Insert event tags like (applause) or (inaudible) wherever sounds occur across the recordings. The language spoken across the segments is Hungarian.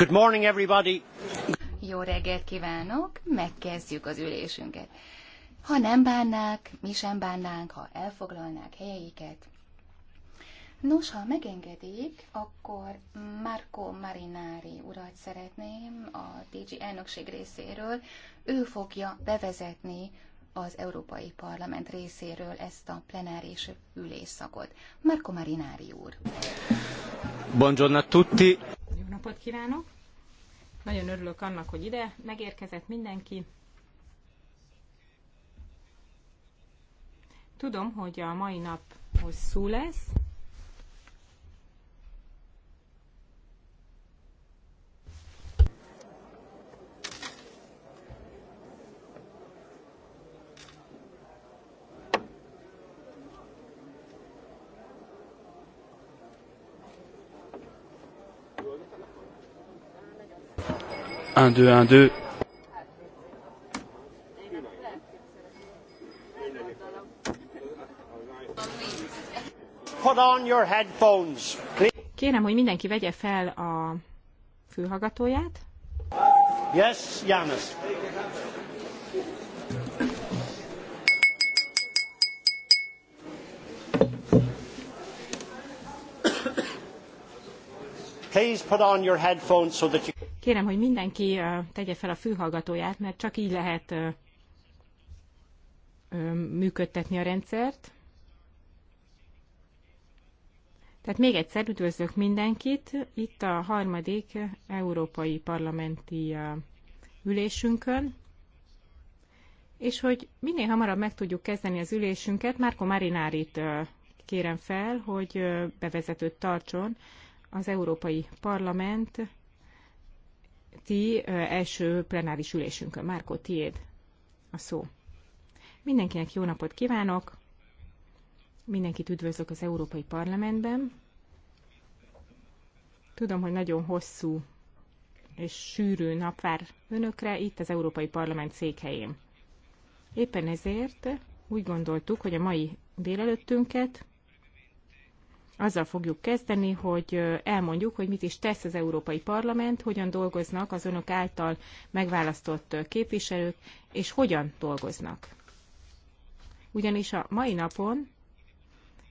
Good morning, everybody. Jó reggelt kívánok, megkezdjük az ülésünket. Ha nem bánnák, mi sem bánnánk, ha elfoglalnák helyeiket. Nos, ha megengedik, akkor Marco Marinari urat szeretném a DG elnökség részéről. Ő fogja bevezetni az Európai Parlament részéről ezt a plenáris ülésszakot. Marco Marinari úr. Buongiorno a tutti napot kívánok! Nagyon örülök annak, hogy ide megérkezett mindenki. Tudom, hogy a mai nap hosszú lesz, 1, 2, 1, 2. Put on your headphones, Kérem, hogy mindenki vegye fel a fülhallgatóját. Yes, János. Please put on your headphones so that you Kérem, hogy mindenki tegye fel a fülhallgatóját, mert csak így lehet működtetni a rendszert. Tehát még egyszer üdvözlök mindenkit itt a harmadik európai parlamenti ülésünkön, és hogy minél hamarabb meg tudjuk kezdeni az ülésünket, Márko Marinárit kérem fel, hogy bevezetőt tartson az Európai Parlament ti első plenáris ülésünkön. Márko, tiéd a szó. Mindenkinek jó napot kívánok! Mindenkit üdvözlök az Európai Parlamentben. Tudom, hogy nagyon hosszú és sűrű nap vár önökre itt az Európai Parlament székhelyén. Éppen ezért úgy gondoltuk, hogy a mai délelőttünket azzal fogjuk kezdeni, hogy elmondjuk, hogy mit is tesz az Európai Parlament, hogyan dolgoznak az önök által megválasztott képviselők, és hogyan dolgoznak. Ugyanis a mai napon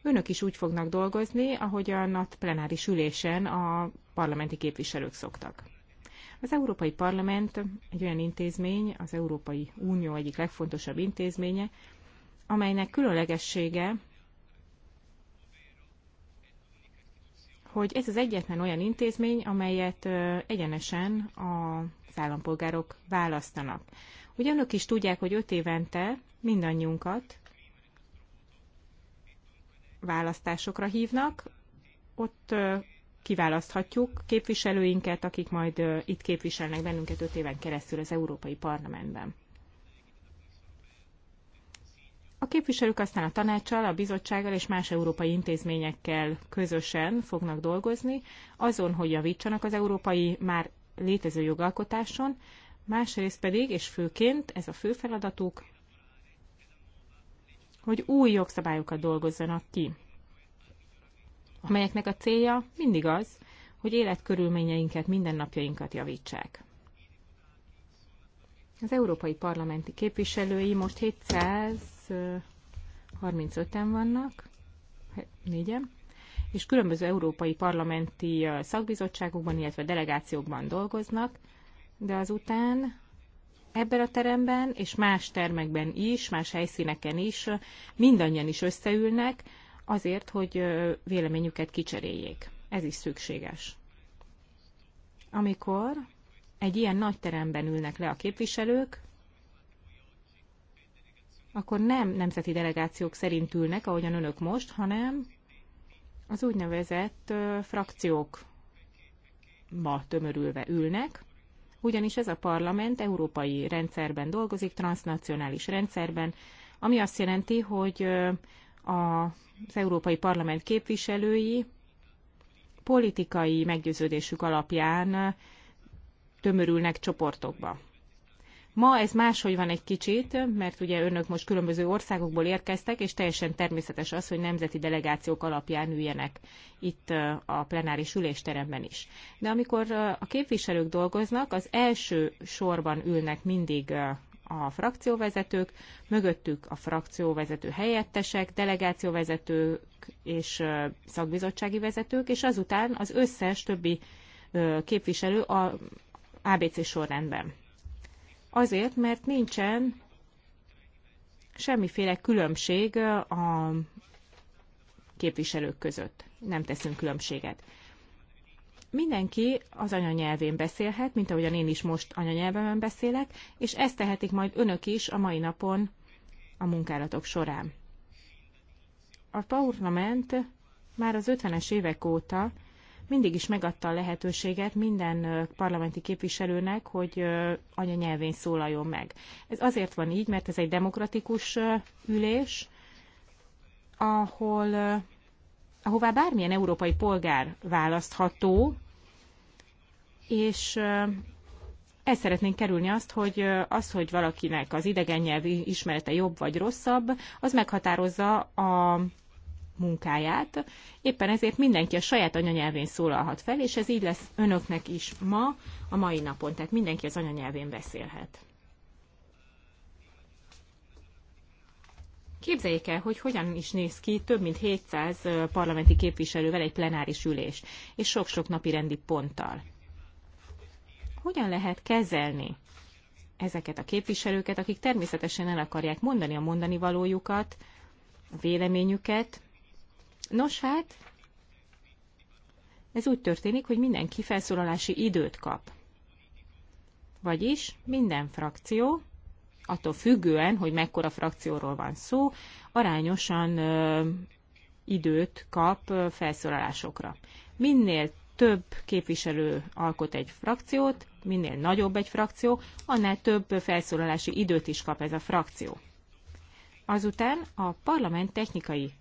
önök is úgy fognak dolgozni, ahogyan a plenáris ülésen a parlamenti képviselők szoktak. Az Európai Parlament egy olyan intézmény, az Európai Unió egyik legfontosabb intézménye, amelynek különlegessége hogy ez az egyetlen olyan intézmény, amelyet egyenesen az állampolgárok választanak. Ugye önök is tudják, hogy öt évente mindannyiunkat választásokra hívnak, ott kiválaszthatjuk képviselőinket, akik majd itt képviselnek bennünket öt éven keresztül az Európai Parlamentben. A képviselők aztán a tanácssal, a bizottsággal és más európai intézményekkel közösen fognak dolgozni, azon, hogy javítsanak az európai már létező jogalkotáson, másrészt pedig, és főként ez a fő feladatuk, hogy új jogszabályokat dolgozzanak ki, amelyeknek a célja mindig az, hogy életkörülményeinket, mindennapjainkat javítsák. Az európai parlamenti képviselői most 700 35-en vannak, négyen, és különböző európai parlamenti szakbizottságokban, illetve delegációkban dolgoznak, de azután ebben a teremben és más termekben is, más helyszíneken is mindannyian is összeülnek azért, hogy véleményüket kicseréljék. Ez is szükséges. Amikor egy ilyen nagy teremben ülnek le a képviselők, akkor nem nemzeti delegációk szerint ülnek, ahogyan önök most, hanem az úgynevezett frakciók ma tömörülve ülnek, ugyanis ez a parlament európai rendszerben dolgozik, transnacionális rendszerben, ami azt jelenti, hogy az Európai Parlament képviselői politikai meggyőződésük alapján tömörülnek csoportokba. Ma ez máshogy van egy kicsit, mert ugye önök most különböző országokból érkeztek, és teljesen természetes az, hogy nemzeti delegációk alapján üljenek itt a plenáris ülésteremben is. De amikor a képviselők dolgoznak, az első sorban ülnek mindig a frakcióvezetők, mögöttük a frakcióvezető helyettesek, delegációvezetők és szakbizottsági vezetők, és azután az összes többi képviselő a ABC sorrendben. Azért, mert nincsen semmiféle különbség a képviselők között. Nem teszünk különbséget. Mindenki az anyanyelvén beszélhet, mint ahogyan én is most anyanyelvemen beszélek, és ezt tehetik majd önök is a mai napon a munkálatok során. A parlament már az 50-es évek óta mindig is megadta a lehetőséget minden parlamenti képviselőnek, hogy anyanyelvén szólaljon meg. Ez azért van így, mert ez egy demokratikus ülés, ahol, ahová bármilyen európai polgár választható, és el szeretnénk kerülni azt, hogy az, hogy valakinek az idegen nyelvi ismerete jobb vagy rosszabb, az meghatározza a munkáját. Éppen ezért mindenki a saját anyanyelvén szólalhat fel, és ez így lesz önöknek is ma, a mai napon. Tehát mindenki az anyanyelvén beszélhet. Képzeljék el, hogy hogyan is néz ki több mint 700 parlamenti képviselővel egy plenáris ülés, és sok-sok napi rendi ponttal. Hogyan lehet kezelni ezeket a képviselőket, akik természetesen el akarják mondani a mondani valójukat, a véleményüket, Nos hát, ez úgy történik, hogy mindenki felszólalási időt kap. Vagyis minden frakció, attól függően, hogy mekkora frakcióról van szó, arányosan ö, időt kap ö, felszólalásokra. Minél több képviselő alkot egy frakciót, minél nagyobb egy frakció, annál több felszólalási időt is kap ez a frakció. Azután a parlament technikai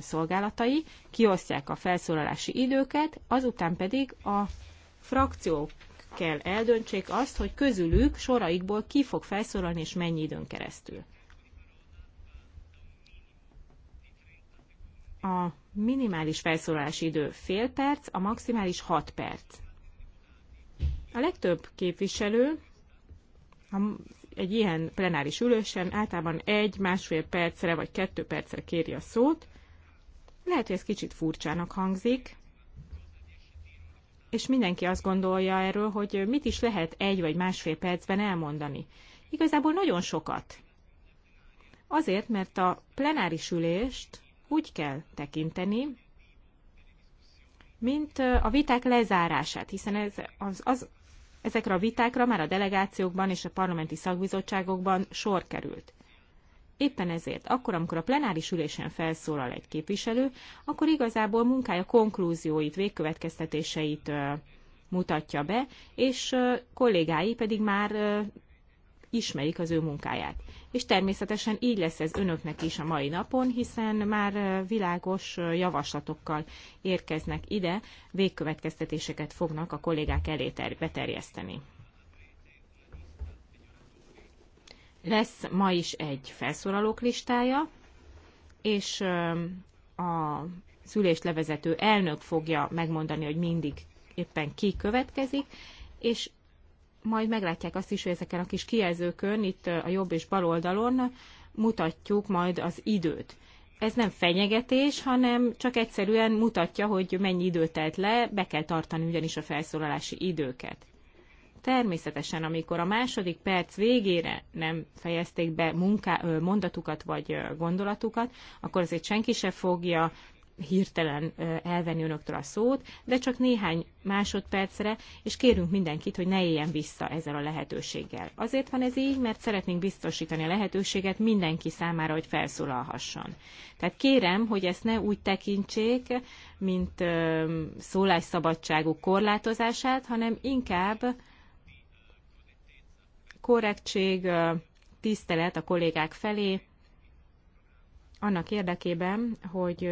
szolgálatai kiosztják a felszólalási időket, azután pedig a frakciók kell eldöntsék azt, hogy közülük soraikból ki fog felszólalni és mennyi időn keresztül. A minimális felszólalási idő fél perc, a maximális 6 perc. A legtöbb képviselő egy ilyen plenáris ülésen általában egy, másfél percre vagy kettő percre kéri a szót, lehet, hogy ez kicsit furcsának hangzik, és mindenki azt gondolja erről, hogy mit is lehet egy vagy másfél percben elmondani. Igazából nagyon sokat. Azért, mert a plenáris ülést úgy kell tekinteni, mint a viták lezárását, hiszen ez, az, az, ezekre a vitákra már a delegációkban és a parlamenti szakbizottságokban sor került. Éppen ezért, akkor, amikor a plenáris ülésen felszólal egy képviselő, akkor igazából munkája konklúzióit, végkövetkeztetéseit mutatja be, és kollégái pedig már ismerik az ő munkáját. És természetesen így lesz ez önöknek is a mai napon, hiszen már világos javaslatokkal érkeznek ide, végkövetkeztetéseket fognak a kollégák elé beterjeszteni. Lesz ma is egy felszólalók listája, és a szülést levezető elnök fogja megmondani, hogy mindig éppen ki következik, és majd meglátják azt is, hogy ezeken a kis kijelzőkön, itt a jobb és bal oldalon mutatjuk majd az időt. Ez nem fenyegetés, hanem csak egyszerűen mutatja, hogy mennyi idő telt le, be kell tartani ugyanis a felszólalási időket. Természetesen, amikor a második perc végére nem fejezték be munká, mondatukat vagy gondolatukat, akkor azért senki se fogja hirtelen elvenni önöktől a szót, de csak néhány másodpercre, és kérünk mindenkit, hogy ne éljen vissza ezzel a lehetőséggel. Azért van ez így, mert szeretnénk biztosítani a lehetőséget mindenki számára, hogy felszólalhasson. Tehát kérem, hogy ezt ne úgy tekintsék, mint szólásszabadságuk korlátozását, hanem inkább korrektség, tisztelet a kollégák felé, annak érdekében, hogy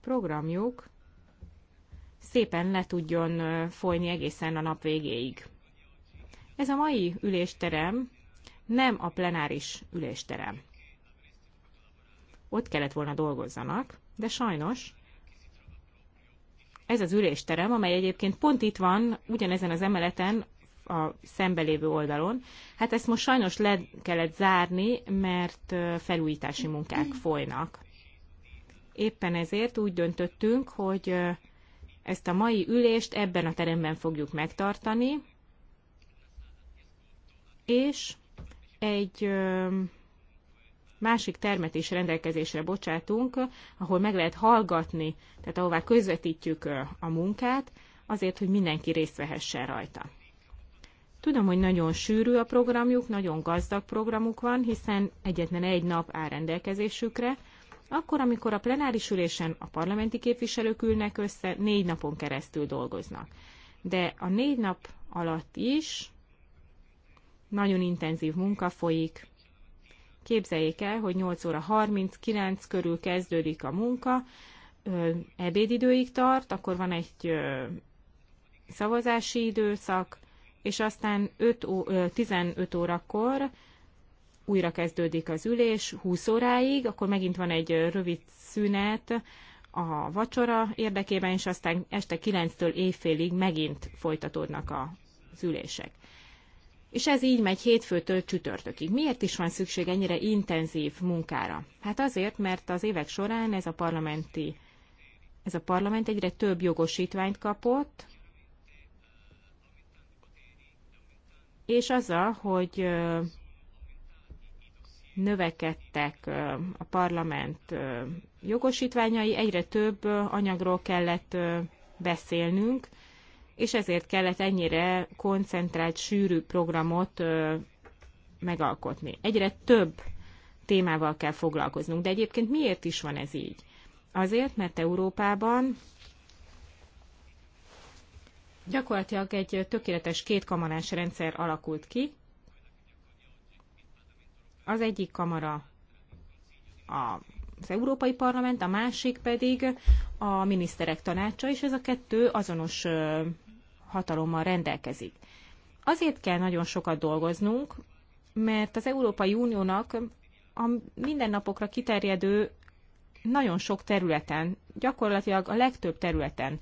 programjuk szépen le tudjon folyni egészen a nap végéig. Ez a mai ülésterem nem a plenáris ülésterem. Ott kellett volna dolgozzanak, de sajnos ez az ülésterem, amely egyébként pont itt van, ugyanezen az emeleten, a szembelévő oldalon. Hát ezt most sajnos le kellett zárni, mert felújítási munkák folynak. Éppen ezért úgy döntöttünk, hogy ezt a mai ülést ebben a teremben fogjuk megtartani, és egy másik termet is rendelkezésre bocsátunk, ahol meg lehet hallgatni, tehát ahová közvetítjük a munkát, azért, hogy mindenki részt vehessen rajta. Tudom, hogy nagyon sűrű a programjuk, nagyon gazdag programuk van, hiszen egyetlen egy nap áll rendelkezésükre. Akkor, amikor a plenáris ülésen a parlamenti képviselők ülnek össze, négy napon keresztül dolgoznak. De a négy nap alatt is nagyon intenzív munka folyik. Képzeljék el, hogy 8 óra 39 körül kezdődik a munka, ebédidőig tart, akkor van egy szavazási időszak, és aztán 5, 15 órakor újra kezdődik az ülés 20 óráig, akkor megint van egy rövid szünet a vacsora érdekében, és aztán este 9-től éjfélig megint folytatódnak az ülések. És ez így megy hétfőtől csütörtökig. Miért is van szükség ennyire intenzív munkára? Hát azért, mert az évek során ez a parlamenti ez a parlament egyre több jogosítványt kapott, és azzal, hogy növekedtek a parlament jogosítványai, egyre több anyagról kellett beszélnünk, és ezért kellett ennyire koncentrált, sűrű programot megalkotni. Egyre több témával kell foglalkoznunk. De egyébként miért is van ez így? Azért, mert Európában Gyakorlatilag egy tökéletes kétkamarás rendszer alakult ki. Az egyik kamara az Európai Parlament, a másik pedig a miniszterek tanácsa, és ez a kettő azonos hatalommal rendelkezik. Azért kell nagyon sokat dolgoznunk, mert az Európai Uniónak a mindennapokra kiterjedő nagyon sok területen, gyakorlatilag a legtöbb területen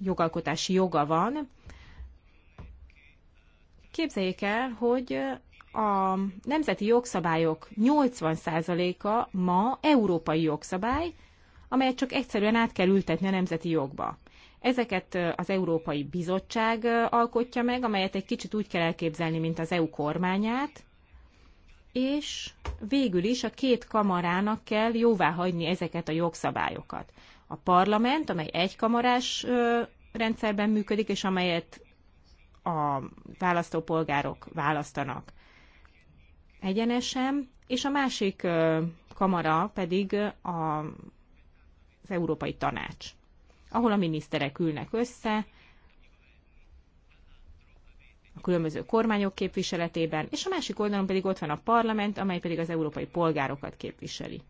jogalkotási joga van. Képzeljék el, hogy a nemzeti jogszabályok 80%-a ma európai jogszabály, amelyet csak egyszerűen át kell ültetni a nemzeti jogba. Ezeket az Európai Bizottság alkotja meg, amelyet egy kicsit úgy kell elképzelni, mint az EU kormányát, és végül is a két kamarának kell jóvá hagyni ezeket a jogszabályokat a parlament, amely egykamarás rendszerben működik, és amelyet a választópolgárok választanak egyenesen, és a másik kamara pedig a, az Európai Tanács, ahol a miniszterek ülnek össze, a különböző kormányok képviseletében, és a másik oldalon pedig ott van a parlament, amely pedig az európai polgárokat képviseli.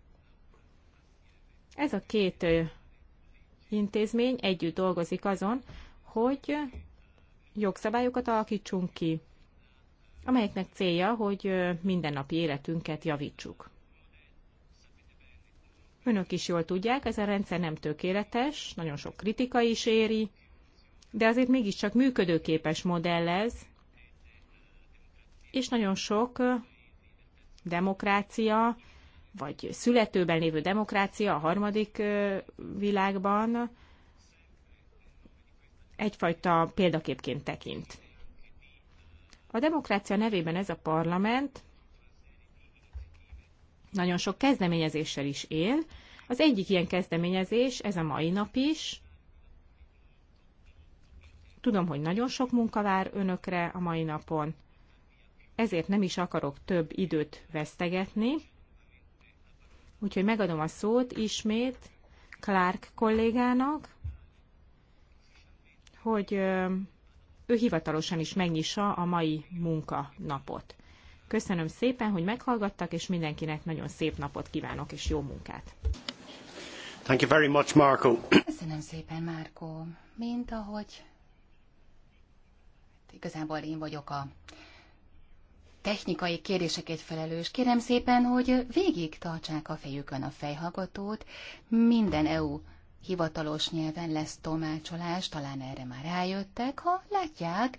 Ez a két intézmény együtt dolgozik azon, hogy jogszabályokat alakítsunk ki, amelyeknek célja, hogy mindennapi életünket javítsuk. Önök is jól tudják, ez a rendszer nem tökéletes, nagyon sok kritika is éri, de azért mégiscsak működőképes modell ez, és nagyon sok demokrácia, vagy születőben lévő demokrácia a harmadik világban egyfajta példaképként tekint. A demokrácia nevében ez a parlament nagyon sok kezdeményezéssel is él. Az egyik ilyen kezdeményezés, ez a mai nap is. Tudom, hogy nagyon sok munka vár önökre a mai napon, ezért nem is akarok több időt vesztegetni. Úgyhogy megadom a szót ismét Clark kollégának, hogy ő hivatalosan is megnyissa a mai munkanapot. Köszönöm szépen, hogy meghallgattak, és mindenkinek nagyon szép napot kívánok, és jó munkát! Thank you very much, Marco. Köszönöm szépen, Marco. Mint ahogy igazából én vagyok a technikai kérdésekért felelős. Kérem szépen, hogy végig tartsák a fejükön a fejhallgatót. Minden EU hivatalos nyelven lesz tolmácsolás, talán erre már rájöttek, ha látják,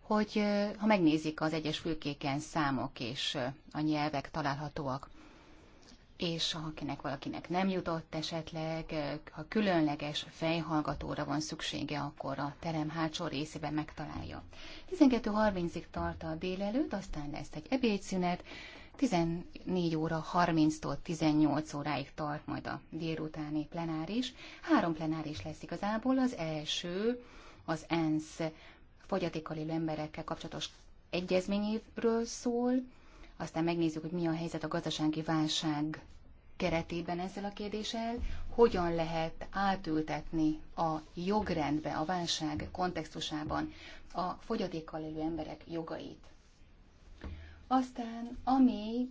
hogy ha megnézik az egyes fülkéken számok és a nyelvek találhatóak és ha akinek valakinek nem jutott esetleg, ha különleges fejhallgatóra van szüksége, akkor a terem hátsó részében megtalálja. 12.30-ig tart a délelőtt, aztán lesz egy ebédszünet, 14 óra 30-tól 18 óráig tart majd a délutáni plenáris. Három plenáris lesz igazából, az első az ENSZ fogyatékkal élő emberekkel kapcsolatos egyezményéről szól, aztán megnézzük, hogy mi a helyzet a gazdasági válság keretében ezzel a kérdéssel, hogyan lehet átültetni a jogrendbe, a válság kontextusában a fogyatékkal élő emberek jogait. Aztán, ami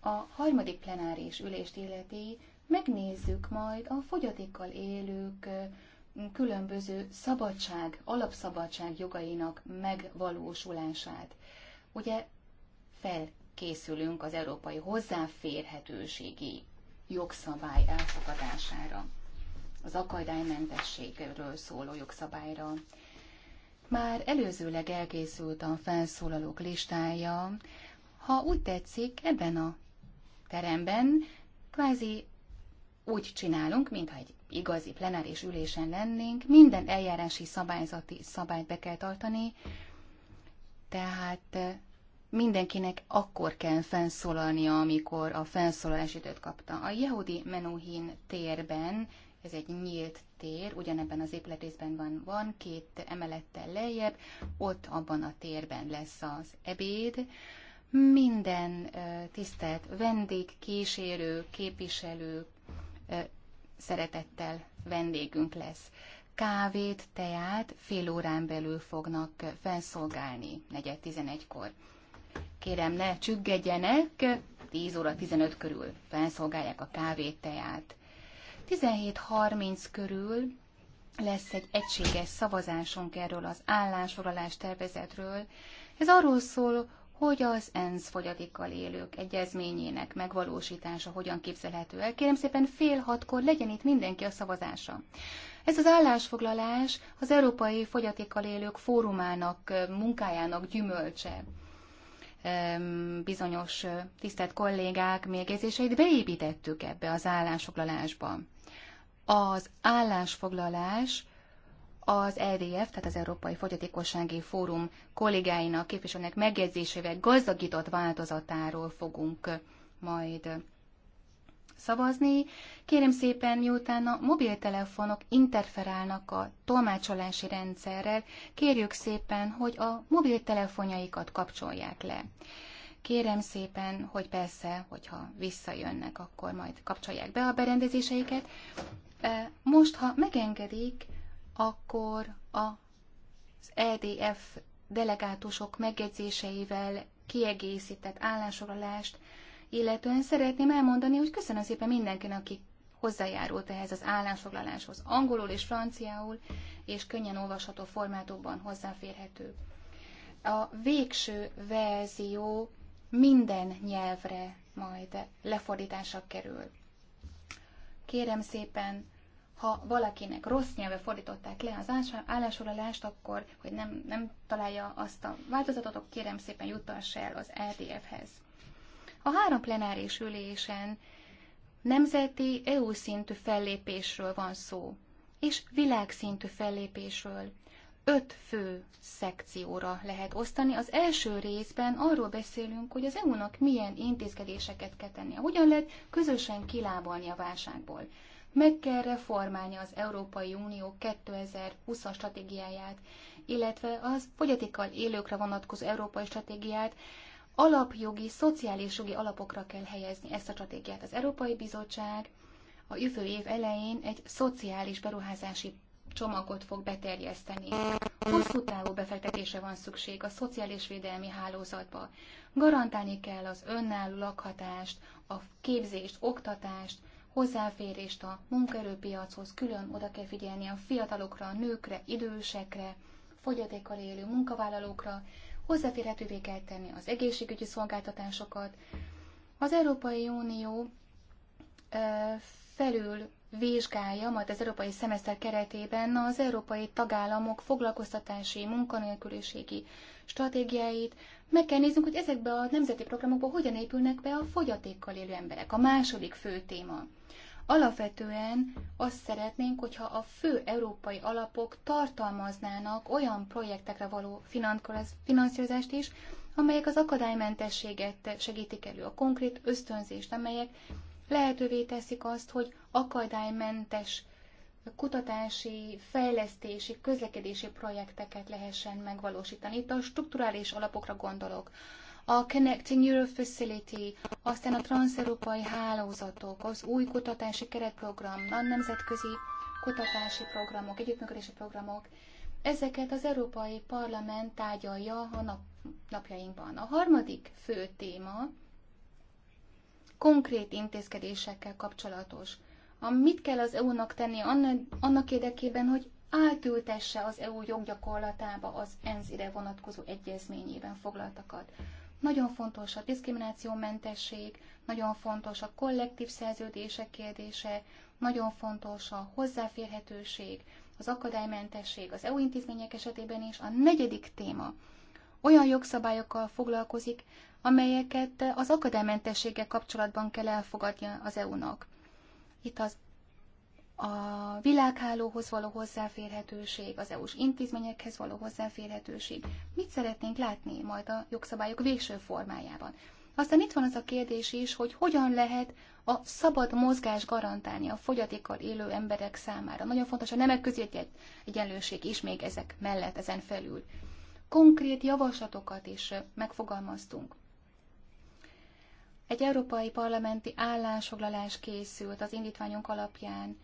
a harmadik plenáris ülést illeti, megnézzük majd a fogyatékkal élők mm, különböző szabadság, alapszabadság jogainak megvalósulását. Ugye fel készülünk az európai hozzáférhetőségi jogszabály elfogadására, az akadálymentességről szóló jogszabályra. Már előzőleg elkészült a felszólalók listája. Ha úgy tetszik, ebben a teremben kvázi úgy csinálunk, mintha egy igazi plenáris ülésen lennénk, minden eljárási szabályzati szabályt be kell tartani, tehát mindenkinek akkor kell felszólalnia, amikor a felszólalás időt kapta. A Yehudi Menuhin térben, ez egy nyílt tér, ugyanebben az épületészben van, van két emelettel lejjebb, ott abban a térben lesz az ebéd. Minden tisztelt vendég, kísérő, képviselő szeretettel vendégünk lesz kávét, teát fél órán belül fognak felszolgálni, negyed tizenegykor. Kérem, ne csüggedjenek, 10 óra 15 körül felszolgálják a kávét, teát. 17.30 körül lesz egy egységes szavazásunk erről az állásfoglalás tervezetről. Ez arról szól, hogy az ENSZ fogyatékkal élők egyezményének megvalósítása hogyan képzelhető el. Kérem szépen fél hatkor legyen itt mindenki a szavazása. Ez az állásfoglalás az Európai Fogyatékkal Élők Fórumának munkájának gyümölcse bizonyos tisztelt kollégák mérgezéseit beépítettük ebbe az állásfoglalásba. Az állásfoglalás az EDF, tehát az Európai Fogyatékossági Fórum kollégáinak, képviselőnek megjegyzésével gazdagított változatáról fogunk majd szavazni. Kérem szépen, miután a mobiltelefonok interferálnak a tolmácsolási rendszerrel, kérjük szépen, hogy a mobiltelefonjaikat kapcsolják le. Kérem szépen, hogy persze, hogyha visszajönnek, akkor majd kapcsolják be a berendezéseiket. E, most, ha megengedik, akkor az EDF delegátusok megjegyzéseivel kiegészített állásolást illetően szeretném elmondani, hogy köszönöm szépen mindenkinek, aki hozzájárult ehhez az állásfoglaláshoz angolul és franciául, és könnyen olvasható formátumban hozzáférhető. A végső verzió minden nyelvre majd lefordítása kerül. Kérem szépen, ha valakinek rossz nyelve fordították le az állásolalást, akkor, hogy nem, nem találja azt a változatot, kérem szépen juttass el az rdf e hez a három plenáris ülésen nemzeti EU szintű fellépésről van szó, és világszintű fellépésről. Öt fő szekcióra lehet osztani. Az első részben arról beszélünk, hogy az EU-nak milyen intézkedéseket kell tennie, hogyan lehet közösen kilábalni a válságból. Meg kell reformálni az Európai Unió 2020-as stratégiáját, illetve az fogyatékkal élőkre vonatkozó európai stratégiát, alapjogi, szociális jogi alapokra kell helyezni ezt a stratégiát. Az Európai Bizottság a jövő év elején egy szociális beruházási csomagot fog beterjeszteni. Hosszú távú befektetése van szükség a szociális védelmi hálózatba. Garantálni kell az önálló lakhatást, a képzést, oktatást, hozzáférést a munkaerőpiachoz, külön oda kell figyelni a fiatalokra, a nőkre, idősekre, fogyatékkal élő munkavállalókra, hozzáférhetővé kell tenni az egészségügyi szolgáltatásokat. Az Európai Unió felül vizsgálja majd az európai szemeszter keretében az európai tagállamok foglalkoztatási, munkanélküliségi stratégiáit. Meg kell néznünk, hogy ezekbe a nemzeti programokba hogyan épülnek be a fogyatékkal élő emberek. A második fő téma. Alapvetően azt szeretnénk, hogyha a fő európai alapok tartalmaznának olyan projektekre való finanszírozást is, amelyek az akadálymentességet segítik elő, a konkrét ösztönzést, amelyek lehetővé teszik azt, hogy akadálymentes kutatási, fejlesztési, közlekedési projekteket lehessen megvalósítani. Itt a strukturális alapokra gondolok a Connecting Europe Facility, aztán a transzeurópai hálózatok, az új kutatási keretprogram, a nemzetközi kutatási programok, együttműködési programok, ezeket az Európai Parlament tárgyalja a nap, napjainkban. A harmadik fő téma konkrét intézkedésekkel kapcsolatos. A mit kell az EU-nak tenni annak érdekében, hogy átültesse az EU joggyakorlatába az ENSZ ide vonatkozó egyezményében foglaltakat. Nagyon fontos a diszkriminációmentesség, nagyon fontos a kollektív szerződések kérdése, nagyon fontos a hozzáférhetőség, az akadálymentesség az EU intézmények esetében is. A negyedik téma olyan jogszabályokkal foglalkozik, amelyeket az akadálymentességgel kapcsolatban kell elfogadnia az EU-nak. Itt az a világhálóhoz való hozzáférhetőség, az EU-s intézményekhez való hozzáférhetőség. Mit szeretnénk látni majd a jogszabályok végső formájában? Aztán itt van az a kérdés is, hogy hogyan lehet a szabad mozgás garantálni a fogyatékkal élő emberek számára. Nagyon fontos a nemek közötti egyenlőség is még ezek mellett, ezen felül. Konkrét javaslatokat is megfogalmaztunk. Egy európai parlamenti állásfoglalás készült az indítványunk alapján,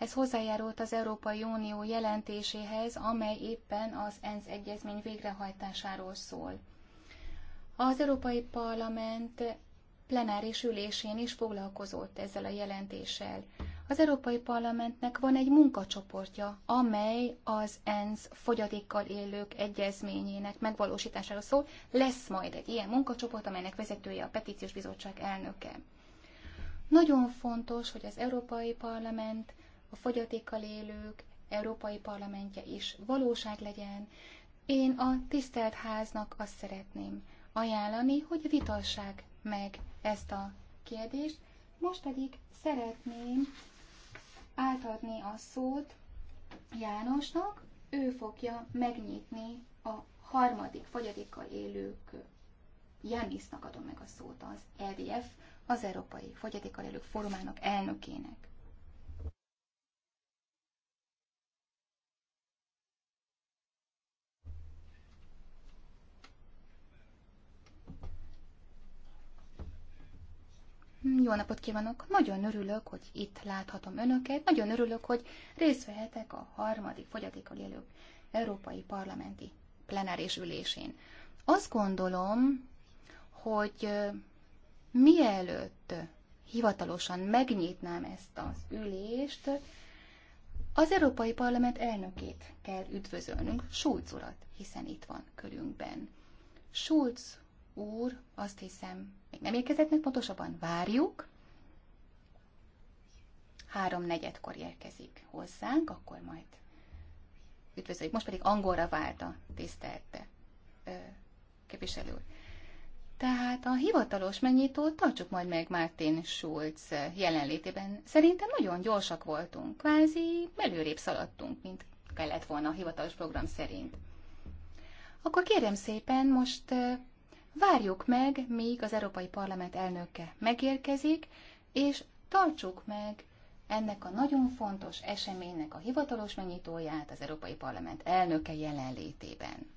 ez hozzájárult az Európai Unió jelentéséhez, amely éppen az ENSZ egyezmény végrehajtásáról szól. Az Európai Parlament plenáris ülésén is foglalkozott ezzel a jelentéssel. Az Európai Parlamentnek van egy munkacsoportja, amely az ENSZ fogyatékkal élők egyezményének megvalósítására szól. Lesz majd egy ilyen munkacsoport, amelynek vezetője a Petíciós Bizottság elnöke. Nagyon fontos, hogy az Európai Parlament a fogyatékkal élők Európai Parlamentje is valóság legyen. Én a tisztelt háznak azt szeretném ajánlani, hogy vitassák meg ezt a kérdést. Most pedig szeretném átadni a szót Jánosnak, ő fogja megnyitni a harmadik fogyatékkal élők Jánisznak adom meg a szót az EDF, az Európai Fogyatékkal Élők Fórumának elnökének. Jó napot kívánok! Nagyon örülök, hogy itt láthatom önöket. Nagyon örülök, hogy részt vehetek a harmadik fogyatékkal élők Európai Parlamenti plenáris ülésén. Azt gondolom, hogy mielőtt hivatalosan megnyitnám ezt az ülést, az Európai Parlament elnökét kell üdvözölnünk, Schulz urat, hiszen itt van körünkben. Schulz úr azt hiszem még nem érkezett meg, pontosabban várjuk. Három negyedkor érkezik hozzánk, akkor majd üdvözöljük. Most pedig angolra vált a tisztelt képviselő úr. Tehát a hivatalos megnyitót tartsuk majd meg Martin Schulz jelenlétében. Szerintem nagyon gyorsak voltunk, kvázi előrébb szaladtunk, mint kellett volna a hivatalos program szerint. Akkor kérem szépen, most Várjuk meg, míg az Európai Parlament elnöke megérkezik, és tartsuk meg ennek a nagyon fontos eseménynek a hivatalos megnyitóját az Európai Parlament elnöke jelenlétében.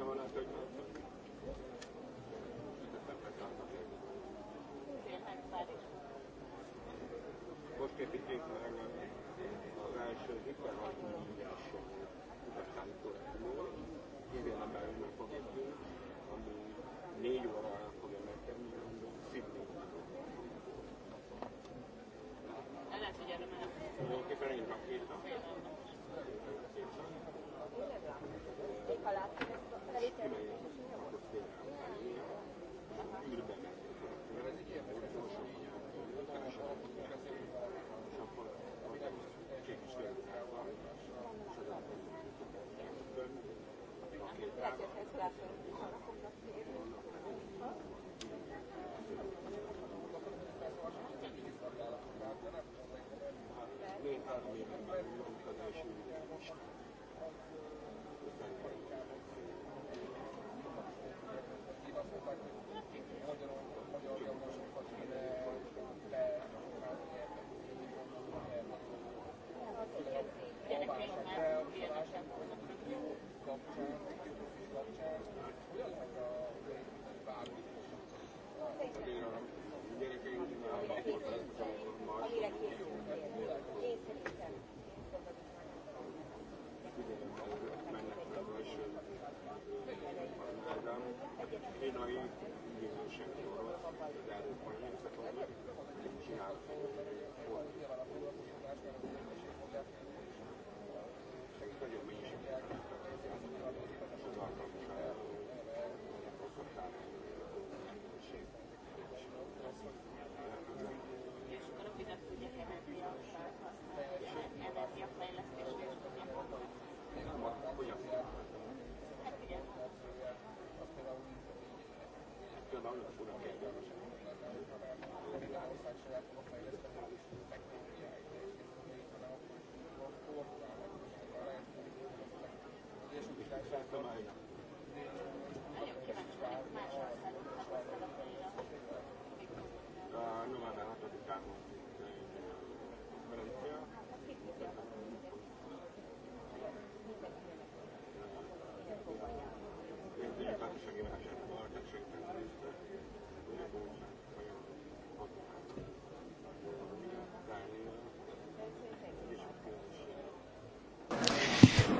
Köszönöm.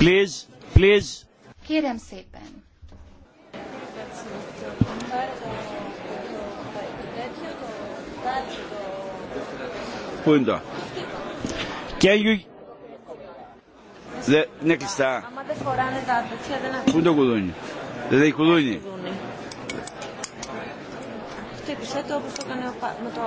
Kérem szépen. Punda. Can De, neki sta. Kuduni. Δεν έχει κουδούνι. Χτύπησε το όπως το έκανε με το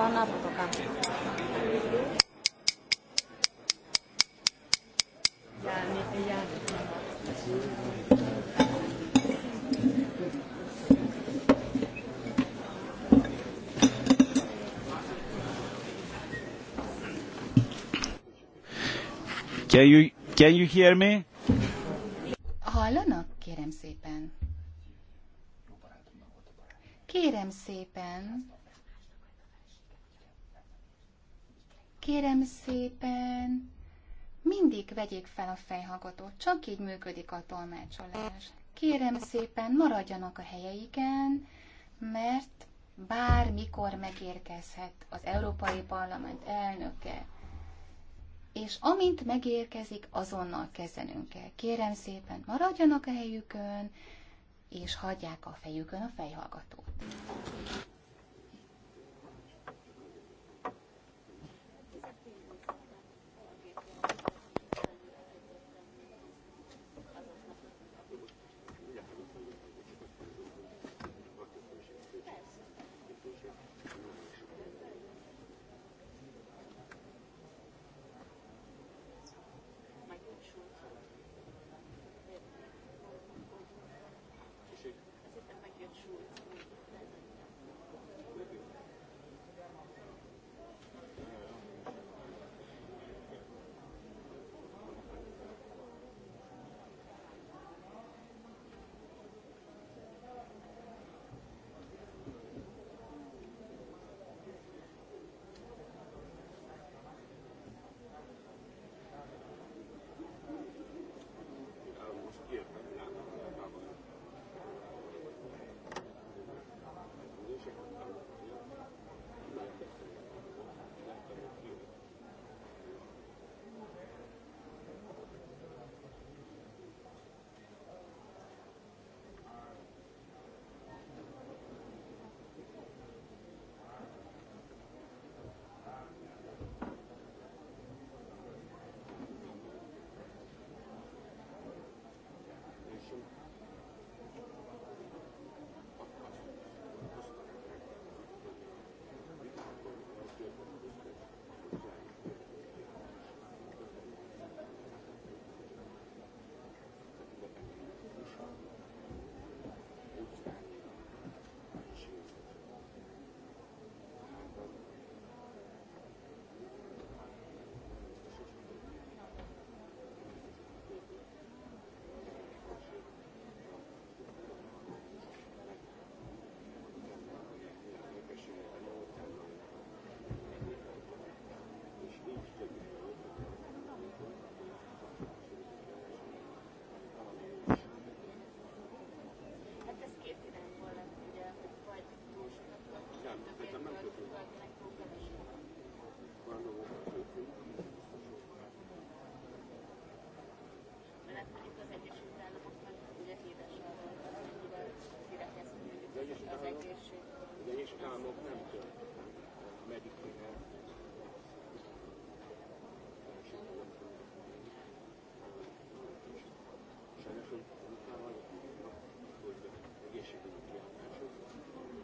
Can you, can you hear me? Hallanak? Kérem szépen. Kérem szépen. Kérem szépen. Mindig vegyék fel a fejhallgatót, csak így működik a tolmácsolás. Kérem szépen, maradjanak a helyeiken, mert bármikor megérkezhet az Európai Parlament elnöke, és amint megérkezik, azonnal kezdenünk el. Kérem szépen, maradjanak a helyükön, és hagyják a fejükön a fejhallgatót. az egészség. Az egyes államok nem töltik. A Medicare Sajnos, hogy utána hogy egészségügyi kiadások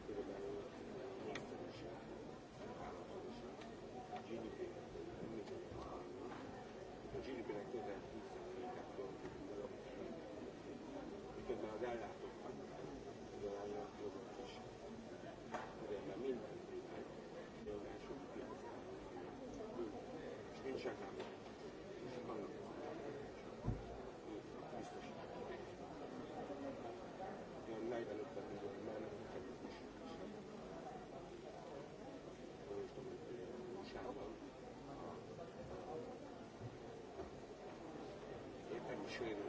körülbelül négyszer állatosság. A GDP-nek a GDP-nek közel 10%-át töltik. Miközben az ellátás sure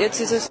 Jetzt ist es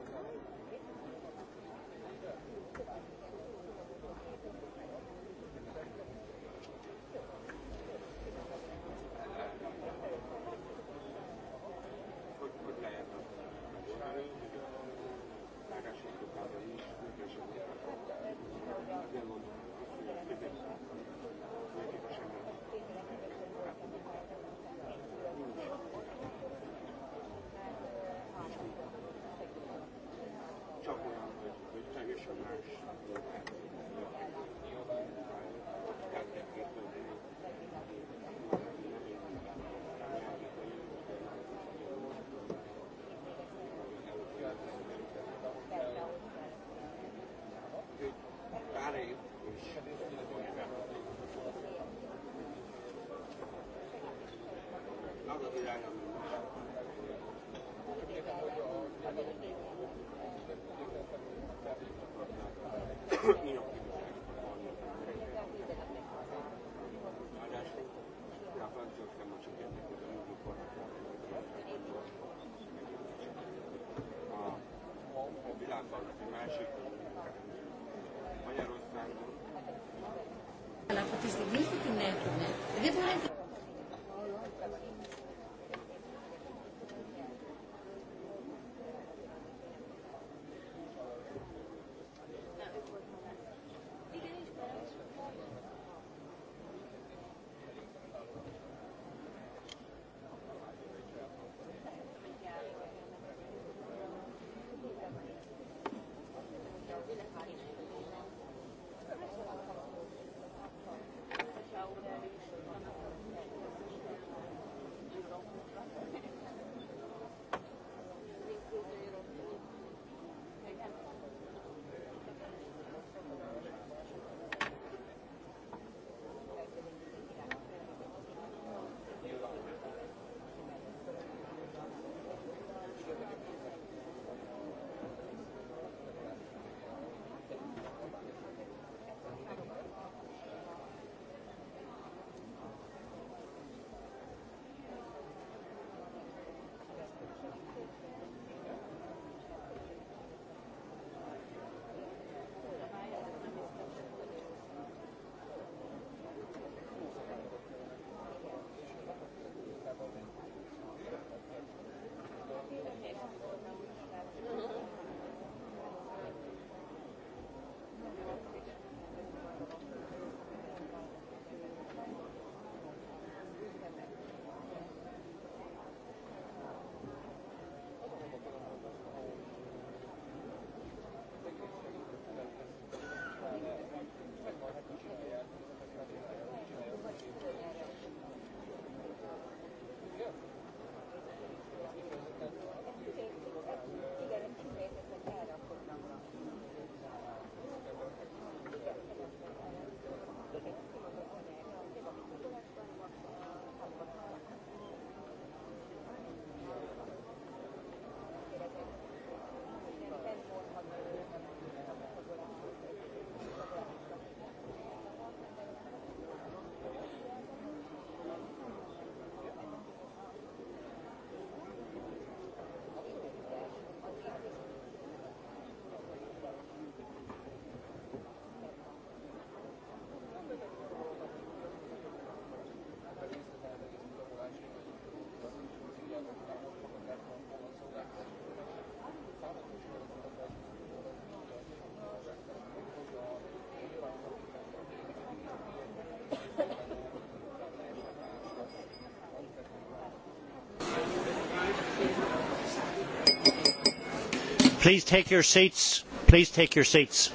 Please take your seats. Please take your seats.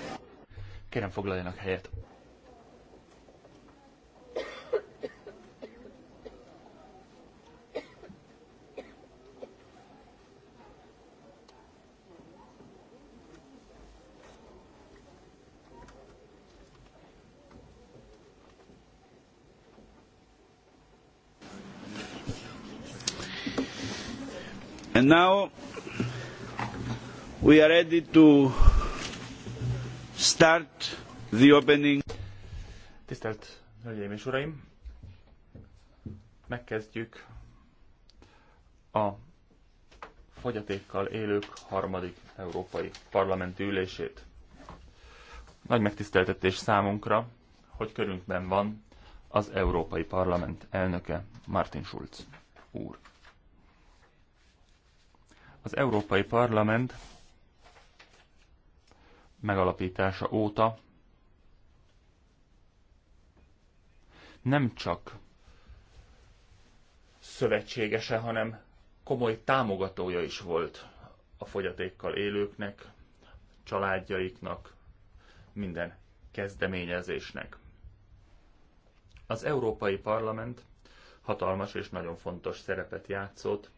Kérem foglaljanak helyet. And now We are ready to start the opening. Tisztelt Hölgyeim és Uraim! Megkezdjük a fogyatékkal élők harmadik európai parlamenti ülését. Nagy megtiszteltetés számunkra, hogy körünkben van az Európai Parlament elnöke Martin Schulz úr. Az Európai Parlament megalapítása óta nem csak szövetségese, hanem komoly támogatója is volt a fogyatékkal élőknek, családjaiknak, minden kezdeményezésnek. Az Európai Parlament hatalmas és nagyon fontos szerepet játszott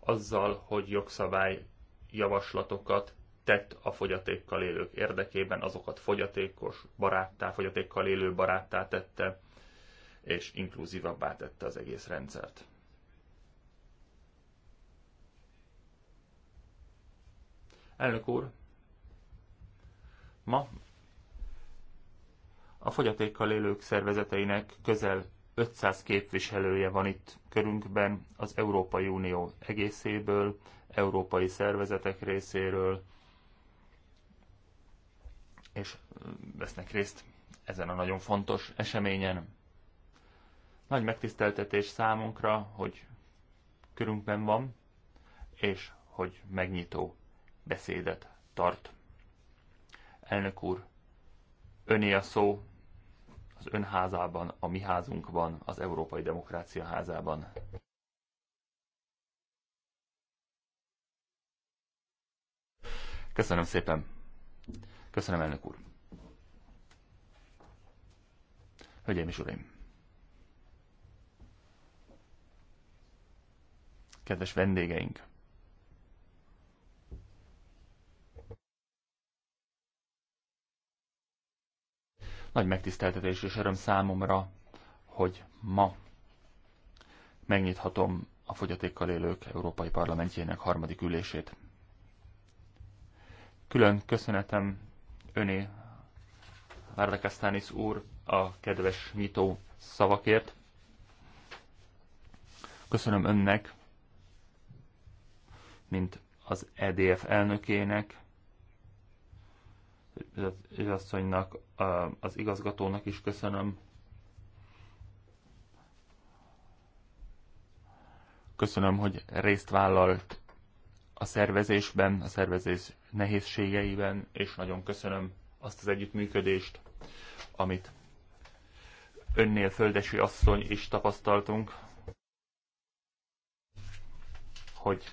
azzal, hogy jogszabály javaslatokat tett a fogyatékkal élők érdekében, azokat fogyatékos baráttá, fogyatékkal élő baráttá tette, és inkluzívabbá tette az egész rendszert. Elnök úr, ma a fogyatékkal élők szervezeteinek közel 500 képviselője van itt körünkben az Európai Unió egészéből, európai szervezetek részéről, és vesznek részt ezen a nagyon fontos eseményen. Nagy megtiszteltetés számunkra, hogy körünkben van, és hogy megnyitó beszédet tart. Elnök úr, öné a szó az ön házában, a mi házunkban, az Európai Demokrácia házában. Köszönöm szépen! Köszönöm, elnök úr. Hölgyeim és uraim! Kedves vendégeink! Nagy megtiszteltetés és öröm számomra, hogy ma megnyithatom a fogyatékkal élők Európai Parlamentjének harmadik ülését. Külön köszönetem öné, Várdakasztánis úr, a kedves nyitó szavakért. Köszönöm önnek, mint az EDF elnökének, az asszonynak, az igazgatónak is köszönöm. Köszönöm, hogy részt vállalt a szervezésben, a szervezés nehézségeiben, és nagyon köszönöm azt az együttműködést, amit önnél földesi asszony is tapasztaltunk, hogy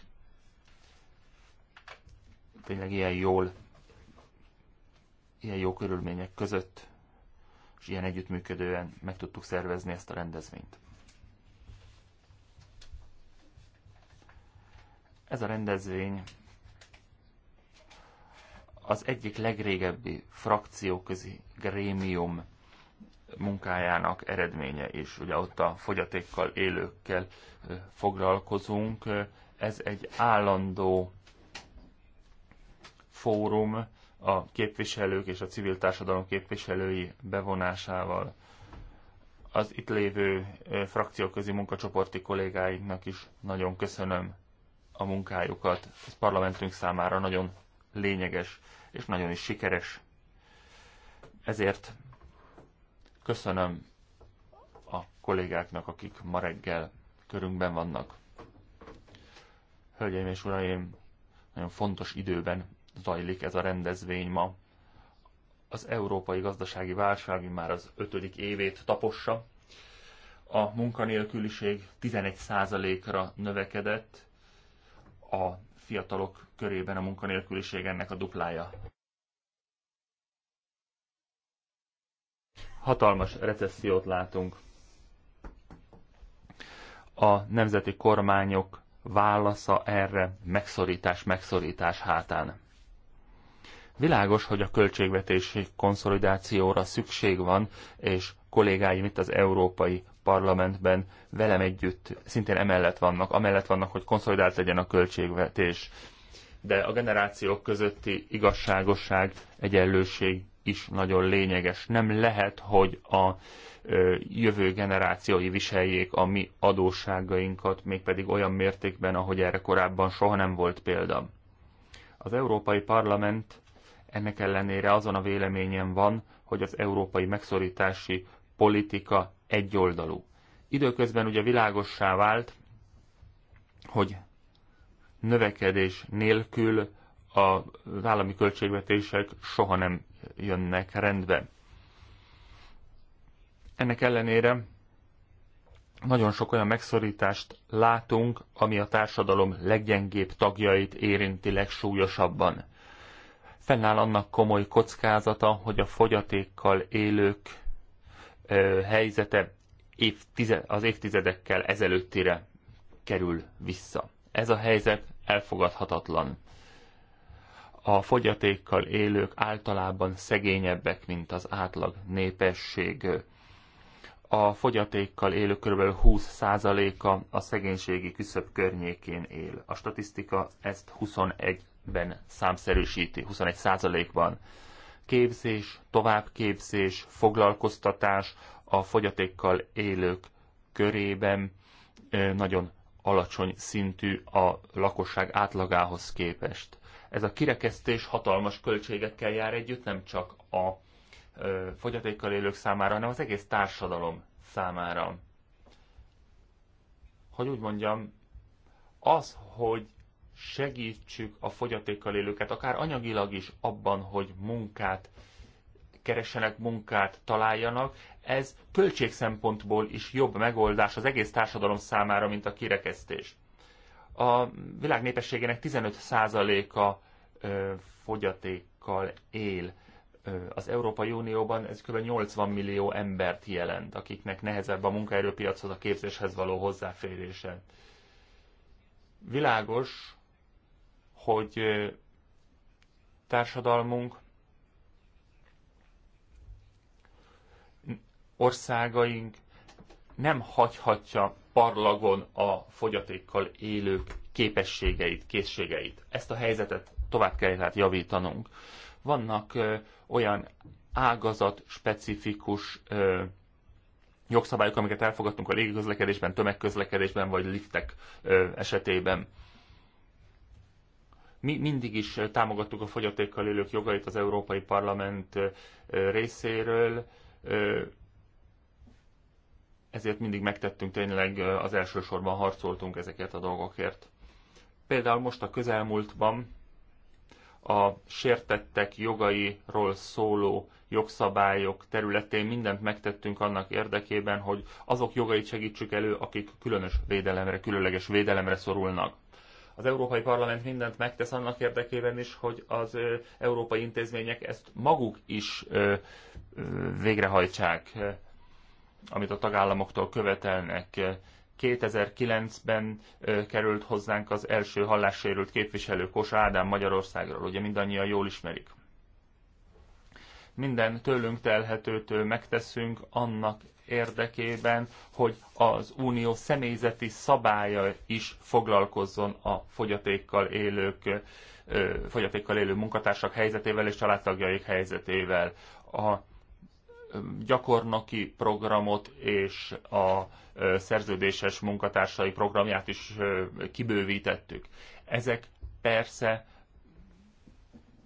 tényleg ilyen jól, ilyen jó körülmények között, és ilyen együttműködően meg tudtuk szervezni ezt a rendezvényt. Ez a rendezvény az egyik legrégebbi frakcióközi grémium munkájának eredménye is. Ugye ott a fogyatékkal élőkkel foglalkozunk. Ez egy állandó fórum a képviselők és a civil társadalom képviselői bevonásával. Az itt lévő frakcióközi munkacsoporti kollégáinknak is nagyon köszönöm a munkájukat. Ez parlamentünk számára nagyon lényeges, és nagyon is sikeres. Ezért köszönöm a kollégáknak, akik ma reggel körünkben vannak. Hölgyeim és uraim, nagyon fontos időben zajlik ez a rendezvény ma. Az európai gazdasági válság már az ötödik évét tapossa. A munkanélküliség 11%-ra növekedett, a fiatalok körében a munkanélküliség ennek a duplája. Hatalmas recessziót látunk. A nemzeti kormányok válasza erre megszorítás, megszorítás hátán. Világos, hogy a költségvetési konszolidációra szükség van, és kollégáim itt az Európai parlamentben velem együtt szintén emellett vannak, amellett vannak, hogy konszolidált legyen a költségvetés. De a generációk közötti igazságosság, egyenlőség is nagyon lényeges. Nem lehet, hogy a jövő generációi viseljék a mi adósságainkat, mégpedig olyan mértékben, ahogy erre korábban soha nem volt példa. Az Európai Parlament ennek ellenére azon a véleményen van, hogy az európai megszorítási politika egyoldalú. Időközben ugye világossá vált, hogy növekedés nélkül a állami költségvetések soha nem jönnek rendbe. Ennek ellenére nagyon sok olyan megszorítást látunk, ami a társadalom leggyengébb tagjait érinti legsúlyosabban. Fennáll annak komoly kockázata, hogy a fogyatékkal élők helyzete évtized, az évtizedekkel ezelőttire kerül vissza. Ez a helyzet elfogadhatatlan. A fogyatékkal élők általában szegényebbek, mint az átlag népesség. A fogyatékkal élők kb. 20%-a a szegénységi küszöb környékén él. A statisztika ezt 21-ben számszerűsíti, 21%-ban képzés, továbbképzés, foglalkoztatás a fogyatékkal élők körében nagyon alacsony szintű a lakosság átlagához képest. Ez a kirekesztés hatalmas költségekkel jár együtt, nem csak a fogyatékkal élők számára, hanem az egész társadalom számára. Hogy úgy mondjam, az, hogy segítsük a fogyatékkal élőket, akár anyagilag is abban, hogy munkát keressenek munkát, találjanak, ez költségszempontból is jobb megoldás az egész társadalom számára, mint a kirekesztés. A világ népességének 15%-a fogyatékkal él. Az Európai Unióban ez kb. 80 millió embert jelent, akiknek nehezebb a munkaerőpiachoz, a képzéshez való hozzáférése. Világos, hogy társadalmunk országaink nem hagyhatja parlagon a fogyatékkal élők képességeit, készségeit. Ezt a helyzetet tovább kell javítanunk. Vannak ö, olyan ágazat specifikus ö, jogszabályok, amiket elfogadtunk a légiközlekedésben, tömegközlekedésben vagy liftek ö, esetében. Mi mindig is támogattuk a fogyatékkal élők jogait az Európai Parlament részéről, ezért mindig megtettünk tényleg, az elsősorban harcoltunk ezeket a dolgokért. Például most a közelmúltban a sértettek jogairól szóló jogszabályok területén mindent megtettünk annak érdekében, hogy azok jogait segítsük elő, akik különös védelemre, különleges védelemre szorulnak. Az Európai Parlament mindent megtesz annak érdekében is, hogy az európai intézmények ezt maguk is végrehajtsák, amit a tagállamoktól követelnek. 2009-ben került hozzánk az első hallássérült képviselő Kosa Ádám Magyarországról, ugye mindannyian jól ismerik. Minden tőlünk telhetőt megteszünk annak érdekében, hogy az unió személyzeti szabálya is foglalkozzon a fogyatékkal élők fogyatékkal élő munkatársak helyzetével és családtagjaik helyzetével. A gyakornoki programot és a szerződéses munkatársai programját is kibővítettük. Ezek persze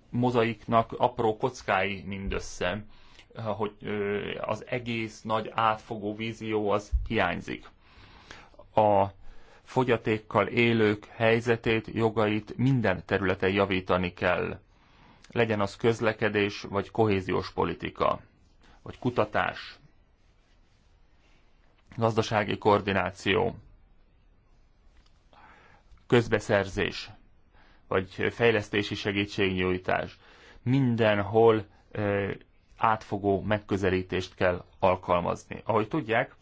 mozaiknak apró kockái mindössze, hogy az egész nagy átfogó vízió az hiányzik. A fogyatékkal élők helyzetét, jogait minden területen javítani kell. Legyen az közlekedés, vagy kohéziós politika, vagy kutatás, gazdasági koordináció, közbeszerzés, vagy fejlesztési segítségnyújtás. Mindenhol átfogó megközelítést kell alkalmazni. Ahogy tudják,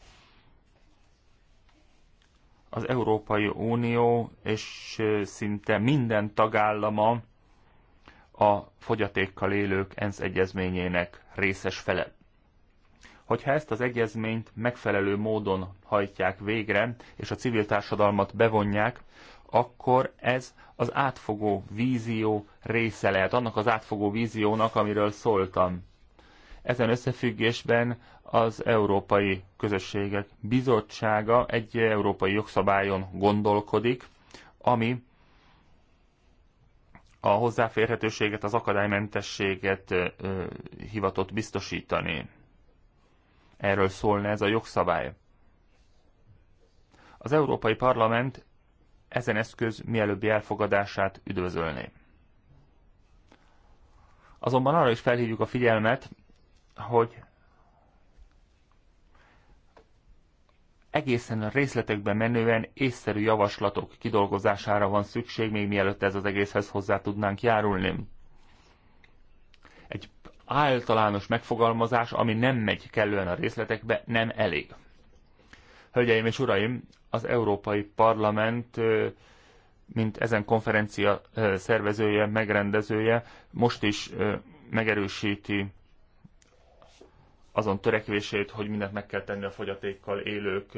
az Európai Unió és szinte minden tagállama a fogyatékkal élők ENSZ egyezményének részes fele. Hogyha ezt az egyezményt megfelelő módon hajtják végre, és a civil társadalmat bevonják, akkor ez az átfogó vízió része lehet, annak az átfogó víziónak, amiről szóltam. Ezen összefüggésben az Európai Közösségek Bizottsága egy európai jogszabályon gondolkodik, ami a hozzáférhetőséget, az akadálymentességet hivatott biztosítani. Erről szólna ez a jogszabály. Az Európai Parlament ezen eszköz mielőbbi elfogadását üdvözölné. Azonban arra is felhívjuk a figyelmet, hogy egészen a részletekben menően észszerű javaslatok kidolgozására van szükség, még mielőtt ez az egészhez hozzá tudnánk járulni. Egy általános megfogalmazás, ami nem megy kellően a részletekbe, nem elég. Hölgyeim és uraim, az Európai Parlament, mint ezen konferencia szervezője, megrendezője, most is megerősíti azon törekvését, hogy mindent meg kell tenni a fogyatékkal élők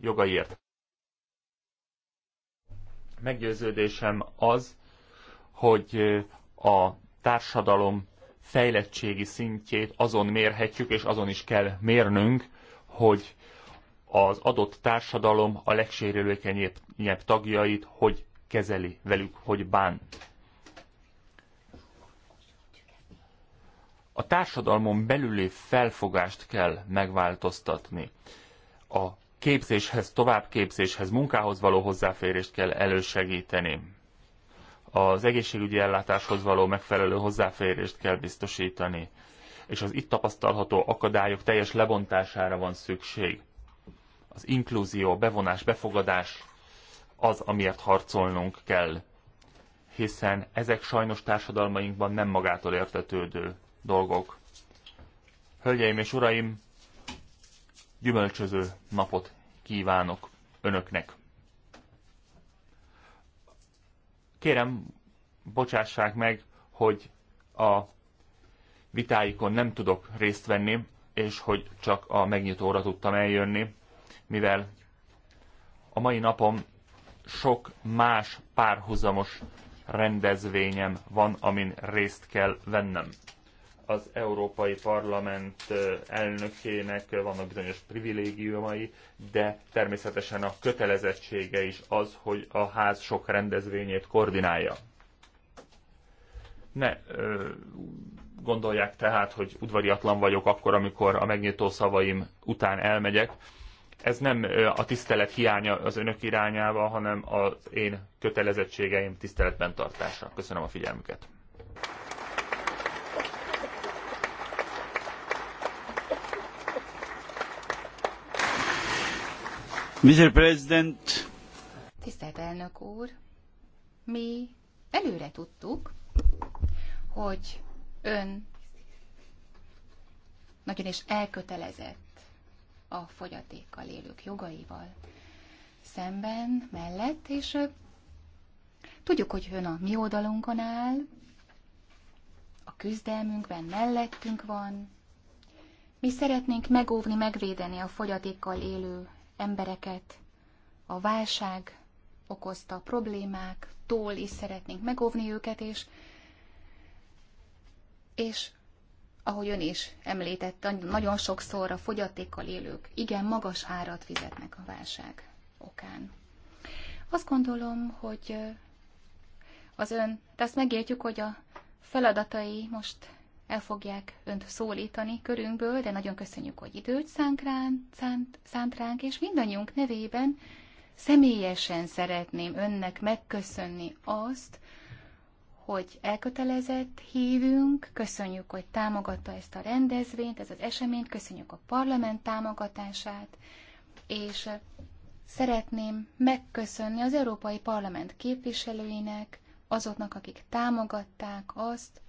jogaiért. Meggyőződésem az, hogy a társadalom fejlettségi szintjét azon mérhetjük, és azon is kell mérnünk, hogy az adott társadalom a legsérülékenyebb tagjait hogy kezeli velük, hogy bán A társadalmon belüli felfogást kell megváltoztatni. A képzéshez, továbbképzéshez, munkához való hozzáférést kell elősegíteni. Az egészségügyi ellátáshoz való megfelelő hozzáférést kell biztosítani, és az itt tapasztalható akadályok teljes lebontására van szükség. Az inkluzió, bevonás, befogadás az, amiért harcolnunk kell, hiszen ezek sajnos társadalmainkban nem magától értetődő dolgok. Hölgyeim és uraim, gyümölcsöző napot kívánok önöknek. Kérem, bocsássák meg, hogy a vitáikon nem tudok részt venni, és hogy csak a megnyitóra tudtam eljönni, mivel a mai napom sok más párhuzamos rendezvényem van, amin részt kell vennem az Európai Parlament elnökének vannak bizonyos privilégiumai, de természetesen a kötelezettsége is az, hogy a ház sok rendezvényét koordinálja. Ne ö, gondolják tehát, hogy udvariatlan vagyok akkor, amikor a megnyitó szavaim után elmegyek. Ez nem a tisztelet hiánya az önök irányába, hanem az én kötelezettségeim tiszteletben tartása. Köszönöm a figyelmüket. Mr. President. Tisztelt elnök úr, mi előre tudtuk, hogy ön nagyon is elkötelezett a fogyatékkal élők jogaival szemben, mellett, és tudjuk, hogy ön a mi oldalunkon áll, a küzdelmünkben mellettünk van, mi szeretnénk megóvni, megvédeni a fogyatékkal élő embereket a válság okozta problémák, tól is szeretnénk megóvni őket, és, és ahogy ön is említette, nagyon sokszor a fogyatékkal élők igen magas árat fizetnek a válság okán. Azt gondolom, hogy az ön, de azt megértjük, hogy a feladatai most el fogják önt szólítani körünkből, de nagyon köszönjük, hogy időt szánt ránk, szánt, szánt ránk, és mindannyiunk nevében személyesen szeretném önnek megköszönni azt, hogy elkötelezett hívünk, köszönjük, hogy támogatta ezt a rendezvényt, ez az eseményt, köszönjük a parlament támogatását, és szeretném megköszönni az Európai Parlament képviselőinek, azoknak, akik támogatták azt,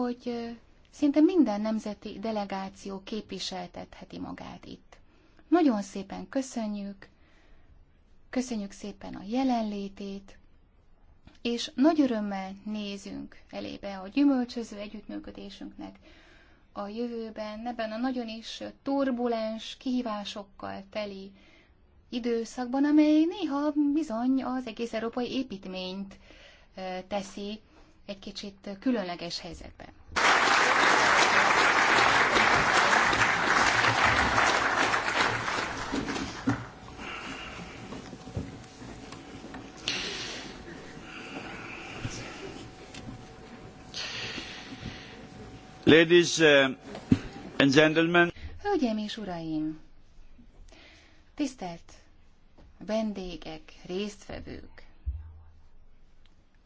hogy szinte minden nemzeti delegáció képviseltetheti magát itt. Nagyon szépen köszönjük, köszönjük szépen a jelenlétét, és nagy örömmel nézünk elébe a gyümölcsöző együttműködésünknek a jövőben, ebben a nagyon is turbulens, kihívásokkal teli időszakban, amely néha bizony az egész európai építményt teszi egy kicsit különleges helyzetben. Ladies uh, and gentlemen. Hölgyeim és uraim! Tisztelt vendégek, résztvevők!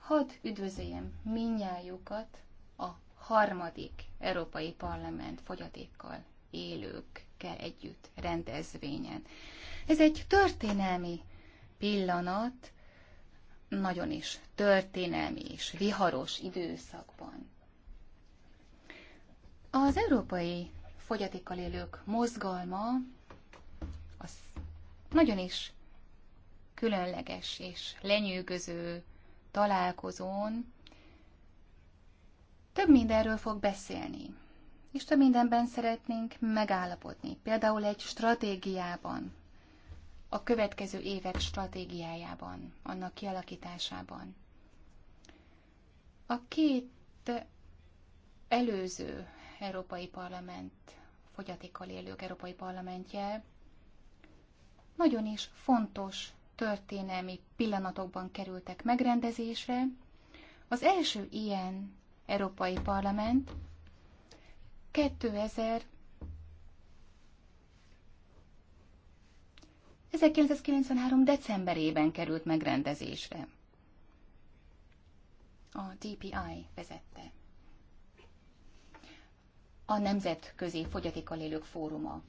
Hadd üdvözöljem minnyájukat a harmadik Európai Parlament fogyatékkal élőkkel együtt rendezvényen. Ez egy történelmi pillanat, nagyon is történelmi és viharos időszakban. Az európai fogyatékkal élők mozgalma az nagyon is különleges és lenyűgöző találkozón több mindenről fog beszélni, és több mindenben szeretnénk megállapodni, például egy stratégiában, a következő évek stratégiájában, annak kialakításában. A két előző Európai Parlament, fogyatékkal élők Európai Parlamentje nagyon is fontos történelmi pillanatokban kerültek megrendezésre. Az első ilyen Európai Parlament 2000 1993. decemberében került megrendezésre. A DPI vezette. A Nemzetközi Fogyatékkal Élők Fóruma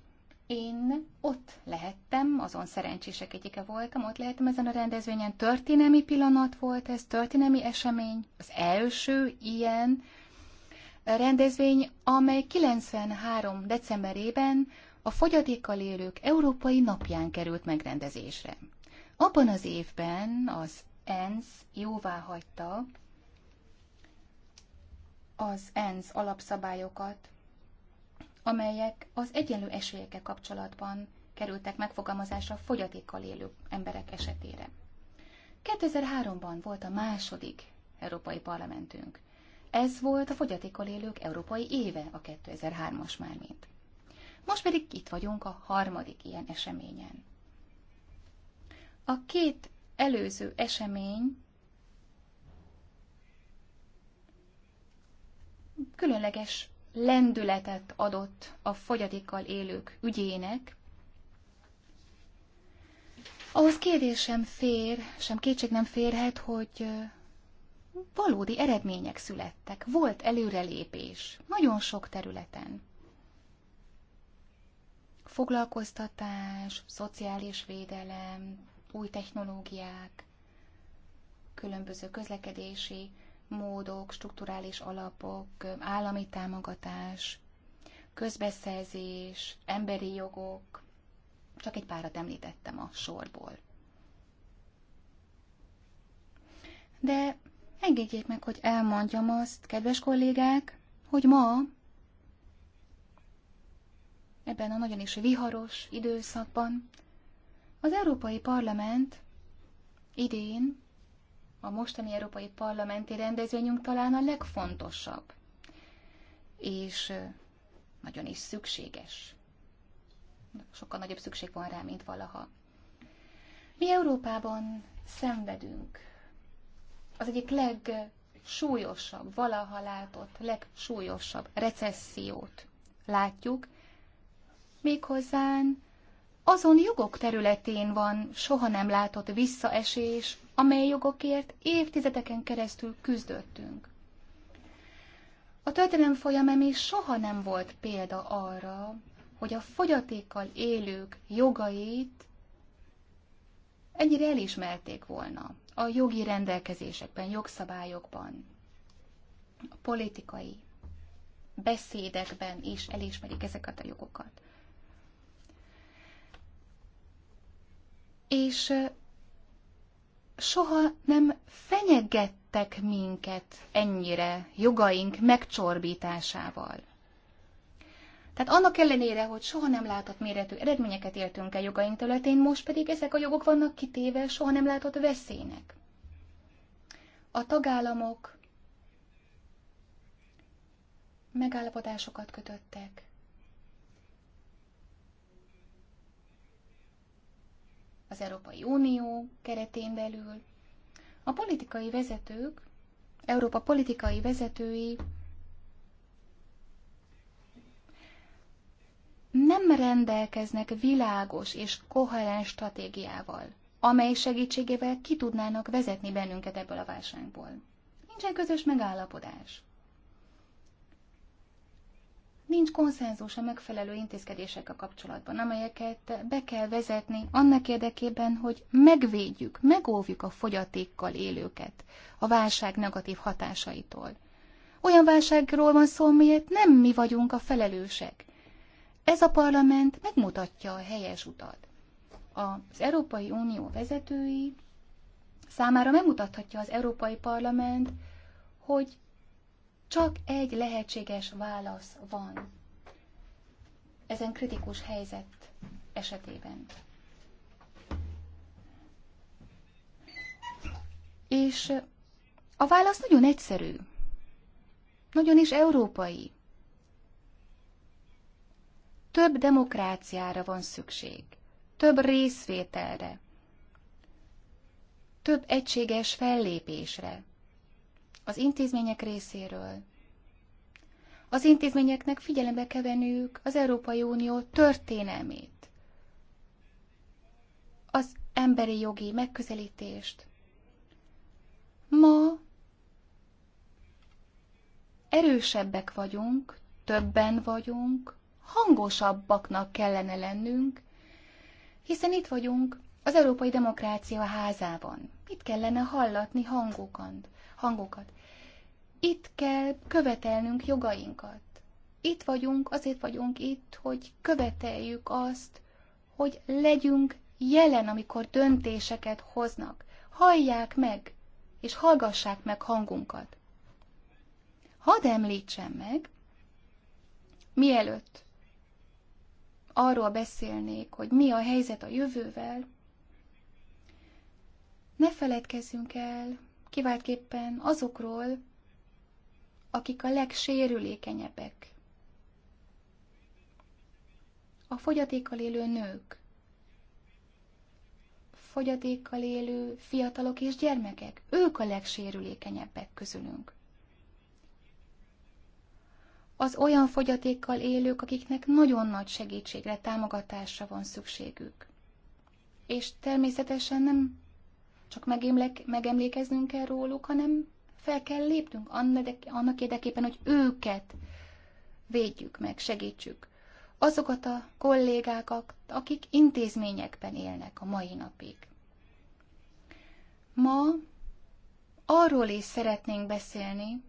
én ott lehettem, azon szerencsések egyike voltam, ott lehettem ezen a rendezvényen. Történelmi pillanat volt ez, történelmi esemény, az első ilyen rendezvény, amely 93. decemberében a fogyatékkal élők Európai Napján került megrendezésre. Abban az évben az ENSZ jóvá hagyta az ENSZ alapszabályokat amelyek az egyenlő esélyekkel kapcsolatban kerültek megfogalmazásra fogyatékkal élő emberek esetére. 2003-ban volt a második Európai Parlamentünk. Ez volt a fogyatékkal élők európai éve, a 2003-as mármint. Most pedig itt vagyunk a harmadik ilyen eseményen. A két előző esemény különleges lendületet adott a fogyatékkal élők ügyének. Ahhoz kérés sem fér, sem kétség nem férhet, hogy valódi eredmények születtek, volt előrelépés nagyon sok területen. Foglalkoztatás, szociális védelem, új technológiák, különböző közlekedési módok, strukturális alapok, állami támogatás, közbeszerzés, emberi jogok, csak egy párat említettem a sorból. De engedjék meg, hogy elmondjam azt, kedves kollégák, hogy ma ebben a nagyon is viharos időszakban az Európai Parlament idén a mostani Európai Parlamenti rendezvényünk talán a legfontosabb, és nagyon is szükséges. Sokkal nagyobb szükség van rá, mint valaha. Mi Európában szenvedünk. Az egyik legsúlyosabb, valaha látott, legsúlyosabb recessziót látjuk, méghozzán azon jogok területén van soha nem látott visszaesés, amely jogokért évtizedeken keresztül küzdöttünk. A történelem folyamán még soha nem volt példa arra, hogy a fogyatékkal élők jogait ennyire elismerték volna a jogi rendelkezésekben, jogszabályokban, a politikai beszédekben is elismerik ezeket a jogokat. És soha nem fenyegettek minket ennyire jogaink megcsorbításával. Tehát annak ellenére, hogy soha nem látott méretű eredményeket értünk el jogaink területén, most pedig ezek a jogok vannak kitéve soha nem látott veszélynek. A tagállamok megállapodásokat kötöttek az Európai Unió keretén belül. A politikai vezetők, Európa politikai vezetői nem rendelkeznek világos és koherens stratégiával, amely segítségével ki tudnának vezetni bennünket ebből a válságból. Nincsen közös megállapodás nincs konszenzus a megfelelő a kapcsolatban, amelyeket be kell vezetni annak érdekében, hogy megvédjük, megóvjuk a fogyatékkal élőket a válság negatív hatásaitól. Olyan válságról van szó, miért nem mi vagyunk a felelősek. Ez a parlament megmutatja a helyes utat. Az Európai Unió vezetői számára megmutathatja az Európai Parlament, hogy csak egy lehetséges válasz van ezen kritikus helyzet esetében. És a válasz nagyon egyszerű, nagyon is európai. Több demokráciára van szükség, több részvételre, több egységes fellépésre, az intézmények részéről. Az intézményeknek figyelembe kell venniük az Európai Unió történelmét, az emberi jogi megközelítést. Ma erősebbek vagyunk, többen vagyunk, hangosabbaknak kellene lennünk, hiszen itt vagyunk az Európai Demokrácia házában. Itt kellene hallatni hangokat. hangokat. Itt kell követelnünk jogainkat. Itt vagyunk, azért vagyunk itt, hogy követeljük azt, hogy legyünk jelen, amikor döntéseket hoznak. Hallják meg, és hallgassák meg hangunkat. Hadd említsem meg, mielőtt arról beszélnék, hogy mi a helyzet a jövővel, ne feledkezzünk el kiváltképpen azokról, akik a legsérülékenyebbek. A fogyatékkal élő nők, fogyatékkal élő fiatalok és gyermekek, ők a legsérülékenyebbek közülünk. Az olyan fogyatékkal élők, akiknek nagyon nagy segítségre, támogatásra van szükségük. És természetesen nem csak megemlékeznünk kell róluk, hanem fel kell lépnünk annak érdekében, hogy őket védjük meg, segítsük. Azokat a kollégákat, akik intézményekben élnek a mai napig. Ma arról is szeretnénk beszélni,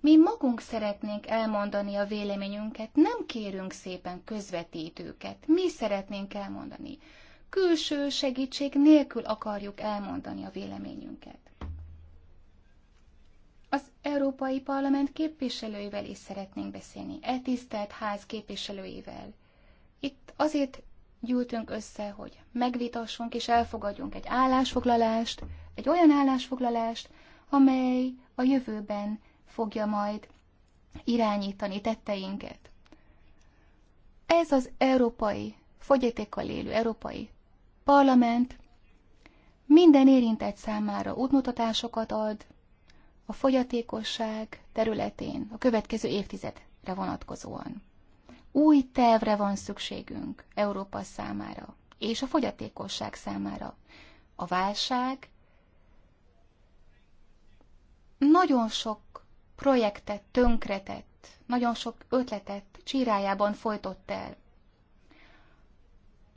Mi magunk szeretnénk elmondani a véleményünket, nem kérünk szépen közvetítőket. Mi szeretnénk elmondani külső segítség nélkül akarjuk elmondani a véleményünket. Az Európai Parlament képviselőivel is szeretnénk beszélni, e tisztelt ház képviselőivel. Itt azért gyűltünk össze, hogy megvitassunk és elfogadjunk egy állásfoglalást, egy olyan állásfoglalást, amely a jövőben fogja majd irányítani tetteinket. Ez az európai, fogyatékkal élő európai parlament minden érintett számára útmutatásokat ad a fogyatékosság területén a következő évtizedre vonatkozóan. Új tervre van szükségünk Európa számára és a fogyatékosság számára. A válság nagyon sok projektet tönkretett, nagyon sok ötletet csirájában folytott el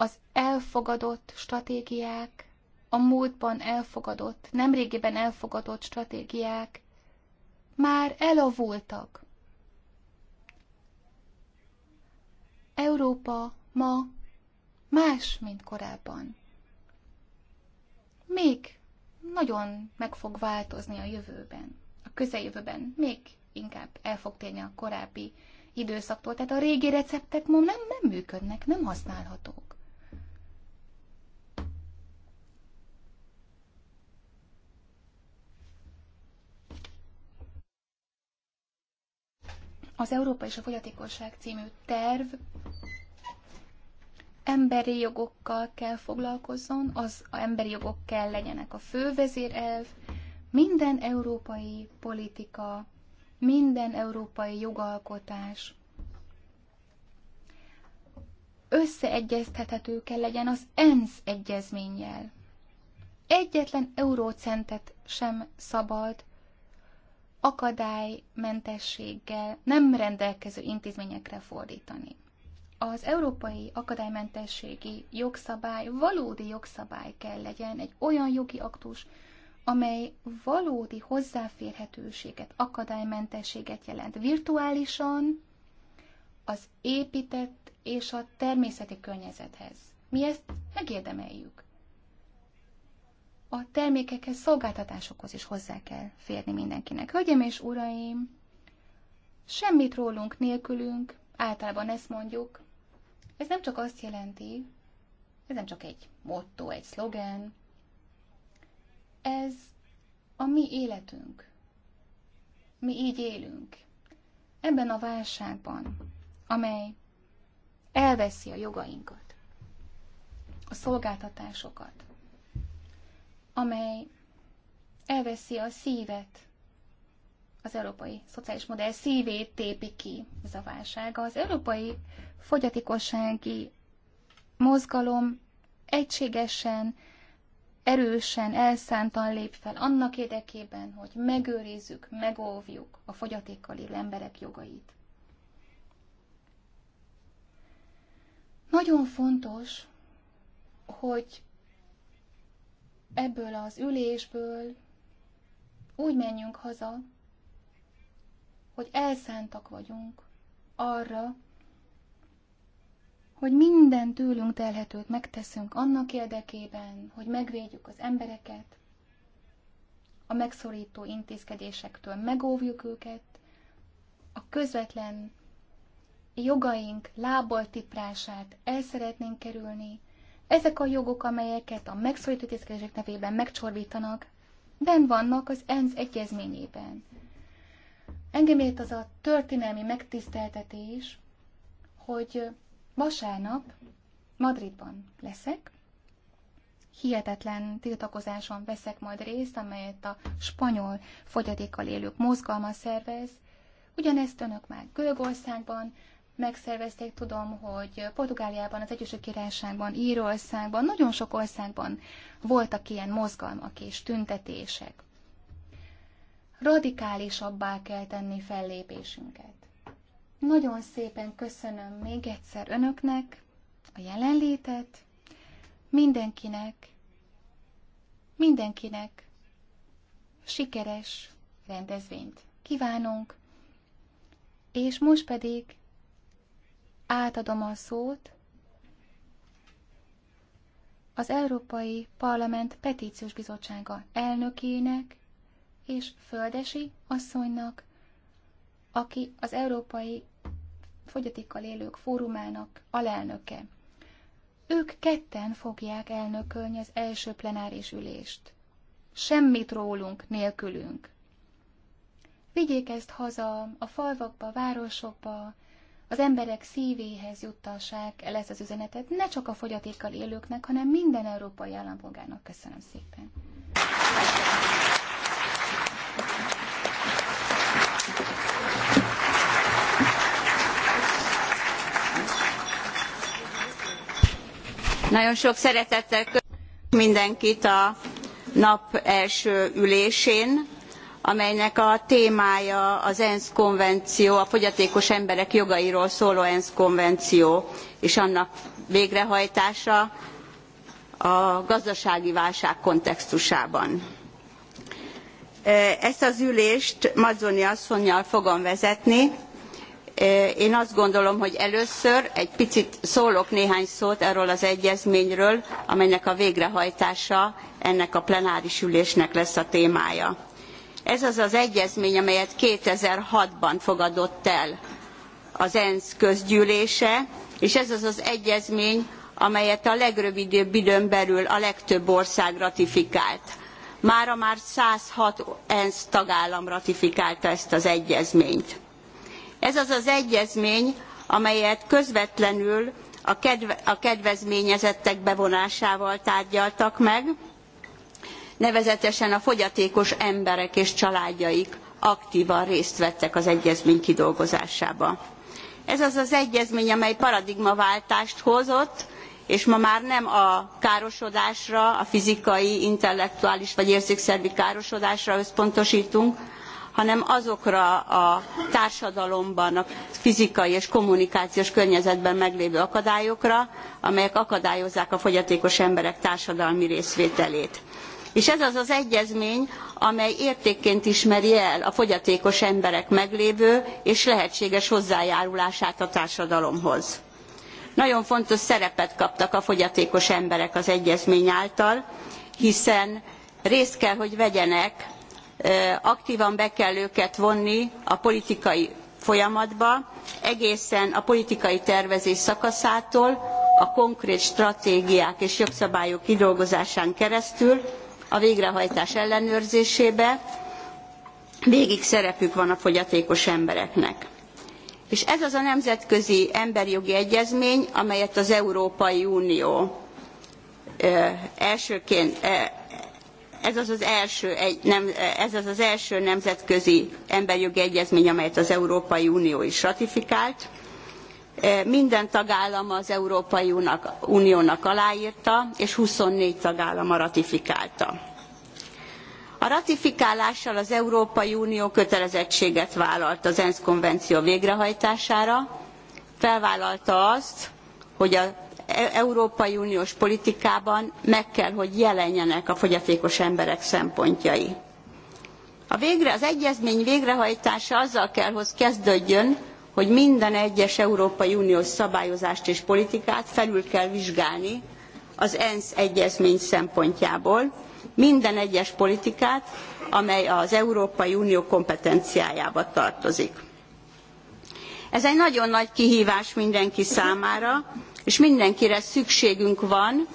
az elfogadott stratégiák, a múltban elfogadott, nemrégiben elfogadott stratégiák már elavultak. Európa ma más, mint korábban. Még nagyon meg fog változni a jövőben, a közeljövőben, még inkább el fog térni a korábbi időszaktól. Tehát a régi receptek ma nem, nem működnek, nem használhatók. Az Európa és a Fogyatékosság című terv emberi jogokkal kell foglalkozzon, az a emberi jogok kell legyenek a fővezérelv, minden európai politika, minden európai jogalkotás összeegyeztethető kell legyen az ENSZ egyezménnyel. Egyetlen eurócentet sem szabad akadálymentességgel nem rendelkező intézményekre fordítani. Az európai akadálymentességi jogszabály valódi jogszabály kell legyen, egy olyan jogi aktus, amely valódi hozzáférhetőséget, akadálymentességet jelent virtuálisan az épített és a természeti környezethez. Mi ezt megérdemeljük a termékekhez, szolgáltatásokhoz is hozzá kell férni mindenkinek. Hölgyeim és uraim, semmit rólunk nélkülünk, általában ezt mondjuk. Ez nem csak azt jelenti, ez nem csak egy motto, egy szlogen, ez a mi életünk. Mi így élünk. Ebben a válságban, amely elveszi a jogainkat, a szolgáltatásokat, amely elveszi a szívet, az európai szociális modell szívét tépi ki ez a válság. Az európai fogyatékossági mozgalom egységesen, erősen, elszántan lép fel annak érdekében, hogy megőrizzük, megóvjuk a fogyatékkal élő emberek jogait. Nagyon fontos, hogy ebből az ülésből úgy menjünk haza, hogy elszántak vagyunk arra, hogy minden tőlünk telhetőt megteszünk annak érdekében, hogy megvédjük az embereket, a megszorító intézkedésektől megóvjuk őket, a közvetlen jogaink lábbaltiprását el szeretnénk kerülni, ezek a jogok, amelyeket a megszorító intézkedések nevében megcsorbítanak, ben vannak az ENSZ egyezményében. Engem ért az a történelmi megtiszteltetés, hogy vasárnap Madridban leszek, hihetetlen tiltakozáson veszek majd részt, amelyet a spanyol fogyatékkal élők mozgalma szervez. Ugyanezt önök már Görögországban, megszervezték, tudom, hogy Portugáliában, az Egyesült Királyságban, Írországban, nagyon sok országban voltak ilyen mozgalmak és tüntetések. Radikálisabbá kell tenni fellépésünket. Nagyon szépen köszönöm még egyszer önöknek a jelenlétet, mindenkinek, mindenkinek sikeres rendezvényt kívánunk, és most pedig Átadom a szót az Európai Parlament Petíciós Bizottsága elnökének és Földesi asszonynak, aki az Európai Fogyatékkal Élők Fórumának alelnöke. Ők ketten fogják elnökölni az első plenáris ülést. Semmit rólunk, nélkülünk. Vigyék ezt haza a falvakba, városokba, az emberek szívéhez juttassák el ezt az üzenetet, ne csak a fogyatékkal élőknek, hanem minden európai állampolgárnak. Köszönöm szépen! Nagyon sok szeretettel köszönöm mindenkit a nap első ülésén amelynek a témája az ENSZ konvenció, a fogyatékos emberek jogairól szóló ENSZ konvenció, és annak végrehajtása a gazdasági válság kontextusában. Ezt az ülést Mazzoni asszonynal fogom vezetni. Én azt gondolom, hogy először egy picit szólok néhány szót erről az egyezményről, amelynek a végrehajtása ennek a plenáris ülésnek lesz a témája ez az az egyezmény, amelyet 2006-ban fogadott el az ENSZ közgyűlése, és ez az az egyezmény, amelyet a legrövidebb időn belül a legtöbb ország ratifikált. Mára már 106 ENSZ tagállam ratifikálta ezt az egyezményt. Ez az az egyezmény, amelyet közvetlenül a, kedve, a kedvezményezettek bevonásával tárgyaltak meg, nevezetesen a fogyatékos emberek és családjaik aktívan részt vettek az egyezmény kidolgozásába. Ez az az egyezmény, amely paradigmaváltást hozott, és ma már nem a károsodásra, a fizikai, intellektuális vagy érzékszervi károsodásra összpontosítunk, hanem azokra a társadalomban, a fizikai és kommunikációs környezetben meglévő akadályokra, amelyek akadályozzák a fogyatékos emberek társadalmi részvételét. És ez az az egyezmény, amely értékként ismeri el a fogyatékos emberek meglévő és lehetséges hozzájárulását a társadalomhoz. Nagyon fontos szerepet kaptak a fogyatékos emberek az egyezmény által, hiszen részt kell, hogy vegyenek, aktívan be kell őket vonni a politikai folyamatba, egészen a politikai tervezés szakaszától, a konkrét stratégiák és jogszabályok kidolgozásán keresztül, a végrehajtás ellenőrzésébe, végig szerepük van a fogyatékos embereknek. És ez az a nemzetközi emberjogi egyezmény, amelyet az Európai Unió elsőként, ez az az első, nem, ez az az első nemzetközi emberjogi egyezmény, amelyet az Európai Unió is ratifikált, minden tagállama az Európai Uniónak aláírta, és 24 tagállama ratifikálta. A ratifikálással az Európai Unió kötelezettséget vállalt az ENSZ konvenció végrehajtására, felvállalta azt, hogy az Európai Uniós politikában meg kell, hogy jelenjenek a fogyatékos emberek szempontjai. A végre, az egyezmény végrehajtása azzal kell, hogy kezdődjön, hogy minden egyes Európai Uniós szabályozást és politikát felül kell vizsgálni az ENSZ egyezmény szempontjából, minden egyes politikát, amely az Európai Unió kompetenciájába tartozik. Ez egy nagyon nagy kihívás mindenki számára, és mindenkire szükségünk van,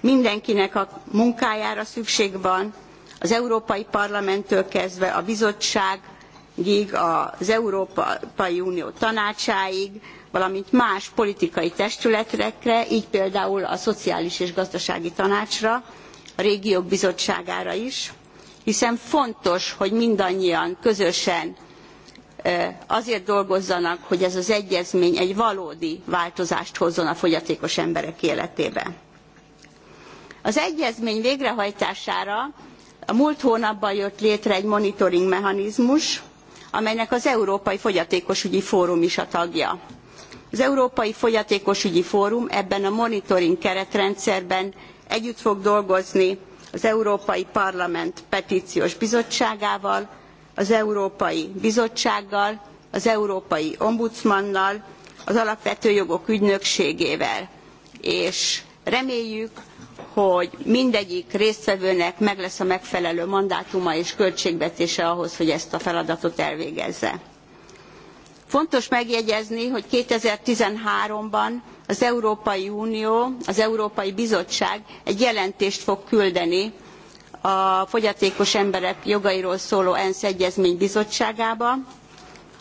mindenkinek a munkájára szükség van, az Európai Parlamenttől kezdve a bizottság, Gig az Európai Unió tanácsáig, valamint más politikai testületekre, így például a Szociális és Gazdasági Tanácsra, a Régiók Bizottságára is, hiszen fontos, hogy mindannyian közösen azért dolgozzanak, hogy ez az egyezmény egy valódi változást hozzon a fogyatékos emberek életébe. Az egyezmény végrehajtására a múlt hónapban jött létre egy monitoring mechanizmus, amelynek az Európai Fogyatékosügyi Fórum is a tagja. Az Európai Fogyatékosügyi Fórum ebben a monitoring keretrendszerben együtt fog dolgozni az Európai Parlament Petíciós Bizottságával, az Európai Bizottsággal, az Európai Ombudsmannal, az Alapvető Jogok Ügynökségével. És reméljük, hogy mindegyik résztvevőnek meg lesz a megfelelő mandátuma és költségvetése ahhoz, hogy ezt a feladatot elvégezze. Fontos megjegyezni, hogy 2013-ban az Európai Unió, az Európai Bizottság egy jelentést fog küldeni a fogyatékos emberek jogairól szóló ENSZ egyezmény bizottságába,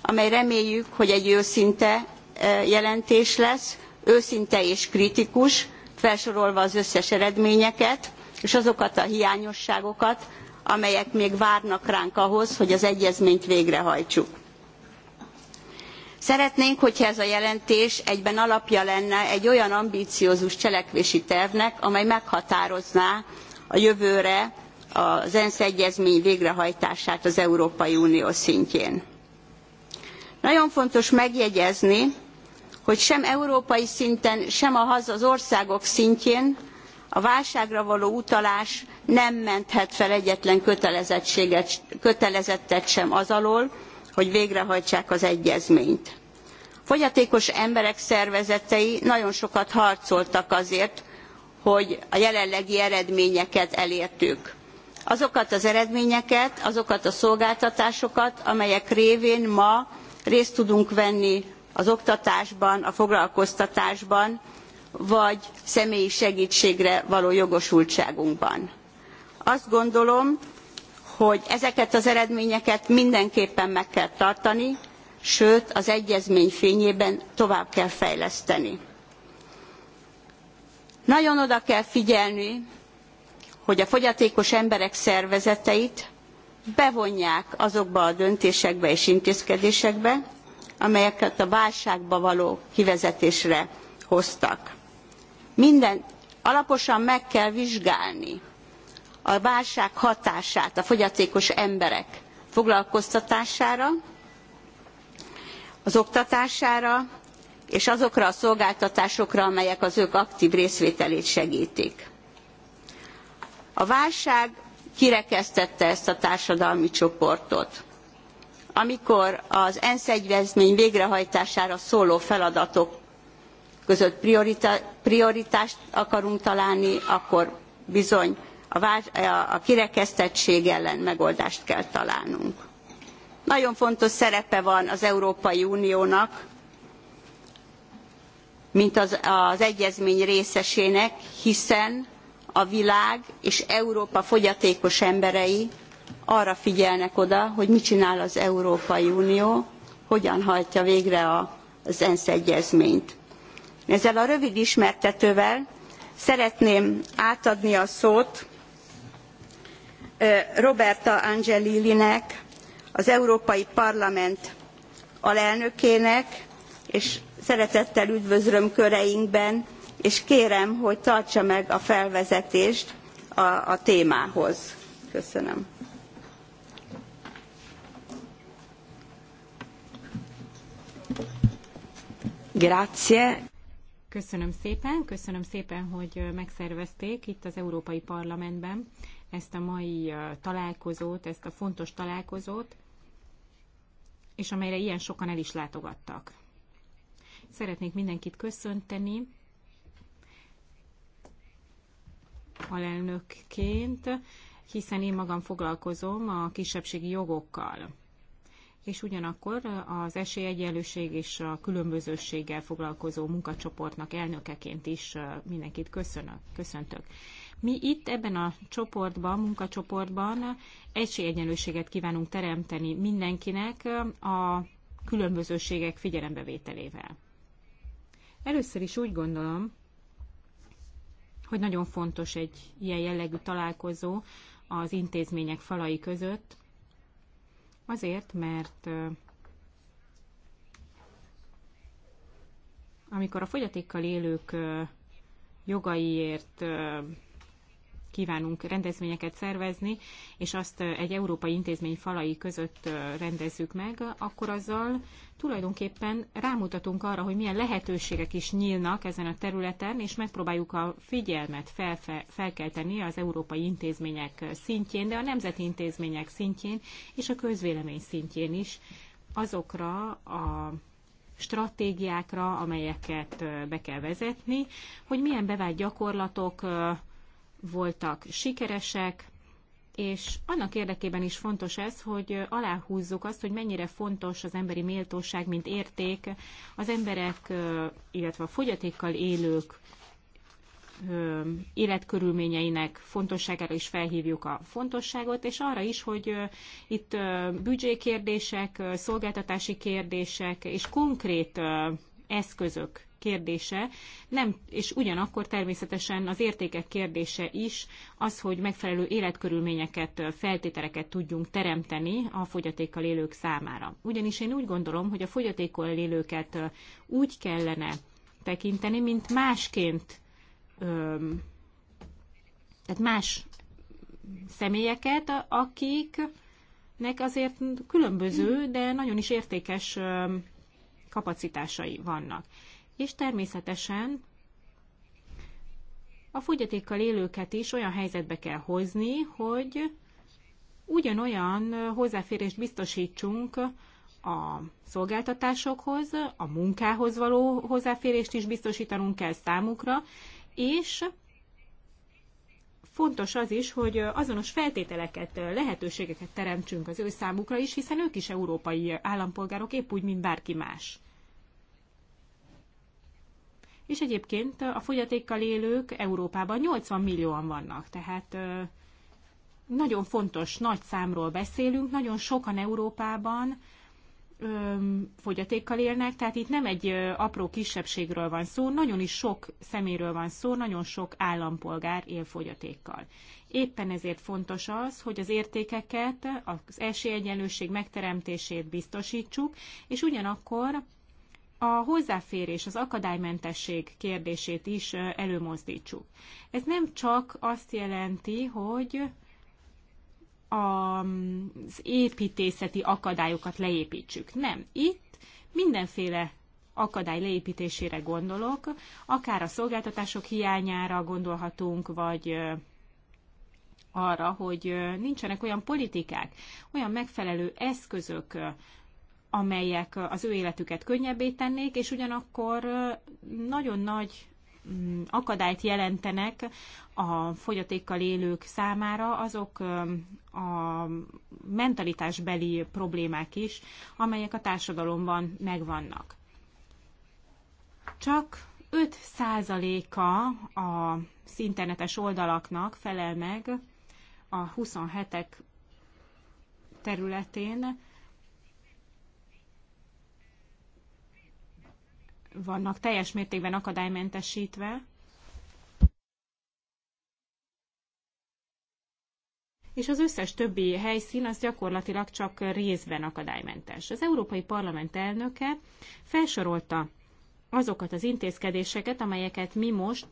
amely reméljük, hogy egy őszinte eh, jelentés lesz, őszinte és kritikus, felsorolva az összes eredményeket, és azokat a hiányosságokat, amelyek még várnak ránk ahhoz, hogy az egyezményt végrehajtsuk. Szeretnénk, hogyha ez a jelentés egyben alapja lenne egy olyan ambíciózus cselekvési tervnek, amely meghatározná a jövőre az ENSZ egyezmény végrehajtását az Európai Unió szintjén. Nagyon fontos megjegyezni, hogy sem európai szinten, sem az országok szintjén a válságra való utalás nem menthet fel egyetlen kötelezettséget, kötelezettet sem az alól, hogy végrehajtsák az egyezményt. Fogyatékos emberek szervezetei nagyon sokat harcoltak azért, hogy a jelenlegi eredményeket elértük. Azokat az eredményeket, azokat a szolgáltatásokat, amelyek révén ma részt tudunk venni az oktatásban, a foglalkoztatásban, vagy személyi segítségre való jogosultságunkban. Azt gondolom, hogy ezeket az eredményeket mindenképpen meg kell tartani, sőt az egyezmény fényében tovább kell fejleszteni. Nagyon oda kell figyelni, hogy a fogyatékos emberek szervezeteit bevonják azokba a döntésekbe és intézkedésekbe, amelyeket a válságba való kivezetésre hoztak. Minden alaposan meg kell vizsgálni a válság hatását a fogyatékos emberek foglalkoztatására, az oktatására, és azokra a szolgáltatásokra, amelyek az ők aktív részvételét segítik. A válság kirekesztette ezt a társadalmi csoportot amikor az ENSZ egyezmény végrehajtására szóló feladatok között prioritást akarunk találni, akkor bizony a, kirekesztettség ellen megoldást kell találnunk. Nagyon fontos szerepe van az Európai Uniónak, mint az, az egyezmény részesének, hiszen a világ és Európa fogyatékos emberei arra figyelnek oda, hogy mit csinál az Európai Unió, hogyan hajtja végre a, az ENSZ egyezményt. Ezzel a rövid ismertetővel szeretném átadni a szót Roberta Angelilinek, az Európai Parlament alelnökének, és szeretettel üdvözlöm köreinkben, és kérem, hogy tartsa meg a felvezetést a, a témához. Köszönöm. Grazie. Köszönöm szépen, köszönöm szépen, hogy megszervezték itt az Európai Parlamentben ezt a mai találkozót, ezt a fontos találkozót, és amelyre ilyen sokan el is látogattak. Szeretnék mindenkit köszönteni alelnökként, hiszen én magam foglalkozom a kisebbségi jogokkal és ugyanakkor az esélyegyenlőség és a különbözőséggel foglalkozó munkacsoportnak elnökeként is mindenkit köszönök, köszöntök. Mi itt ebben a csoportban, munkacsoportban esélyegyenlőséget kívánunk teremteni mindenkinek a különbözőségek figyelembevételével. Először is úgy gondolom, hogy nagyon fontos egy ilyen jellegű találkozó az intézmények falai között, Azért, mert amikor a fogyatékkal élők jogaiért kívánunk rendezvényeket szervezni, és azt egy európai intézmény falai között rendezzük meg, akkor azzal tulajdonképpen rámutatunk arra, hogy milyen lehetőségek is nyílnak ezen a területen, és megpróbáljuk a figyelmet felfe, felkelteni az európai intézmények szintjén, de a nemzeti intézmények szintjén és a közvélemény szintjén is azokra a stratégiákra, amelyeket be kell vezetni, hogy milyen bevált gyakorlatok voltak sikeresek, és annak érdekében is fontos ez, hogy aláhúzzuk azt, hogy mennyire fontos az emberi méltóság, mint érték az emberek, illetve a fogyatékkal élők életkörülményeinek fontosságára is felhívjuk a fontosságot, és arra is, hogy itt büdzsékérdések, szolgáltatási kérdések és konkrét eszközök kérdése, nem, és ugyanakkor természetesen az értékek kérdése is az, hogy megfelelő életkörülményeket, feltételeket tudjunk teremteni a fogyatékkal élők számára. Ugyanis én úgy gondolom, hogy a fogyatékkal élőket úgy kellene tekinteni, mint másként, tehát más személyeket, akiknek azért különböző, de nagyon is értékes kapacitásai vannak és természetesen a fogyatékkal élőket is olyan helyzetbe kell hozni, hogy ugyanolyan hozzáférést biztosítsunk a szolgáltatásokhoz, a munkához való hozzáférést is biztosítanunk kell számukra, és fontos az is, hogy azonos feltételeket, lehetőségeket teremtsünk az ő számukra is, hiszen ők is európai állampolgárok, épp úgy, mint bárki más és egyébként a fogyatékkal élők Európában 80 millióan vannak, tehát nagyon fontos, nagy számról beszélünk, nagyon sokan Európában fogyatékkal élnek, tehát itt nem egy apró kisebbségről van szó, nagyon is sok szeméről van szó, nagyon sok állampolgár él fogyatékkal. Éppen ezért fontos az, hogy az értékeket, az esélyegyenlőség megteremtését biztosítsuk, és ugyanakkor a hozzáférés, az akadálymentesség kérdését is előmozdítsuk. Ez nem csak azt jelenti, hogy az építészeti akadályokat leépítsük. Nem. Itt mindenféle akadály leépítésére gondolok, akár a szolgáltatások hiányára gondolhatunk, vagy arra, hogy nincsenek olyan politikák, olyan megfelelő eszközök amelyek az ő életüket könnyebbé tennék, és ugyanakkor nagyon nagy mm, akadályt jelentenek a fogyatékkal élők számára azok a mentalitásbeli problémák is, amelyek a társadalomban megvannak. Csak 5%-a az internetes oldalaknak felel meg a 27-ek területén vannak teljes mértékben akadálymentesítve, és az összes többi helyszín az gyakorlatilag csak részben akadálymentes. Az Európai Parlament elnöke felsorolta azokat az intézkedéseket, amelyeket mi most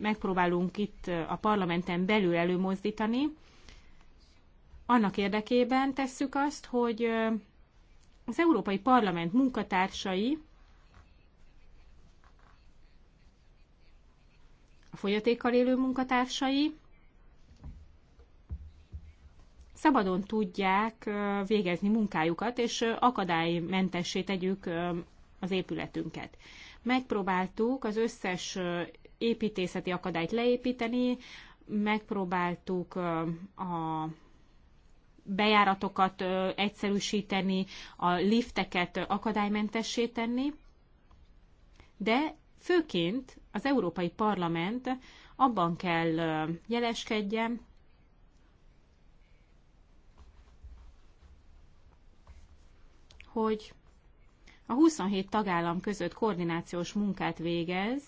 megpróbálunk itt a parlamenten belül előmozdítani. Annak érdekében tesszük azt, hogy az Európai Parlament munkatársai a fogyatékkal élő munkatársai szabadon tudják végezni munkájukat, és akadálymentessé tegyük az épületünket. Megpróbáltuk az összes építészeti akadályt leépíteni, megpróbáltuk a bejáratokat egyszerűsíteni, a lifteket akadálymentessé tenni, de főként az Európai Parlament abban kell jeleskedjen, hogy a 27 tagállam között koordinációs munkát végez,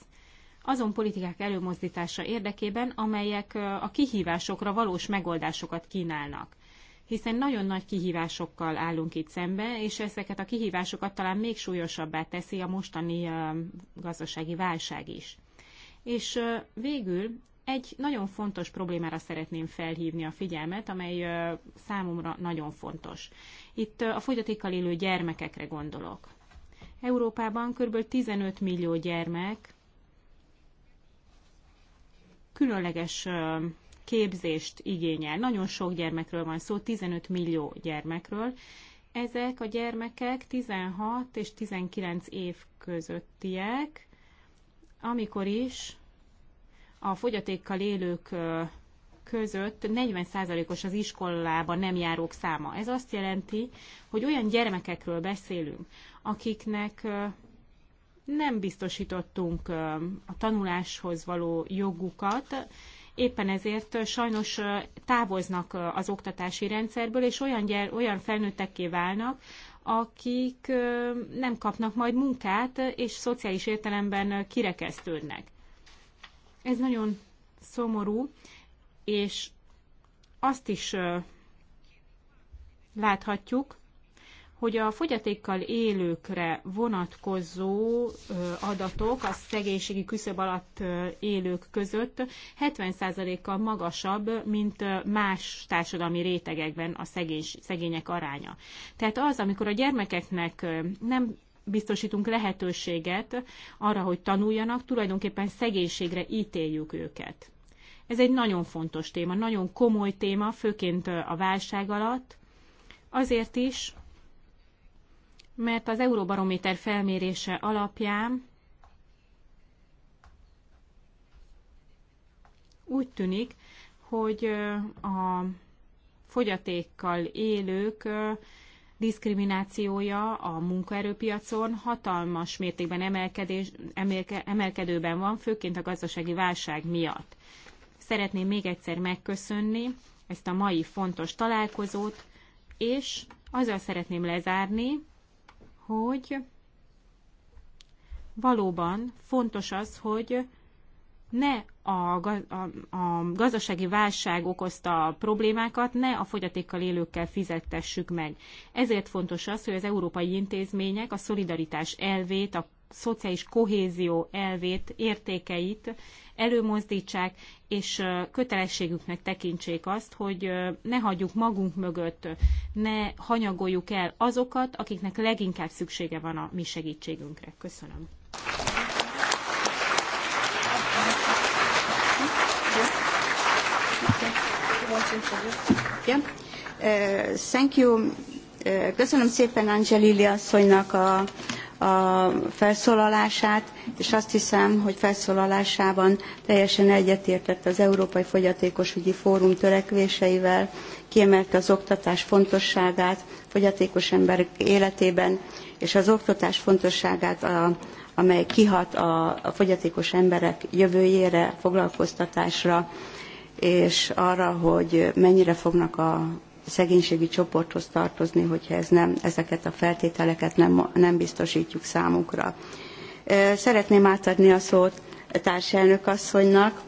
azon politikák előmozdítása érdekében, amelyek a kihívásokra valós megoldásokat kínálnak hiszen nagyon nagy kihívásokkal állunk itt szembe, és ezeket a kihívásokat talán még súlyosabbá teszi a mostani gazdasági válság is. És végül egy nagyon fontos problémára szeretném felhívni a figyelmet, amely számomra nagyon fontos. Itt a fogyatékkal élő gyermekekre gondolok. Európában kb. 15 millió gyermek különleges képzést igényel. Nagyon sok gyermekről van szó, 15 millió gyermekről. Ezek a gyermekek 16 és 19 év közöttiek, amikor is a fogyatékkal élők között 40%-os az iskolában nem járók száma. Ez azt jelenti, hogy olyan gyermekekről beszélünk, akiknek nem biztosítottunk a tanuláshoz való jogukat, éppen ezért sajnos távoznak az oktatási rendszerből, és olyan, gyere, olyan felnőttekké válnak, akik nem kapnak majd munkát, és szociális értelemben kirekesztődnek. Ez nagyon szomorú, és azt is láthatjuk, hogy a fogyatékkal élőkre vonatkozó adatok a szegénységi küszöb alatt élők között 70%-kal magasabb, mint más társadalmi rétegekben a szegény, szegények aránya. Tehát az, amikor a gyermekeknek nem biztosítunk lehetőséget arra, hogy tanuljanak, tulajdonképpen szegénységre ítéljük őket. Ez egy nagyon fontos téma, nagyon komoly téma, főként a válság alatt. Azért is, mert az Euróbarométer felmérése alapján úgy tűnik, hogy a fogyatékkal élők diszkriminációja a munkaerőpiacon hatalmas mértékben emelkedés, emelke, emelkedőben van, főként a gazdasági válság miatt. Szeretném még egyszer megköszönni ezt a mai fontos találkozót, és azzal szeretném lezárni, hogy valóban fontos az, hogy ne a, a, a gazdasági válság okozta problémákat, ne a fogyatékkal élőkkel fizettessük meg. Ezért fontos az, hogy az európai intézmények a szolidaritás elvét, a szociális kohézió elvét, értékeit előmozdítsák, és kötelességüknek tekintsék azt, hogy ne hagyjuk magunk mögött, ne hanyagoljuk el azokat, akiknek leginkább szüksége van a mi segítségünkre. Köszönöm. Thank you. Köszönöm szépen Angelilia asszonynak a, a felszólalását, és azt hiszem, hogy felszólalásában teljesen egyetértett az Európai Fogyatékosügyi Fórum törekvéseivel, kiemelte az oktatás fontosságát fogyatékos emberek életében, és az oktatás fontosságát a amely kihat a, fogyatékos emberek jövőjére, foglalkoztatásra, és arra, hogy mennyire fognak a szegénységi csoporthoz tartozni, hogyha ez nem, ezeket a feltételeket nem, nem biztosítjuk számukra. Szeretném átadni a szót társelnök asszonynak,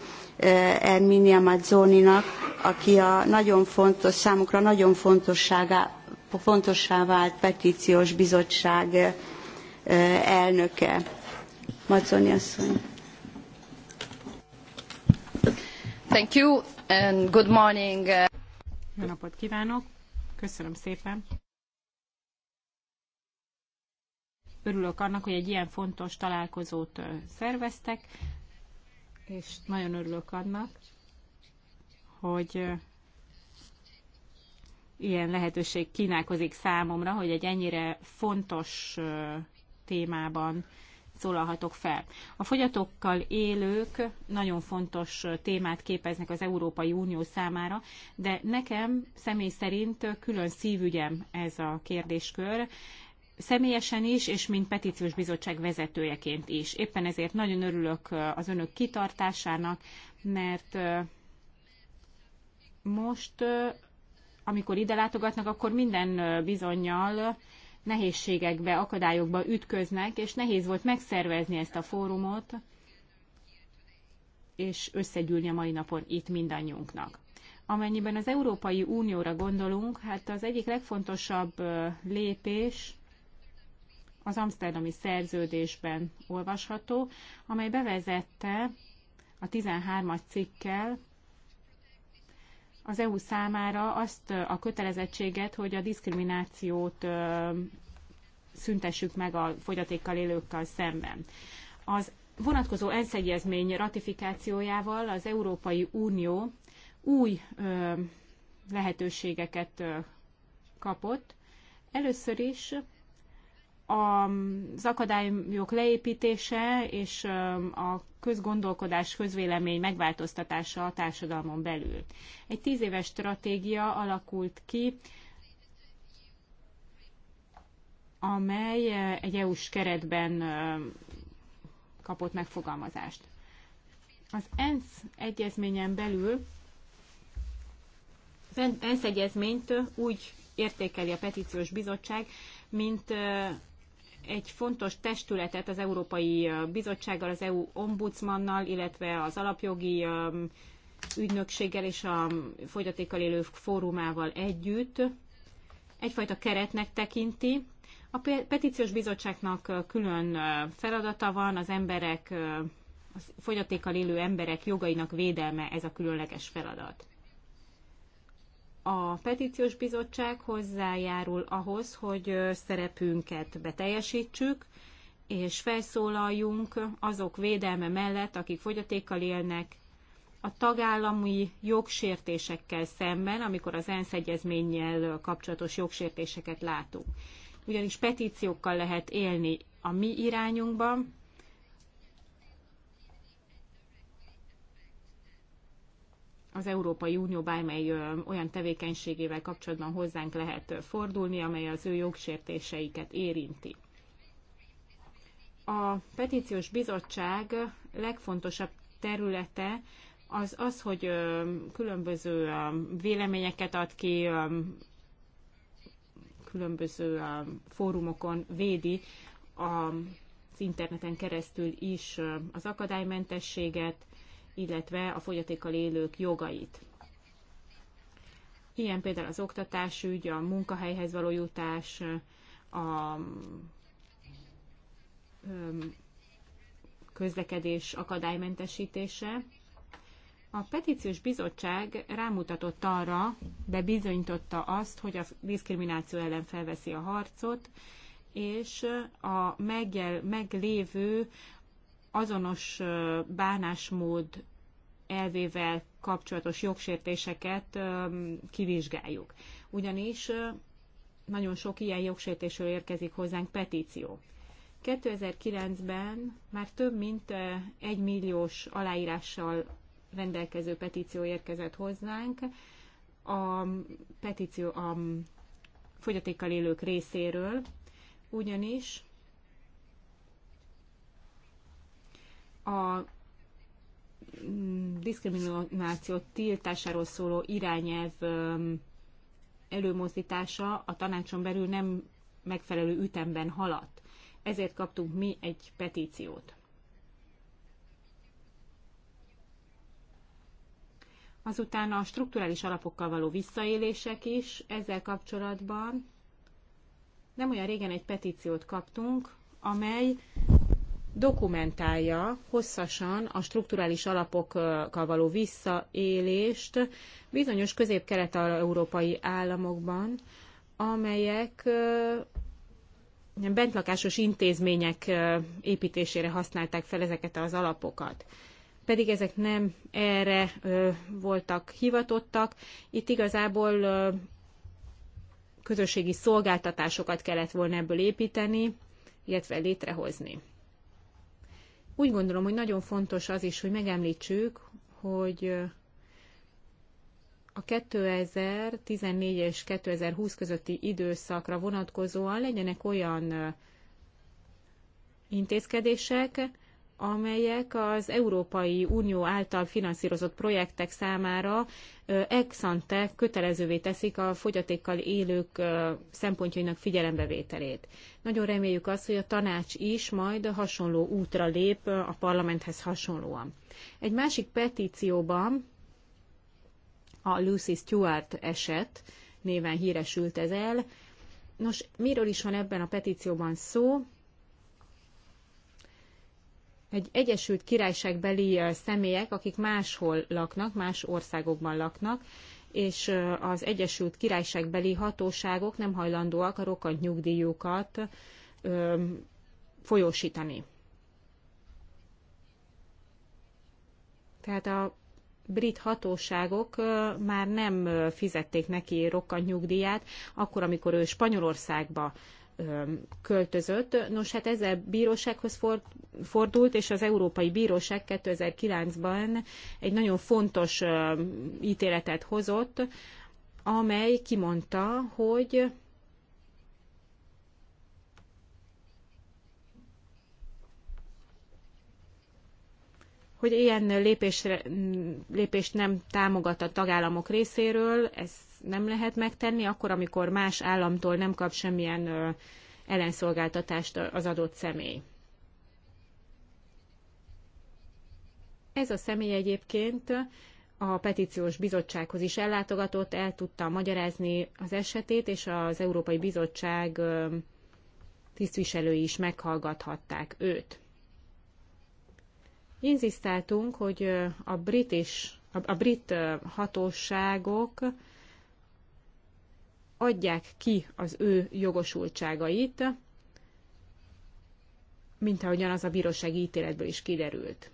Erminia Mazzoninak, aki a nagyon fontos, számukra nagyon fontossá vált petíciós bizottság elnöke. Mazzoni asszony. Thank you and good morning. Uh, jó napot kívánok! Köszönöm szépen! Örülök annak, hogy egy ilyen fontos találkozót szerveztek, és nagyon örülök annak, hogy ilyen lehetőség kínálkozik számomra, hogy egy ennyire fontos témában szólalhatok fel. A fogyatokkal élők nagyon fontos témát képeznek az Európai Unió számára, de nekem személy szerint külön szívügyem ez a kérdéskör, személyesen is, és mint petíciós bizottság vezetőjeként is. Éppen ezért nagyon örülök az önök kitartásának, mert most, amikor ide látogatnak, akkor minden bizonyal nehézségekbe, akadályokba ütköznek, és nehéz volt megszervezni ezt a fórumot, és összegyűlni a mai napon itt mindannyiunknak. Amennyiben az Európai Unióra gondolunk, hát az egyik legfontosabb lépés az Amsterdami szerződésben olvasható, amely bevezette a 13-as cikkel az EU számára azt a kötelezettséget, hogy a diszkriminációt szüntessük meg a fogyatékkal élőkkel szemben. Az vonatkozó ENSZ egyezmény ratifikációjával az Európai Unió új lehetőségeket kapott. Először is az akadályok leépítése és a közgondolkodás, közvélemény megváltoztatása a társadalmon belül. Egy tíz éves stratégia alakult ki, amely eh, egy EU-s keretben eh, kapott megfogalmazást. Az ENSZ egyezményen belül az ENSZ egyezményt úgy értékeli a petíciós bizottság, mint eh, egy fontos testületet az Európai Bizottsággal, az EU ombudsmannal, illetve az alapjogi ügynökséggel és a fogyatékkal élő fórumával együtt egyfajta keretnek tekinti. A petíciós bizottságnak külön feladata van, az emberek, a fogyatékkal élő emberek jogainak védelme ez a különleges feladat a petíciós bizottság hozzájárul ahhoz, hogy szerepünket beteljesítsük, és felszólaljunk azok védelme mellett, akik fogyatékkal élnek, a tagállami jogsértésekkel szemben, amikor az ENSZ egyezménnyel kapcsolatos jogsértéseket látunk. Ugyanis petíciókkal lehet élni a mi irányunkban, az Európai Unió bármely olyan tevékenységével kapcsolatban hozzánk lehet fordulni, amely az ő jogsértéseiket érinti. A petíciós bizottság legfontosabb területe az az, hogy különböző véleményeket ad ki, különböző fórumokon védi az interneten keresztül is az akadálymentességet, illetve a fogyatékkal élők jogait. Ilyen például az oktatásügy, a munkahelyhez való jutás, a közlekedés akadálymentesítése. A petíciós bizottság rámutatott arra, de bizonyította azt, hogy a diszkrimináció ellen felveszi a harcot, és a megjel, meglévő azonos bánásmód elvével kapcsolatos jogsértéseket kivizsgáljuk. Ugyanis nagyon sok ilyen jogsértésről érkezik hozzánk petíció. 2009-ben már több mint egy milliós aláírással rendelkező petíció érkezett hozzánk a petíció a fogyatékkal élők részéről, ugyanis a diszkrimináció tiltásáról szóló irányelv előmozdítása a tanácson belül nem megfelelő ütemben haladt. Ezért kaptunk mi egy petíciót. Azután a strukturális alapokkal való visszaélések is ezzel kapcsolatban. Nem olyan régen egy petíciót kaptunk, amely dokumentálja hosszasan a strukturális alapokkal való visszaélést bizonyos közép-kelet-európai államokban, amelyek bentlakásos intézmények építésére használták fel ezeket az alapokat. Pedig ezek nem erre voltak hivatottak. Itt igazából közösségi szolgáltatásokat kellett volna ebből építeni, illetve létrehozni. Úgy gondolom, hogy nagyon fontos az is, hogy megemlítsük, hogy a 2014 és 2020 közötti időszakra vonatkozóan legyenek olyan intézkedések, amelyek az Európai Unió által finanszírozott projektek számára ex ante kötelezővé teszik a fogyatékkal élők szempontjainak figyelembevételét. Nagyon reméljük azt, hogy a tanács is majd hasonló útra lép a parlamenthez hasonlóan. Egy másik petícióban a Lucy Stewart eset néven híresült ez el. Nos, miről is van ebben a petícióban szó? egy Egyesült Királyságbeli személyek, akik máshol laknak, más országokban laknak, és az Egyesült Királyságbeli hatóságok nem hajlandóak a rokkant nyugdíjukat ö, folyósítani. Tehát a brit hatóságok már nem fizették neki rokkant nyugdíját, akkor, amikor ő Spanyolországba költözött. Nos, hát ezzel bírósághoz fordult, és az Európai Bíróság 2009-ban egy nagyon fontos ítéletet hozott, amely kimondta, hogy hogy ilyen lépésre, lépést nem támogat a tagállamok részéről, ez nem lehet megtenni, akkor, amikor más államtól nem kap semmilyen ellenszolgáltatást az adott személy. Ez a személy egyébként a petíciós bizottsághoz is ellátogatott, el tudta magyarázni az esetét, és az Európai Bizottság tisztviselői is meghallgathatták őt. Inzisztáltunk, hogy a, british, a, a brit hatóságok adják ki az ő jogosultságait, mint ahogyan az a bírósági ítéletből is kiderült.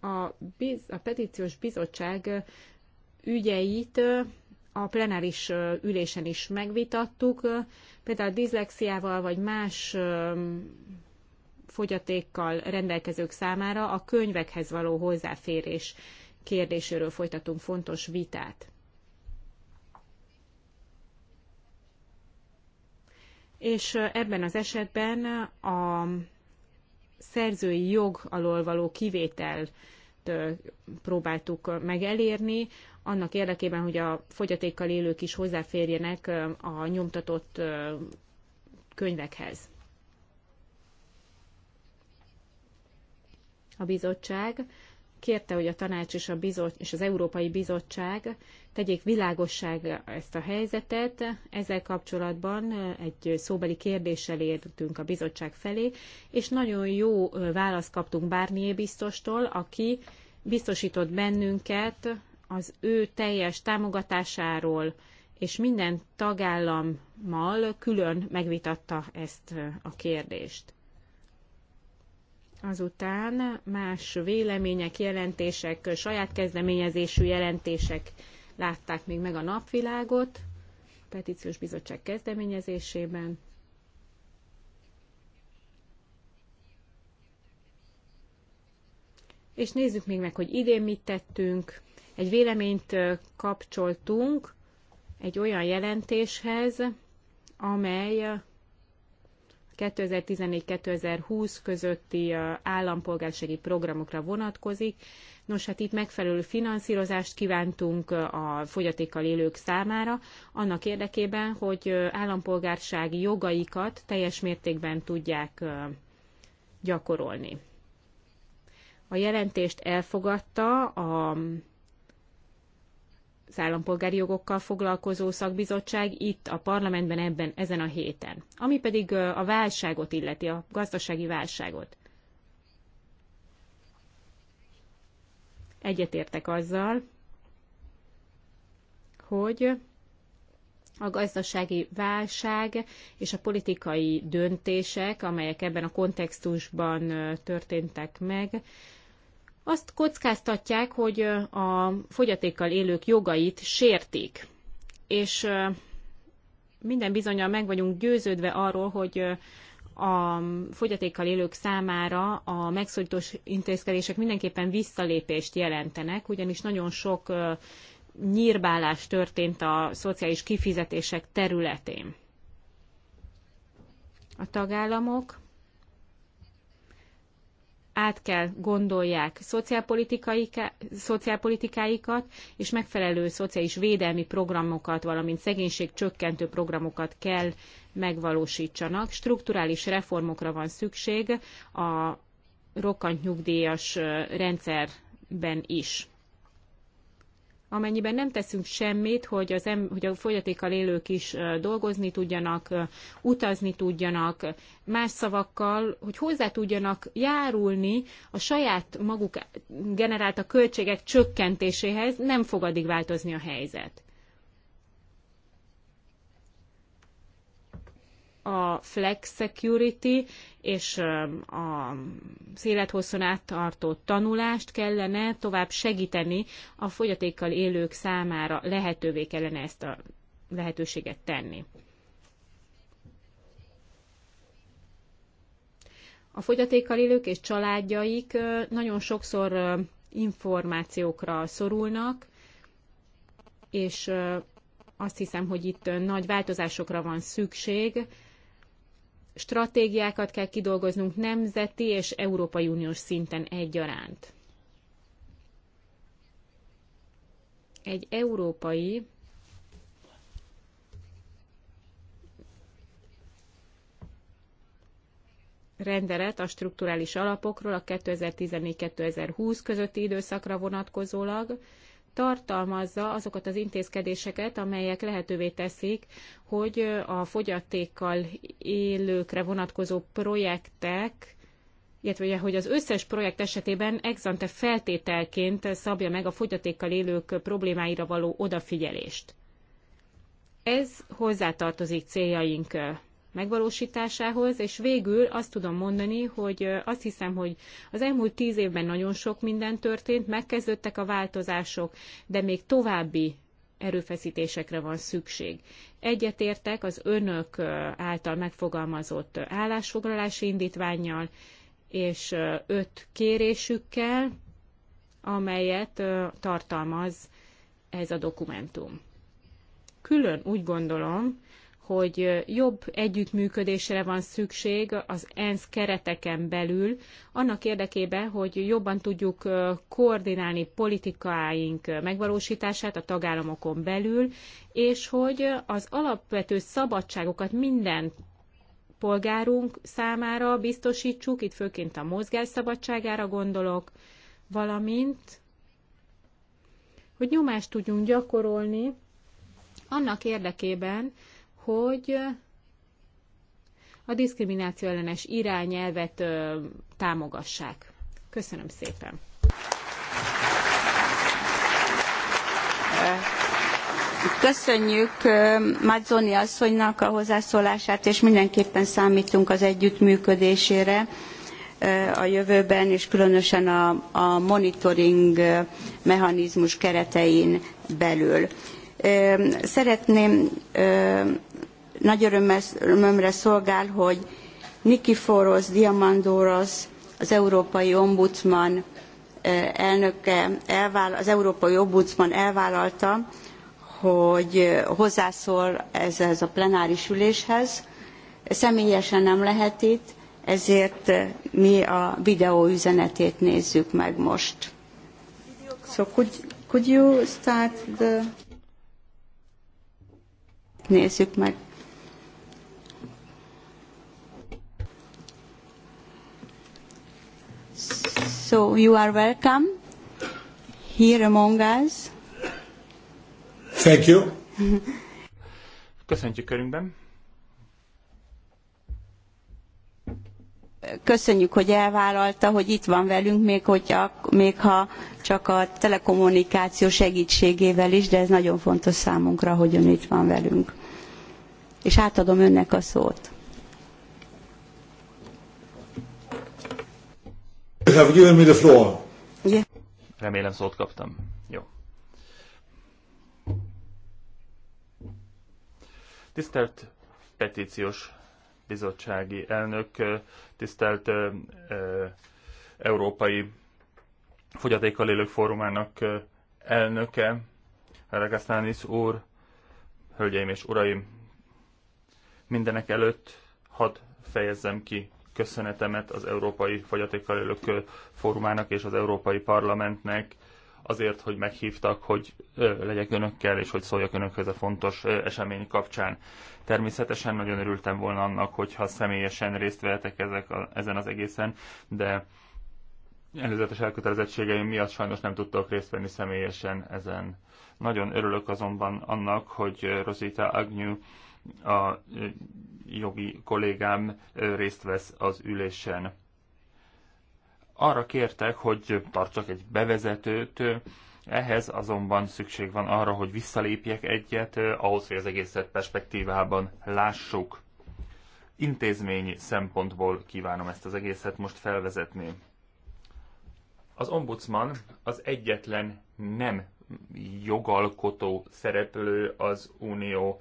A, biz, a petíciós bizottság ügyeit a plenáris ülésen is megvitattuk, például dizlexiával vagy más fogyatékkal rendelkezők számára a könyvekhez való hozzáférés kérdéséről folytatunk fontos vitát. és ebben az esetben a szerzői jog alól való kivételt próbáltuk megelérni, annak érdekében, hogy a fogyatékkal élők is hozzáférjenek a nyomtatott könyvekhez. A bizottság kérte, hogy a tanács és, a bizot, és az Európai Bizottság tegyék világosságra ezt a helyzetet. Ezzel kapcsolatban egy szóbeli kérdéssel értünk a bizottság felé, és nagyon jó választ kaptunk Bárnié biztostól, aki biztosított bennünket az ő teljes támogatásáról, és minden tagállammal külön megvitatta ezt a kérdést. Azután más vélemények, jelentések, saját kezdeményezésű jelentések látták még meg a napvilágot, petíciós bizottság kezdeményezésében. És nézzük még meg, hogy idén mit tettünk. Egy véleményt kapcsoltunk egy olyan jelentéshez, amely 2014-2020 közötti állampolgársági programokra vonatkozik. Nos, hát itt megfelelő finanszírozást kívántunk a fogyatékkal élők számára, annak érdekében, hogy állampolgársági jogaikat teljes mértékben tudják gyakorolni. A jelentést elfogadta a az állampolgári jogokkal foglalkozó szakbizottság itt a parlamentben ebben ezen a héten. Ami pedig a válságot illeti, a gazdasági válságot. Egyetértek azzal, hogy a gazdasági válság és a politikai döntések, amelyek ebben a kontextusban történtek meg, azt kockáztatják, hogy a fogyatékkal élők jogait sértik. És minden bizonyal meg vagyunk győződve arról, hogy a fogyatékkal élők számára a megszorítós intézkedések mindenképpen visszalépést jelentenek, ugyanis nagyon sok nyírbálás történt a szociális kifizetések területén. A tagállamok át kell gondolják szociálpolitikáikat, és megfelelő szociális védelmi programokat, valamint szegénység csökkentő programokat kell megvalósítsanak. Strukturális reformokra van szükség a rokkant nyugdíjas rendszerben is amennyiben nem teszünk semmit, hogy, az em- hogy a fogyatékkal élők is dolgozni tudjanak, utazni tudjanak, más szavakkal, hogy hozzá tudjanak járulni a saját maguk a költségek csökkentéséhez, nem fog addig változni a helyzet. a flex security és a élethosszon áttartó tanulást kellene tovább segíteni a fogyatékkal élők számára lehetővé kellene ezt a lehetőséget tenni. A fogyatékkal élők és családjaik nagyon sokszor információkra szorulnak, és azt hiszem, hogy itt nagy változásokra van szükség, stratégiákat kell kidolgoznunk nemzeti és Európai Uniós szinten egyaránt. Egy európai rendelet a strukturális alapokról a 2014-2020 közötti időszakra vonatkozólag tartalmazza azokat az intézkedéseket, amelyek lehetővé teszik, hogy a fogyatékkal élőkre vonatkozó projektek, illetve ugye, hogy az összes projekt esetében exante feltételként szabja meg a fogyatékkal élők problémáira való odafigyelést. Ez hozzátartozik céljaink megvalósításához, és végül azt tudom mondani, hogy azt hiszem, hogy az elmúlt tíz évben nagyon sok minden történt, megkezdődtek a változások, de még további erőfeszítésekre van szükség. Egyetértek az önök által megfogalmazott állásfoglalási indítványjal és öt kérésükkel, amelyet tartalmaz ez a dokumentum. Külön úgy gondolom, hogy jobb együttműködésre van szükség az ENSZ kereteken belül, annak érdekében, hogy jobban tudjuk koordinálni politikáink megvalósítását a tagállamokon belül, és hogy az alapvető szabadságokat minden polgárunk számára biztosítsuk, itt főként a mozgás szabadságára gondolok, valamint, hogy nyomást tudjunk gyakorolni annak érdekében, hogy a diszkrimináció ellenes irányelvet ö, támogassák. Köszönöm szépen! Köszönjük Mazzoni asszonynak a hozzászólását, és mindenképpen számítunk az együttműködésére a jövőben, és különösen a, a monitoring mechanizmus keretein belül. Szeretném, nagy örömömre szolgál, hogy Nikiforos Diamandouros, az Európai Ombudsman elnöke, az Európai Ombudsman elvállalta, hogy hozzászól ez a plenáris üléshez. Személyesen nem lehet itt, ezért mi a videó üzenetét nézzük meg most. So could, could you start the nézzük meg. So you are welcome here among us. Thank you. (laughs) Köszöntjük körünkben. köszönjük, hogy elvállalta, hogy itt van velünk, még, hogyha, még ha csak a telekommunikáció segítségével is, de ez nagyon fontos számunkra, hogy ön itt van velünk. És átadom önnek a szót. Have given me the floor. Yeah. Remélem szót kaptam. Jó. Tisztelt petíciós bizottsági elnök, tisztelt Európai Fogyatékkal Élők Fórumának elnöke, Regasztánis úr, hölgyeim és uraim, mindenek előtt hadd fejezzem ki köszönetemet az Európai Fogyatékkal Élők Fórumának és az Európai Parlamentnek azért, hogy meghívtak, hogy legyek önökkel, és hogy szóljak önökhöz a fontos esemény kapcsán. Természetesen nagyon örültem volna annak, hogyha személyesen részt vehetek ezek a, ezen az egészen, de előzetes elkötelezettségeim miatt sajnos nem tudtok részt venni személyesen ezen. Nagyon örülök azonban annak, hogy Rosita Agnew a jogi kollégám részt vesz az ülésen arra kértek, hogy tartsak egy bevezetőt, ehhez azonban szükség van arra, hogy visszalépjek egyet, eh, ahhoz, hogy az egészet perspektívában lássuk. Intézményi szempontból kívánom ezt az egészet most felvezetni. Az ombudsman az egyetlen nem jogalkotó szereplő az unió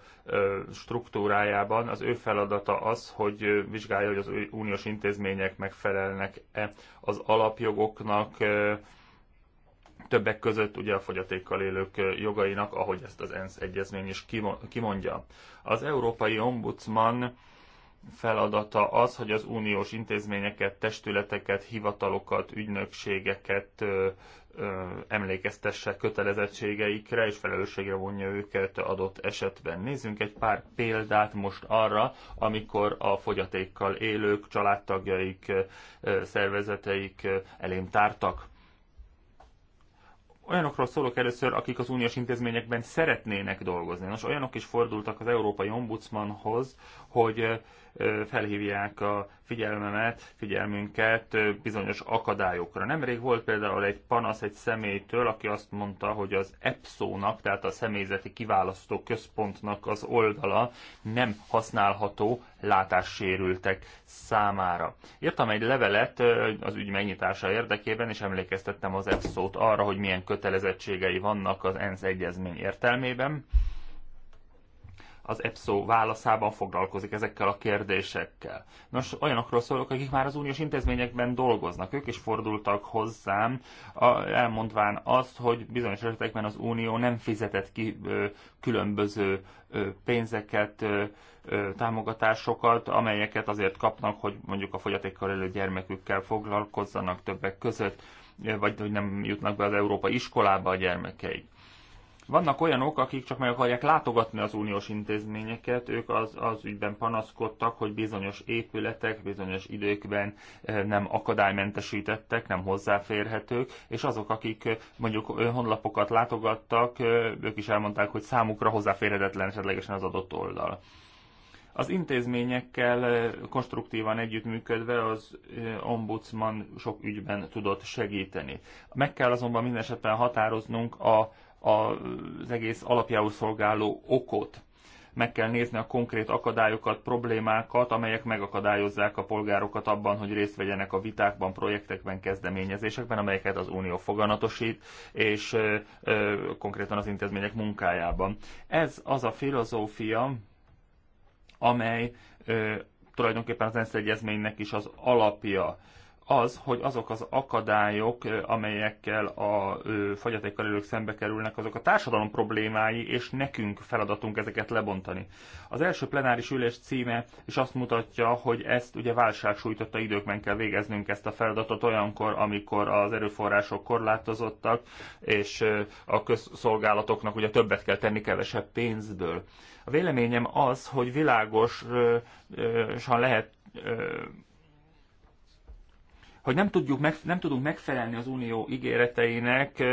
struktúrájában. Az ő feladata az, hogy vizsgálja, hogy az uniós intézmények megfelelnek-e az alapjogoknak, többek között ugye a fogyatékkal élők jogainak, ahogy ezt az ENSZ egyezmény is kimondja. Az Európai Ombudsman feladata az, hogy az uniós intézményeket, testületeket, hivatalokat, ügynökségeket ö, ö, emlékeztesse kötelezettségeikre és felelősségre vonja őket adott esetben. Nézzünk egy pár példát most arra, amikor a fogyatékkal élők, családtagjaik, ö, szervezeteik elém tártak. Olyanokról szólok először, akik az uniós intézményekben szeretnének dolgozni. Nos, olyanok is fordultak az Európai Ombudsmanhoz, hogy felhívják a figyelmemet, figyelmünket bizonyos akadályokra. Nemrég volt például egy panasz egy személytől, aki azt mondta, hogy az EPSZO-nak, tehát a személyzeti kiválasztó központnak az oldala nem használható látássérültek számára. Írtam egy levelet az ügy megnyitása érdekében, és emlékeztettem az EPSZO-t arra, hogy milyen kötelezettségei vannak az ENSZ egyezmény értelmében, az EPSO válaszában foglalkozik ezekkel a kérdésekkel. Nos, olyanokról szólok, akik már az uniós intézményekben dolgoznak, ők is fordultak hozzám, elmondván azt, hogy bizonyos esetekben az unió nem fizetett ki különböző pénzeket, támogatásokat, amelyeket azért kapnak, hogy mondjuk a fogyatékkal élő gyermekükkel foglalkozzanak többek között, vagy hogy nem jutnak be az európai iskolába a gyermekeik. Vannak olyanok, akik csak meg akarják látogatni az uniós intézményeket, ők az, az ügyben panaszkodtak, hogy bizonyos épületek bizonyos időkben eh, nem akadálymentesítettek, nem hozzáférhetők, és azok, akik eh, mondjuk eh, honlapokat látogattak, ők is elmondták, hogy számukra hozzáférhetetlen esetlegesen az adott oldal. Az intézményekkel konstruktívan együttműködve az ombudsman sok ügyben tudott segíteni. Meg kell azonban minden esetben határoznunk a az egész alapjául szolgáló okot. Meg kell nézni a konkrét akadályokat, problémákat, amelyek megakadályozzák a polgárokat abban, hogy részt vegyenek a vitákban, projektekben, kezdeményezésekben, amelyeket az Unió foganatosít, és ö, ö, konkrétan az intézmények munkájában. Ez az a filozófia, amely ö, tulajdonképpen az ENSZ egyezménynek is az alapja. Ö, az, hogy azok az akadályok, amelyekkel a fogyatékkal élők szembe kerülnek, azok a társadalom problémái, és nekünk feladatunk ezeket lebontani. Az első plenáris ülés címe is azt mutatja, hogy ezt ugye válság sújtotta időkben kell végeznünk ezt a feladatot olyankor, amikor az erőforrások korlátozottak, és a közszolgálatoknak ugye többet kell tenni kevesebb pénzből. A véleményem az, hogy világosan lehet hogy nem, tudjuk meg, nem tudunk megfelelni az unió ígéreteinek,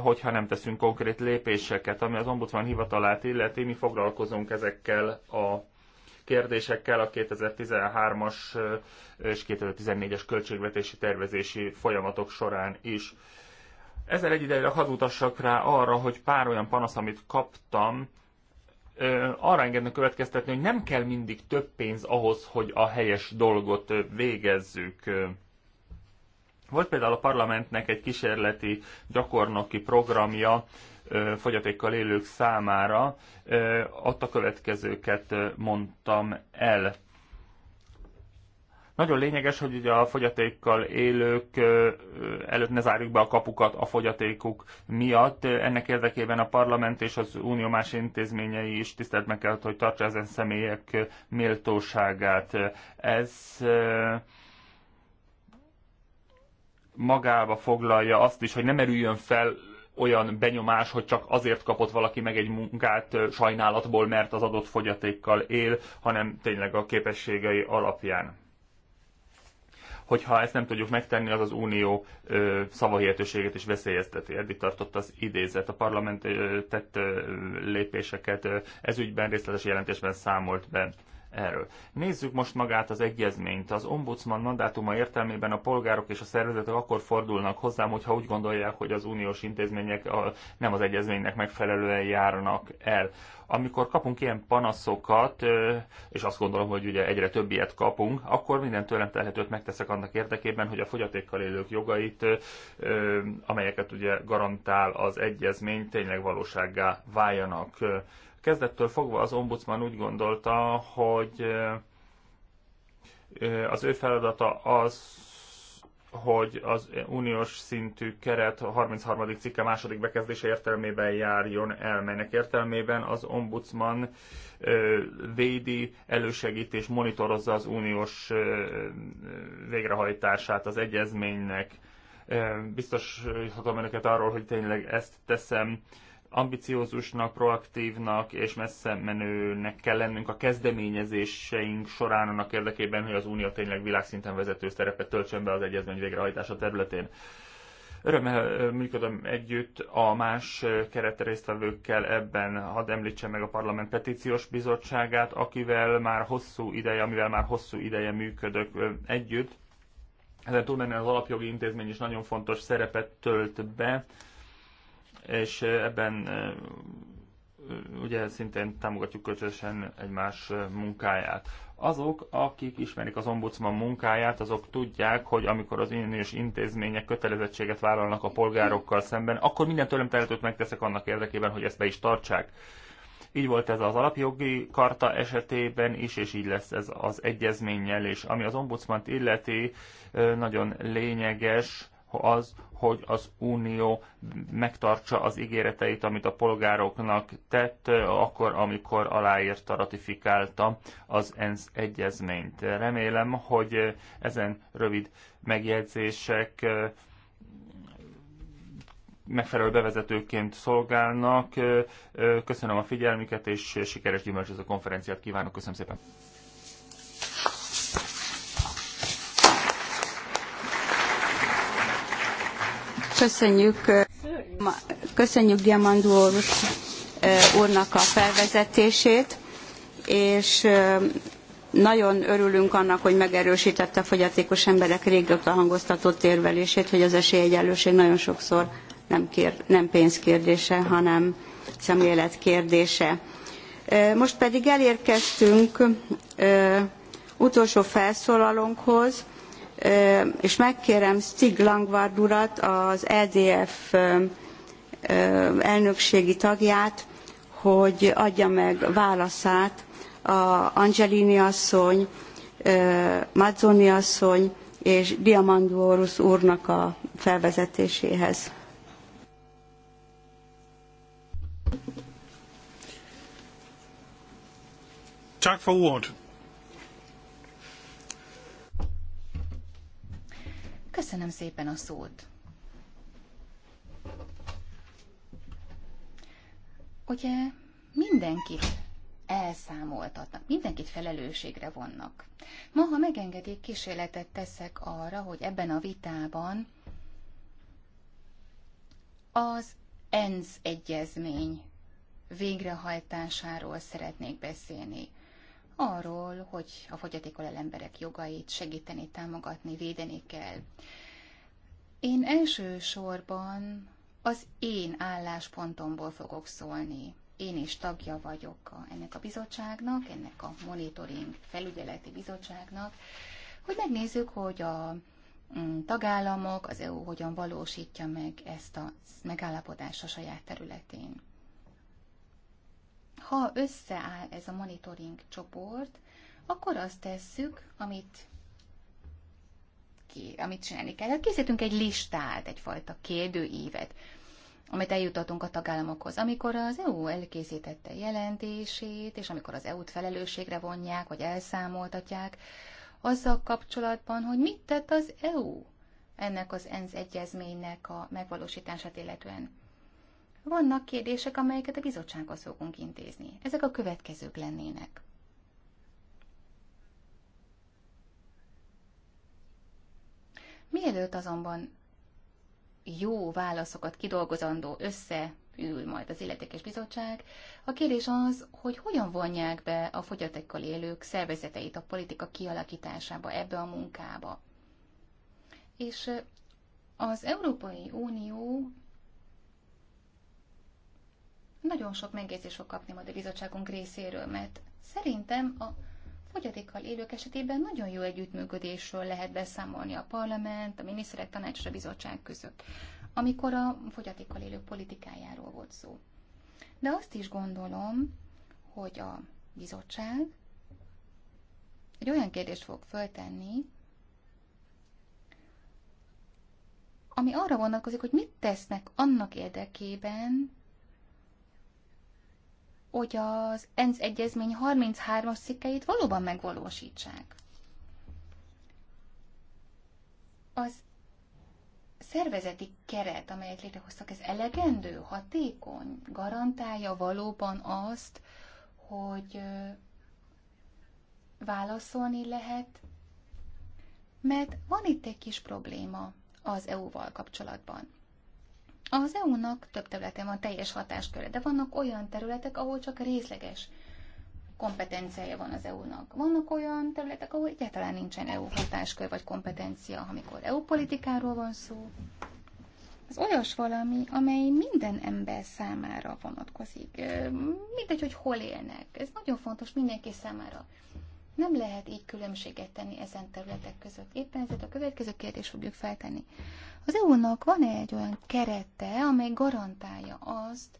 hogyha nem teszünk konkrét lépéseket, ami az ombudsman hivatalát illeti, mi foglalkozunk ezekkel a kérdésekkel a 2013-as és 2014-es költségvetési tervezési folyamatok során is. Ezzel egyidejileg hazutassak rá arra, hogy pár olyan panasz, amit kaptam, arra engednek következtetni, hogy nem kell mindig több pénz ahhoz, hogy a helyes dolgot végezzük. Volt például a parlamentnek egy kísérleti gyakornoki programja fogyatékkal élők számára, ott a következőket mondtam el. Nagyon lényeges, hogy ugye a fogyatékkal élők előtt ne zárjuk be a kapukat a fogyatékuk miatt. Ennek érdekében a parlament és az unió más intézményei is tiszteletben kell, hogy tartsa ezen személyek méltóságát. Ez magába foglalja azt is, hogy nem merüljön fel olyan benyomás, hogy csak azért kapott valaki meg egy munkát sajnálatból, mert az adott fogyatékkal él, hanem tényleg a képességei alapján. Hogyha ezt nem tudjuk megtenni, az az unió szavahihetőséget is veszélyezteti. Eddig tartott az idézet. A parlament ö, tett ö, lépéseket ö, ezügyben részletes jelentésben számolt be erről. Nézzük most magát az egyezményt. Az ombudsman mandátuma értelmében a polgárok és a szervezetek akkor fordulnak hozzám, hogyha úgy gondolják, hogy az uniós intézmények a, nem az egyezménynek megfelelően járnak el. Amikor kapunk ilyen panaszokat, és azt gondolom, hogy ugye egyre több ilyet kapunk, akkor minden tőlem telhetőt megteszek annak érdekében, hogy a fogyatékkal élők jogait, amelyeket ugye garantál az egyezmény, tényleg valósággá váljanak. Kezdettől fogva az ombudsman úgy gondolta, hogy eh, az ő feladata az, hogy az uniós szintű keret 33. cikke második bekezdése értelmében járjon el, melynek értelmében az ombudsman eh, védi, elősegít és monitorozza az uniós eh, végrehajtását az egyezménynek. Biztos, hatom önöket arról, hogy tényleg ezt teszem ambiciózusnak, proaktívnak és messze menőnek kell lennünk a kezdeményezéseink során annak érdekében, hogy az Unió tényleg világszinten vezető szerepet töltsön be az egyezmény végrehajtása területén. Örömmel működöm együtt a más keretrésztvevőkkel ebben, hadd említsem meg a Parlament Petíciós Bizottságát, akivel már hosszú ideje, amivel már hosszú ideje működök együtt. Ezen túlmenően az alapjogi intézmény is nagyon fontos szerepet tölt be és ebben ugye szintén támogatjuk kölcsönösen egymás munkáját. Azok, akik ismerik az ombudsman munkáját, azok tudják, hogy amikor az uniós intézmények kötelezettséget vállalnak a polgárokkal szemben, akkor minden tőlem telhetőt megteszek annak érdekében, hogy ezt be is tartsák. Így volt ez az alapjogi karta esetében is, és így lesz ez az egyezménnyel is. Ami az ombudsmant illeti, nagyon lényeges, az, hogy az Unió megtartsa az ígéreteit, amit a polgároknak tett, akkor, amikor aláírta, ratifikálta az ENSZ egyezményt. Remélem, hogy ezen rövid megjegyzések megfelelő bevezetőként szolgálnak. Köszönöm a figyelmüket, és sikeres gyümölcsöző konferenciát kívánok. Köszönöm szépen! Köszönjük, köszönjük Diamandó úrnak a felvezetését, és nagyon örülünk annak, hogy megerősítette a fogyatékos emberek régóta hangoztatott érvelését, hogy az esélyegyenlőség nagyon sokszor nem, kér, nem pénz kérdése, hanem szemlélet kérdése. Most pedig elérkeztünk utolsó felszólalónkhoz, és megkérem Stig Langvard urat, az EDF elnökségi tagját, hogy adja meg válaszát a Angelini asszony, Mazzoni asszony és Diamandorus úrnak a felvezetéséhez. Tak for Köszönöm szépen a szót. Ugye mindenkit elszámoltatnak, mindenkit felelősségre vonnak. Ma, ha megengedik, kísérletet teszek arra, hogy ebben a vitában az ENSZ egyezmény végrehajtásáról szeretnék beszélni arról, hogy a fogyatékkal emberek jogait segíteni, támogatni, védeni kell. Én elsősorban az én álláspontomból fogok szólni. Én is tagja vagyok a, ennek a bizottságnak, ennek a monitoring felügyeleti bizottságnak, hogy megnézzük, hogy a mm, tagállamok, az EU hogyan valósítja meg ezt a megállapodást a saját területén ha összeáll ez a monitoring csoport, akkor azt tesszük, amit ki, amit csinálni kell. Hát készítünk egy listát, egyfajta kérdőívet, amit eljutatunk a tagállamokhoz. Amikor az EU elkészítette jelentését, és amikor az EU-t felelősségre vonják, vagy elszámoltatják, azzal kapcsolatban, hogy mit tett az EU ennek az ENSZ egyezménynek a megvalósítását illetően. Vannak kérdések, amelyeket a bizottsághoz fogunk intézni. Ezek a következők lennének. Mielőtt azonban jó válaszokat kidolgozandó összeül majd az illetékes bizottság, a kérdés az, hogy hogyan vonják be a fogyatékkal élők szervezeteit a politika kialakításába, ebbe a munkába. És az Európai Unió nagyon sok megjegyzést fog kapni majd a bizottságunk részéről, mert szerintem a fogyatékkal élők esetében nagyon jó együttműködésről lehet beszámolni a parlament, a miniszterek tanács és a bizottság között, amikor a fogyatékkal élők politikájáról volt szó. De azt is gondolom, hogy a bizottság egy olyan kérdést fog föltenni, ami arra vonatkozik, hogy mit tesznek annak érdekében, hogy az ENSZ egyezmény 33-as szikkeit valóban megvalósítsák. Az szervezeti keret, amelyet létrehoztak, ez elegendő, hatékony, garantálja valóban azt, hogy válaszolni lehet, mert van itt egy kis probléma az EU-val kapcsolatban. Az EU-nak több területen van teljes hatásköre, de vannak olyan területek, ahol csak részleges kompetenciája van az EU-nak. Vannak olyan területek, ahol egyáltalán nincsen EU hatáskör vagy kompetencia, amikor EU politikáról van szó. Ez olyas valami, amely minden ember számára vonatkozik. Mindegy, hogy hol élnek. Ez nagyon fontos mindenki számára. Nem lehet így különbséget tenni ezen területek között. Éppen ezért a következő kérdést fogjuk feltenni. Az EU-nak van -e egy olyan kerete, amely garantálja azt,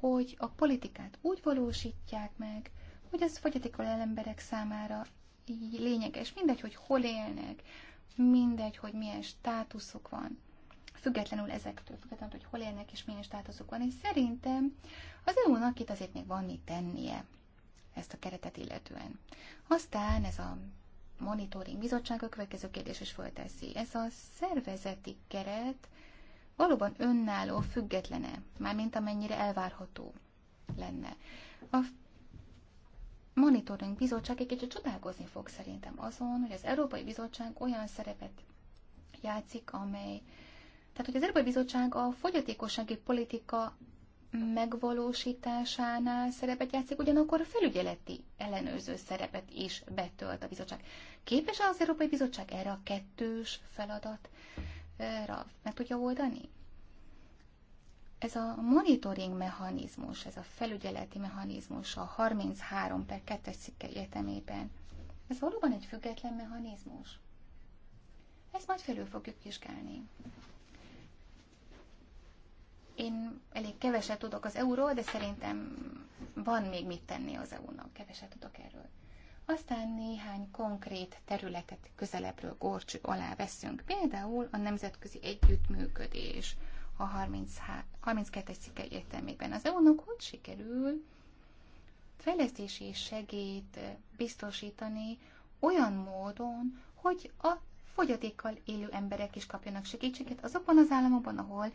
hogy a politikát úgy valósítják meg, hogy az fogyatékkal emberek számára így lényeges, mindegy, hogy hol élnek, mindegy, hogy milyen státuszok van, függetlenül ezektől, függetlenül, hogy hol élnek és milyen státuszok van, és szerintem az EU-nak itt azért még van mit tennie ezt a keretet illetően. Aztán ez a Monitoring Bizottság a következő kérdés is fölteszi. Ez a szervezeti keret valóban önálló, függetlene, mármint amennyire elvárható lenne. A Monitoring Bizottság egy kicsit csodálkozni fog szerintem azon, hogy az Európai Bizottság olyan szerepet játszik, amely tehát, hogy az Európai Bizottság a fogyatékossági politika megvalósításánál szerepet játszik, ugyanakkor felügyeleti ellenőrző szerepet is betölt a bizottság. Képes az Európai Bizottság erre a kettős feladatra meg tudja oldani? Ez a monitoring mechanizmus, ez a felügyeleti mechanizmus a 33 per 2-es cikke értelmében, ez valóban egy független mechanizmus? Ezt majd felül fogjuk vizsgálni. Én elég keveset tudok az euról, de szerintem van még mit tenni az EU-nak, keveset tudok erről. Aztán néhány konkrét területet közelebbről gorcső alá veszünk, például a nemzetközi együttműködés a 32-es cikke értelmében. Az EU-nak hogy sikerül fejlesztési segét biztosítani olyan módon, hogy a fogyatékkal élő emberek is kapjanak segítséget azokban az államokban, ahol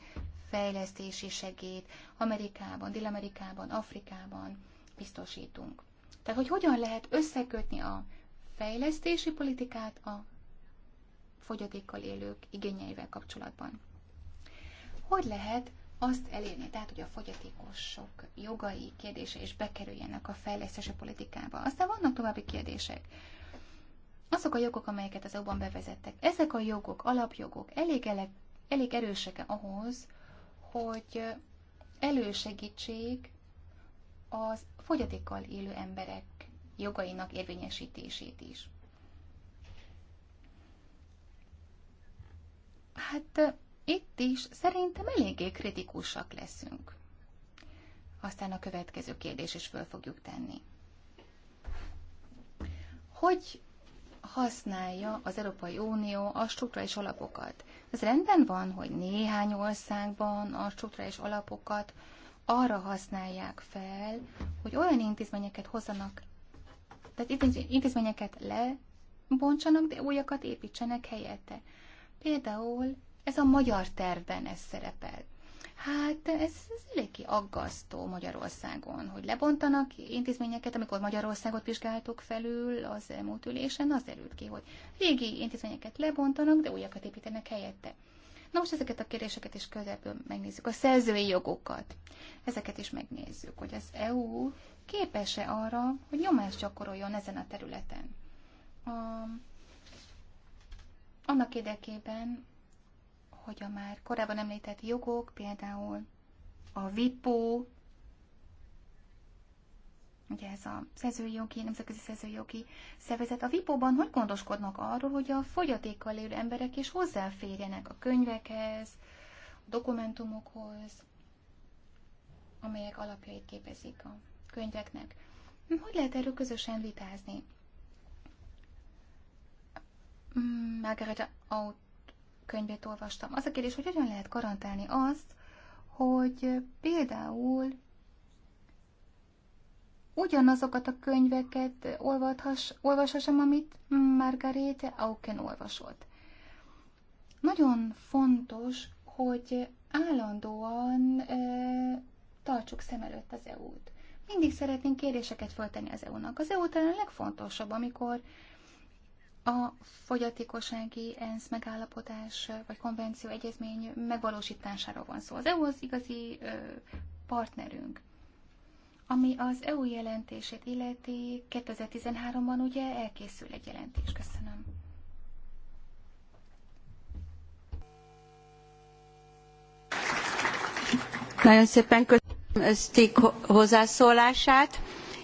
fejlesztési segít, Amerikában, Dél-Amerikában, Afrikában biztosítunk. Tehát, hogy hogyan lehet összekötni a fejlesztési politikát a fogyatékkal élők igényeivel kapcsolatban. Hogy lehet azt elérni, tehát hogy a fogyatékosok jogai kérdése is bekerüljenek a fejlesztési politikába. Aztán vannak további kérdések. Azok a jogok, amelyeket az EU-ban bevezettek, ezek a jogok, alapjogok elég, erősek elég erősek ahhoz, hogy elősegítsék az fogyatékkal élő emberek jogainak érvényesítését is. Hát eh, itt is szerintem eléggé kritikusak leszünk. Aztán a következő kérdés is föl fogjuk tenni. Hogy használja az Európai Unió a struktúrális alapokat. Ez rendben van, hogy néhány országban a struktúrális alapokat arra használják fel, hogy olyan intézményeket hozzanak, tehát intézményeket lebontsanak, de újakat építsenek helyette. Például ez a magyar tervben ez szerepelt. Hát ez, ez eléggé aggasztó Magyarországon, hogy lebontanak intézményeket, amikor Magyarországot vizsgáltuk felül az elmúlt ülésen, az derült ki, hogy régi intézményeket lebontanak, de újakat építenek helyette. Na most ezeket a kérdéseket is közelből megnézzük. A szerzői jogokat. Ezeket is megnézzük, hogy az EU képes-e arra, hogy nyomást gyakoroljon ezen a területen. A, annak érdekében, hogy a már korábban említett jogok, például a VIPO, ugye ez a szerzőjogi, nemzetközi szerzőjogi szervezet, a VIPO-ban hogy gondoskodnak arról, hogy a fogyatékkal élő emberek is hozzáférjenek a könyvekhez, a dokumentumokhoz, amelyek alapjait képezik a könyveknek. Hogy lehet erről közösen vitázni? Margaret könyvét olvastam. Az a kérdés, hogy hogyan lehet garantálni azt, hogy például ugyanazokat a könyveket olvashassam, amit Margarete Auken olvasott. Nagyon fontos, hogy állandóan e, tartsuk szem előtt az EU-t. Mindig szeretnénk kérdéseket föltenni az EU-nak. Az EU talán a legfontosabb, amikor a fogyatékossági ENSZ megállapodás vagy konvenció egyezmény megvalósításáról van szó. Az EU az igazi partnerünk. Ami az EU jelentését illeti, 2013-ban ugye elkészül egy jelentés. Köszönöm. Nagyon szépen köszönöm Stig hozzászólását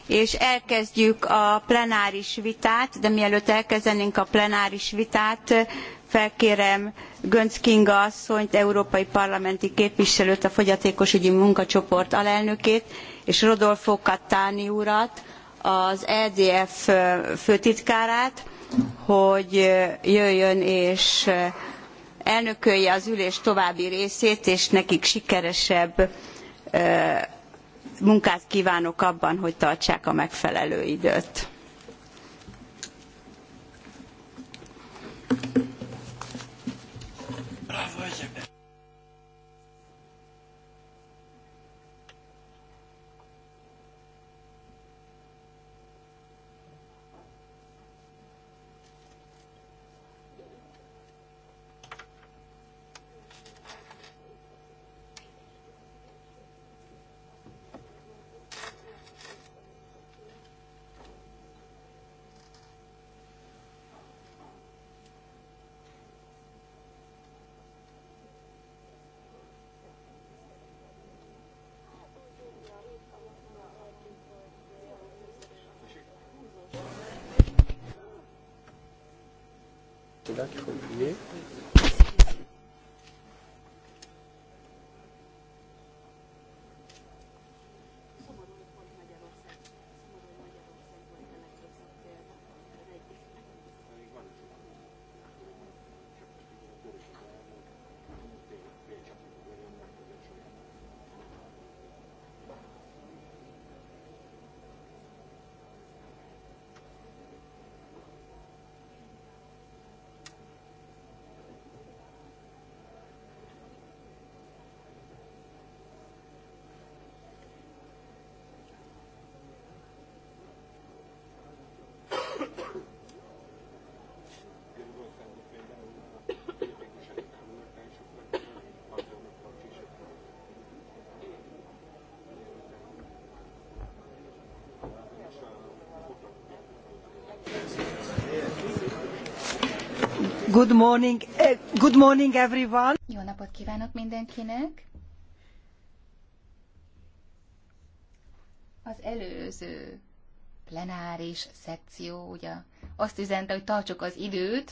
és elkezdjük a plenáris vitát, de mielőtt elkezdenénk a plenáris vitát, felkérem Gönc Kinga asszonyt, európai parlamenti képviselőt, a fogyatékosügyi munkacsoport alelnökét, és Rodolfo Cattani urat, az EDF főtitkárát, hogy jöjjön és elnökölje az ülés további részét, és nekik sikeresebb munkát kívánok abban, hogy tartsák a megfelelő időt. c'est là qu'il faut oublier. Good morning, eh, good morning everyone. Jó napot kívánok mindenkinek. Az előző plenáris szekció, ugye, azt üzente, hogy tartsuk az időt,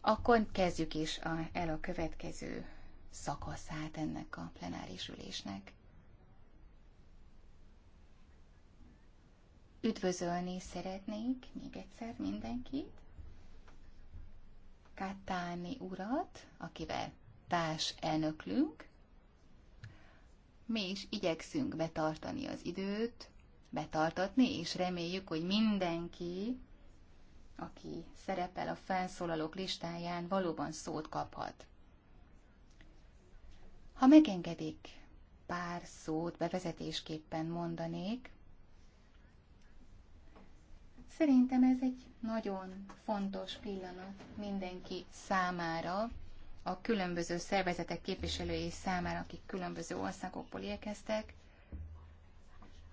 akkor kezdjük is a, el a következő szakaszát ennek a plenáris ülésnek. Üdvözölni szeretnék még egyszer mindenkit. Katáni urat, akivel társ elnöklünk. Mi is igyekszünk betartani az időt, betartatni, és reméljük, hogy mindenki, aki szerepel a felszólalók listáján, valóban szót kaphat. Ha megengedik, pár szót bevezetésképpen mondanék, Szerintem ez egy nagyon fontos pillanat mindenki számára, a különböző szervezetek képviselői számára, akik különböző országokból érkeztek.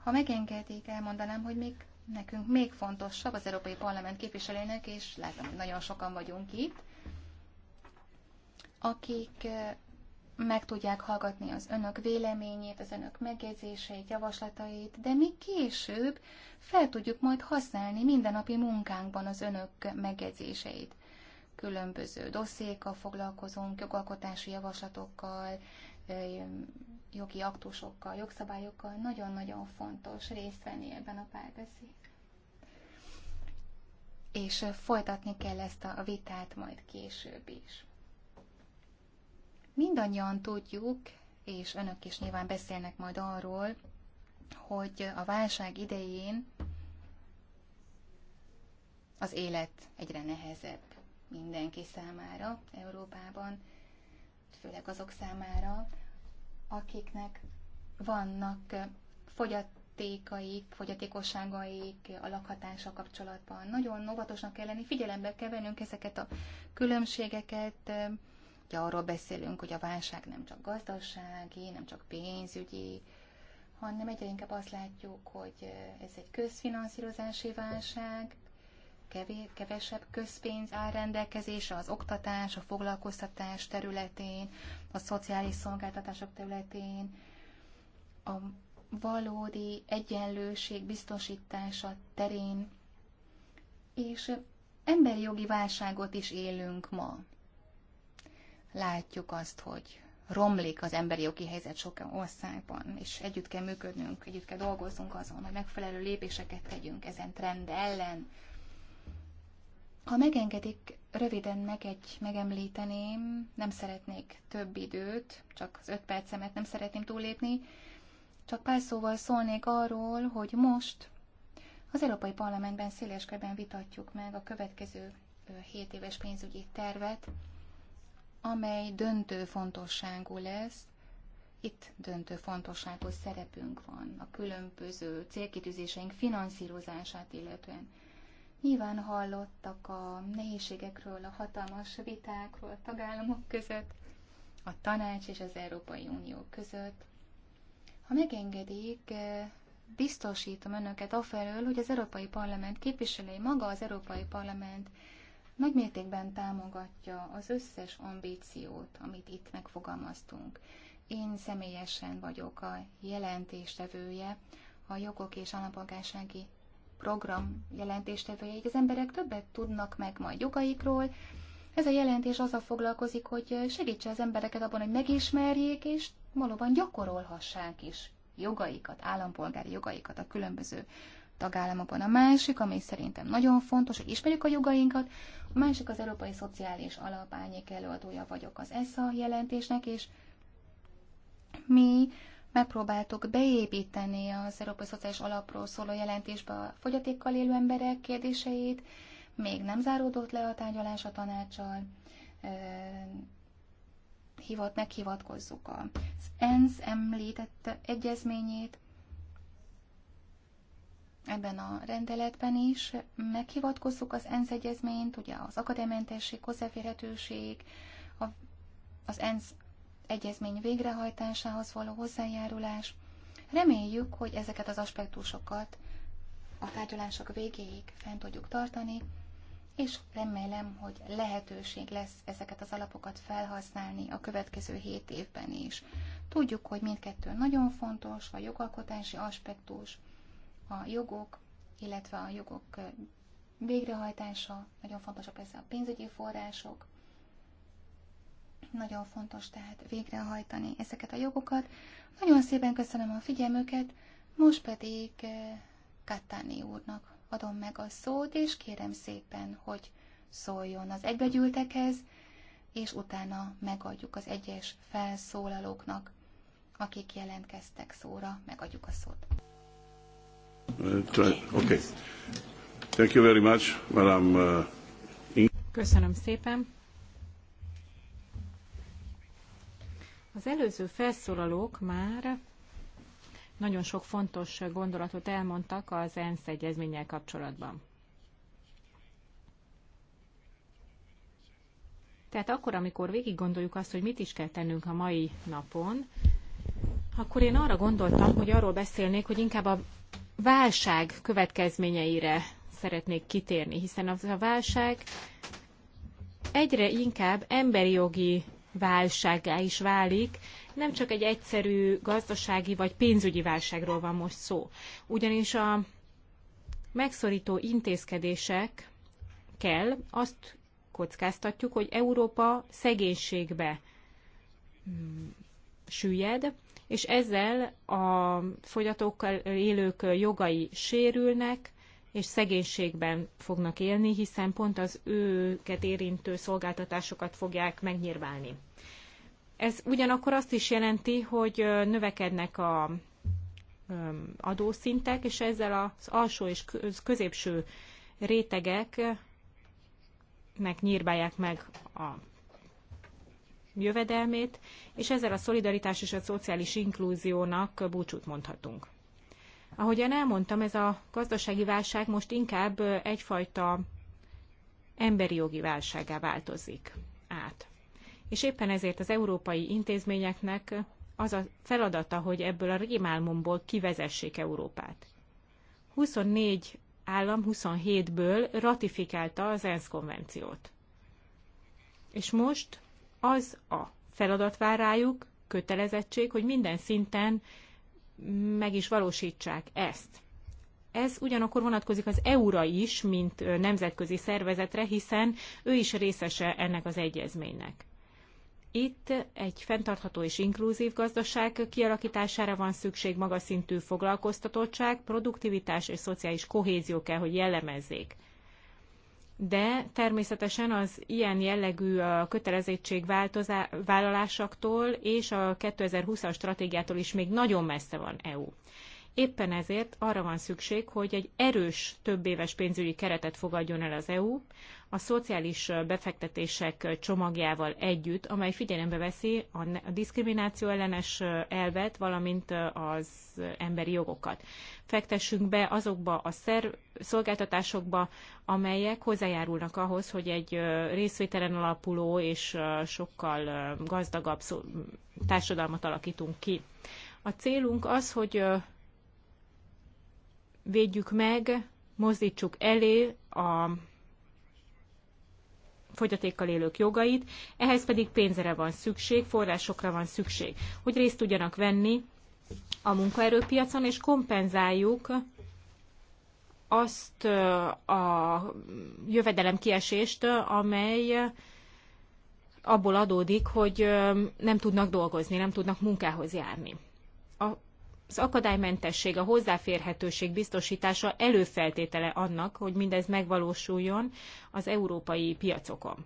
Ha megengedik, elmondanám, hogy még nekünk még fontosabb az Európai Parlament képviselőnek, és látom, hogy nagyon sokan vagyunk itt, akik meg tudják hallgatni az önök véleményét, az önök megjegyzéseit, javaslatait, de még később fel tudjuk majd használni mindennapi munkánkban az önök megjegyzéseit. Különböző dosszékkal foglalkozunk, jogalkotási javaslatokkal, jogi aktusokkal, jogszabályokkal. Nagyon-nagyon fontos részt venni ebben a párbeszéd. És folytatni kell ezt a vitát majd később is. Mindannyian tudjuk, és önök is nyilván beszélnek majd arról, hogy a válság idején az élet egyre nehezebb mindenki számára Európában, főleg azok számára, akiknek vannak fogyatékaik, fogyatékosságaik a lakhatása kapcsolatban. Nagyon óvatosnak kell lenni, figyelembe kell vennünk ezeket a különbségeket, Ugye arról beszélünk, hogy a válság nem csak gazdasági, nem csak pénzügyi, hanem egyre inkább azt látjuk, hogy ez egy közfinanszírozási válság, kevesebb közpénz áll rendelkezésre az oktatás, a foglalkoztatás területén, a szociális szolgáltatások területén, a valódi egyenlőség biztosítása terén, és emberi jogi válságot is élünk ma látjuk azt, hogy romlik az emberi jogi helyzet sok országban, és együtt kell működnünk, együtt kell dolgoznunk azon, hogy megfelelő lépéseket tegyünk ezen trend ellen. Ha megengedik, röviden meg egy megemlíteném, nem szeretnék több időt, csak az öt percemet nem szeretném túlépni, csak pár szóval szólnék arról, hogy most az Európai Parlamentben széleskörben vitatjuk meg a következő 7 éves pénzügyi tervet, amely döntő fontosságú lesz. Itt döntő fontosságú szerepünk van a különböző célkitűzéseink finanszírozását illetően. Nyilván hallottak a nehézségekről, a hatalmas vitákról a tagállamok között, a tanács és az Európai Unió között. Ha megengedik, biztosítom önöket afelől, hogy az Európai Parlament képviselői maga az Európai Parlament Nagymértékben támogatja az összes ambíciót, amit itt megfogalmaztunk. Én személyesen vagyok a jelentéstevője, a jogok és állampolgársági program jelentéstevője, így az emberek többet tudnak meg majd jogaikról. Ez a jelentés azzal foglalkozik, hogy segítse az embereket abban, hogy megismerjék és valóban gyakorolhassák is jogaikat, állampolgári jogaikat a különböző tagállamokban. A másik, ami szerintem nagyon fontos, hogy ismerjük a jogainkat, a másik az Európai Szociális Alapányék előadója vagyok az ESZA jelentésnek, és mi megpróbáltuk beépíteni az Európai Szociális Alapról szóló jelentésbe a fogyatékkal élő emberek kérdéseit, még nem záródott le a tárgyalás a tanácsal, hivat, meghivatkozzuk az ENSZ említett egyezményét, ebben a rendeletben is meghivatkozzuk az ENSZ egyezményt, ugye az akadémentesség, hozzáférhetőség, a, az ENSZ egyezmény végrehajtásához való hozzájárulás. Reméljük, hogy ezeket az aspektusokat a tárgyalások végéig fent tudjuk tartani, és remélem, hogy lehetőség lesz ezeket az alapokat felhasználni a következő hét évben is. Tudjuk, hogy mindkettő nagyon fontos, a jogalkotási aspektus, a jogok, illetve a jogok végrehajtása, nagyon fontosak persze a pénzügyi források, nagyon fontos tehát végrehajtani ezeket a jogokat. Nagyon szépen köszönöm a figyelmüket, most pedig Kattani úrnak adom meg a szót, és kérem szépen, hogy szóljon az egybegyűltekhez, és utána megadjuk az egyes felszólalóknak, akik jelentkeztek szóra, megadjuk a szót. Okay. Thank you very much, Madam. Uh, Köszönöm szépen. Az előző felszólalók már nagyon sok fontos gondolatot elmondtak az ENSZ egyezménnyel kapcsolatban. Tehát akkor, amikor végig gondoljuk azt, hogy mit is kell tennünk a mai napon, akkor én arra gondoltam, hogy arról beszélnék, hogy inkább a válság következményeire szeretnék kitérni, hiszen az a válság egyre inkább emberi jogi válságá is válik, nem csak egy egyszerű gazdasági vagy pénzügyi válságról van most szó. Ugyanis a megszorító intézkedések kell, azt kockáztatjuk, hogy Európa szegénységbe mm, süllyed, és ezzel a fogyatókkal élők jogai sérülnek, és szegénységben fognak élni, hiszen pont az őket érintő szolgáltatásokat fogják megnyírválni. Ez ugyanakkor azt is jelenti, hogy növekednek a adószintek, és ezzel az alsó és középső rétegeknek nyírbálják meg a jövedelmét, és ezzel a szolidaritás és a szociális inklúziónak búcsút mondhatunk. Ahogyan elmondtam, ez a gazdasági válság most inkább egyfajta emberi jogi válságá változik át. És éppen ezért az európai intézményeknek az a feladata, hogy ebből a rémálmomból kivezessék Európát. 24 állam 27-ből ratifikálta az ENSZ konvenciót. És most az a feladat vár rájuk, kötelezettség, hogy minden szinten meg is valósítsák ezt. Ez ugyanakkor vonatkozik az EU-ra is, mint nemzetközi szervezetre, hiszen ő is részese ennek az egyezménynek. Itt egy fenntartható és inkluzív gazdaság kialakítására van szükség magas szintű foglalkoztatottság, produktivitás és szociális kohézió kell, hogy jellemezzék de természetesen az ilyen jellegű kötelezettségvállalásoktól és a 2020-as stratégiától is még nagyon messze van EU. Éppen ezért arra van szükség, hogy egy erős többéves pénzügyi keretet fogadjon el az EU, a szociális befektetések csomagjával együtt, amely figyelembe veszi a, diszkrimináció ellenes elvet, valamint az emberi jogokat. Fektessünk be azokba a szerv, szolgáltatásokba, amelyek hozzájárulnak ahhoz, hogy egy részvételen alapuló és sokkal gazdagabb társadalmat alakítunk ki. A célunk az, hogy védjük meg, mozdítsuk elé a fogyatékkal élők jogait, ehhez pedig pénzre van szükség, forrásokra van szükség, hogy részt tudjanak venni a munkaerőpiacon, és kompenzáljuk azt a jövedelem kiesést, amely abból adódik, hogy nem tudnak dolgozni, nem tudnak munkához járni. A az akadálymentesség, a hozzáférhetőség biztosítása előfeltétele annak, hogy mindez megvalósuljon az európai piacokon.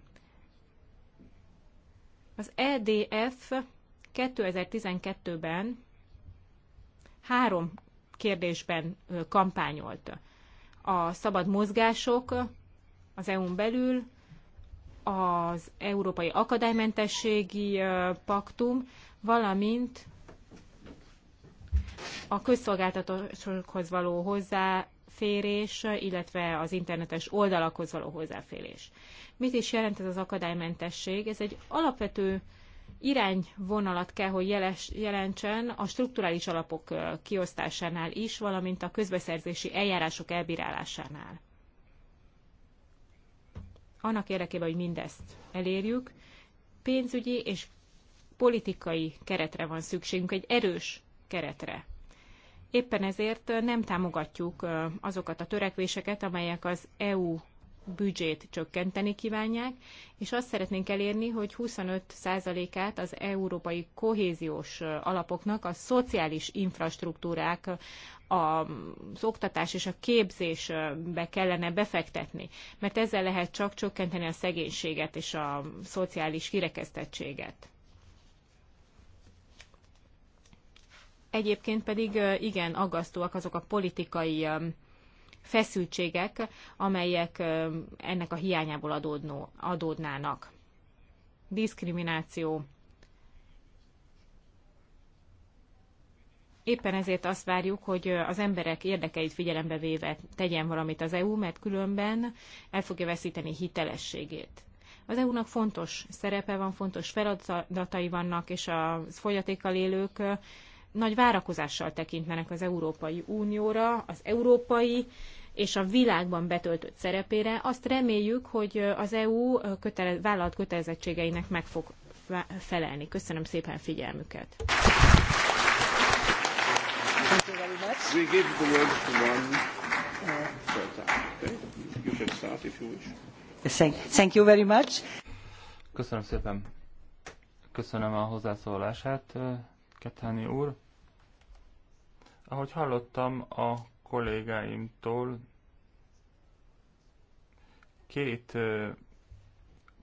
Az EDF 2012-ben három kérdésben kampányolt. A szabad mozgások az EU-n belül, az Európai Akadálymentességi Paktum, valamint a közszolgáltatásokhoz való hozzáférés, illetve az internetes oldalakhoz való hozzáférés. Mit is jelent ez az akadálymentesség? Ez egy alapvető irányvonalat kell, hogy jeles, jelentsen a strukturális alapok kiosztásánál is, valamint a közbeszerzési eljárások elbírálásánál. Annak érdekében, hogy mindezt elérjük, pénzügyi és politikai keretre van szükségünk, egy erős keretre. Éppen ezért nem támogatjuk azokat a törekvéseket, amelyek az EU büdzsét csökkenteni kívánják, és azt szeretnénk elérni, hogy 25%-át az európai kohéziós alapoknak a szociális infrastruktúrák, az oktatás és a képzésbe kellene befektetni, mert ezzel lehet csak csökkenteni a szegénységet és a szociális kirekesztettséget. Egyébként pedig igen, aggasztóak azok a politikai feszültségek, amelyek ennek a hiányából adódnó, adódnának. Diszkrimináció. Éppen ezért azt várjuk, hogy az emberek érdekeit figyelembe véve tegyen valamit az EU, mert különben el fogja veszíteni hitelességét. Az EU-nak fontos szerepe van, fontos feladatai vannak, és a fogyatékkal élők nagy várakozással tekintenek az Európai Unióra, az európai és a világban betöltött szerepére. Azt reméljük, hogy az EU kötele, vállalt kötelezettségeinek meg fog felelni. Köszönöm szépen figyelmüket! Thank, thank you very much. Köszönöm szépen. Köszönöm a hozzászólását, Ketáni úr. Ahogy hallottam a kollégáimtól, két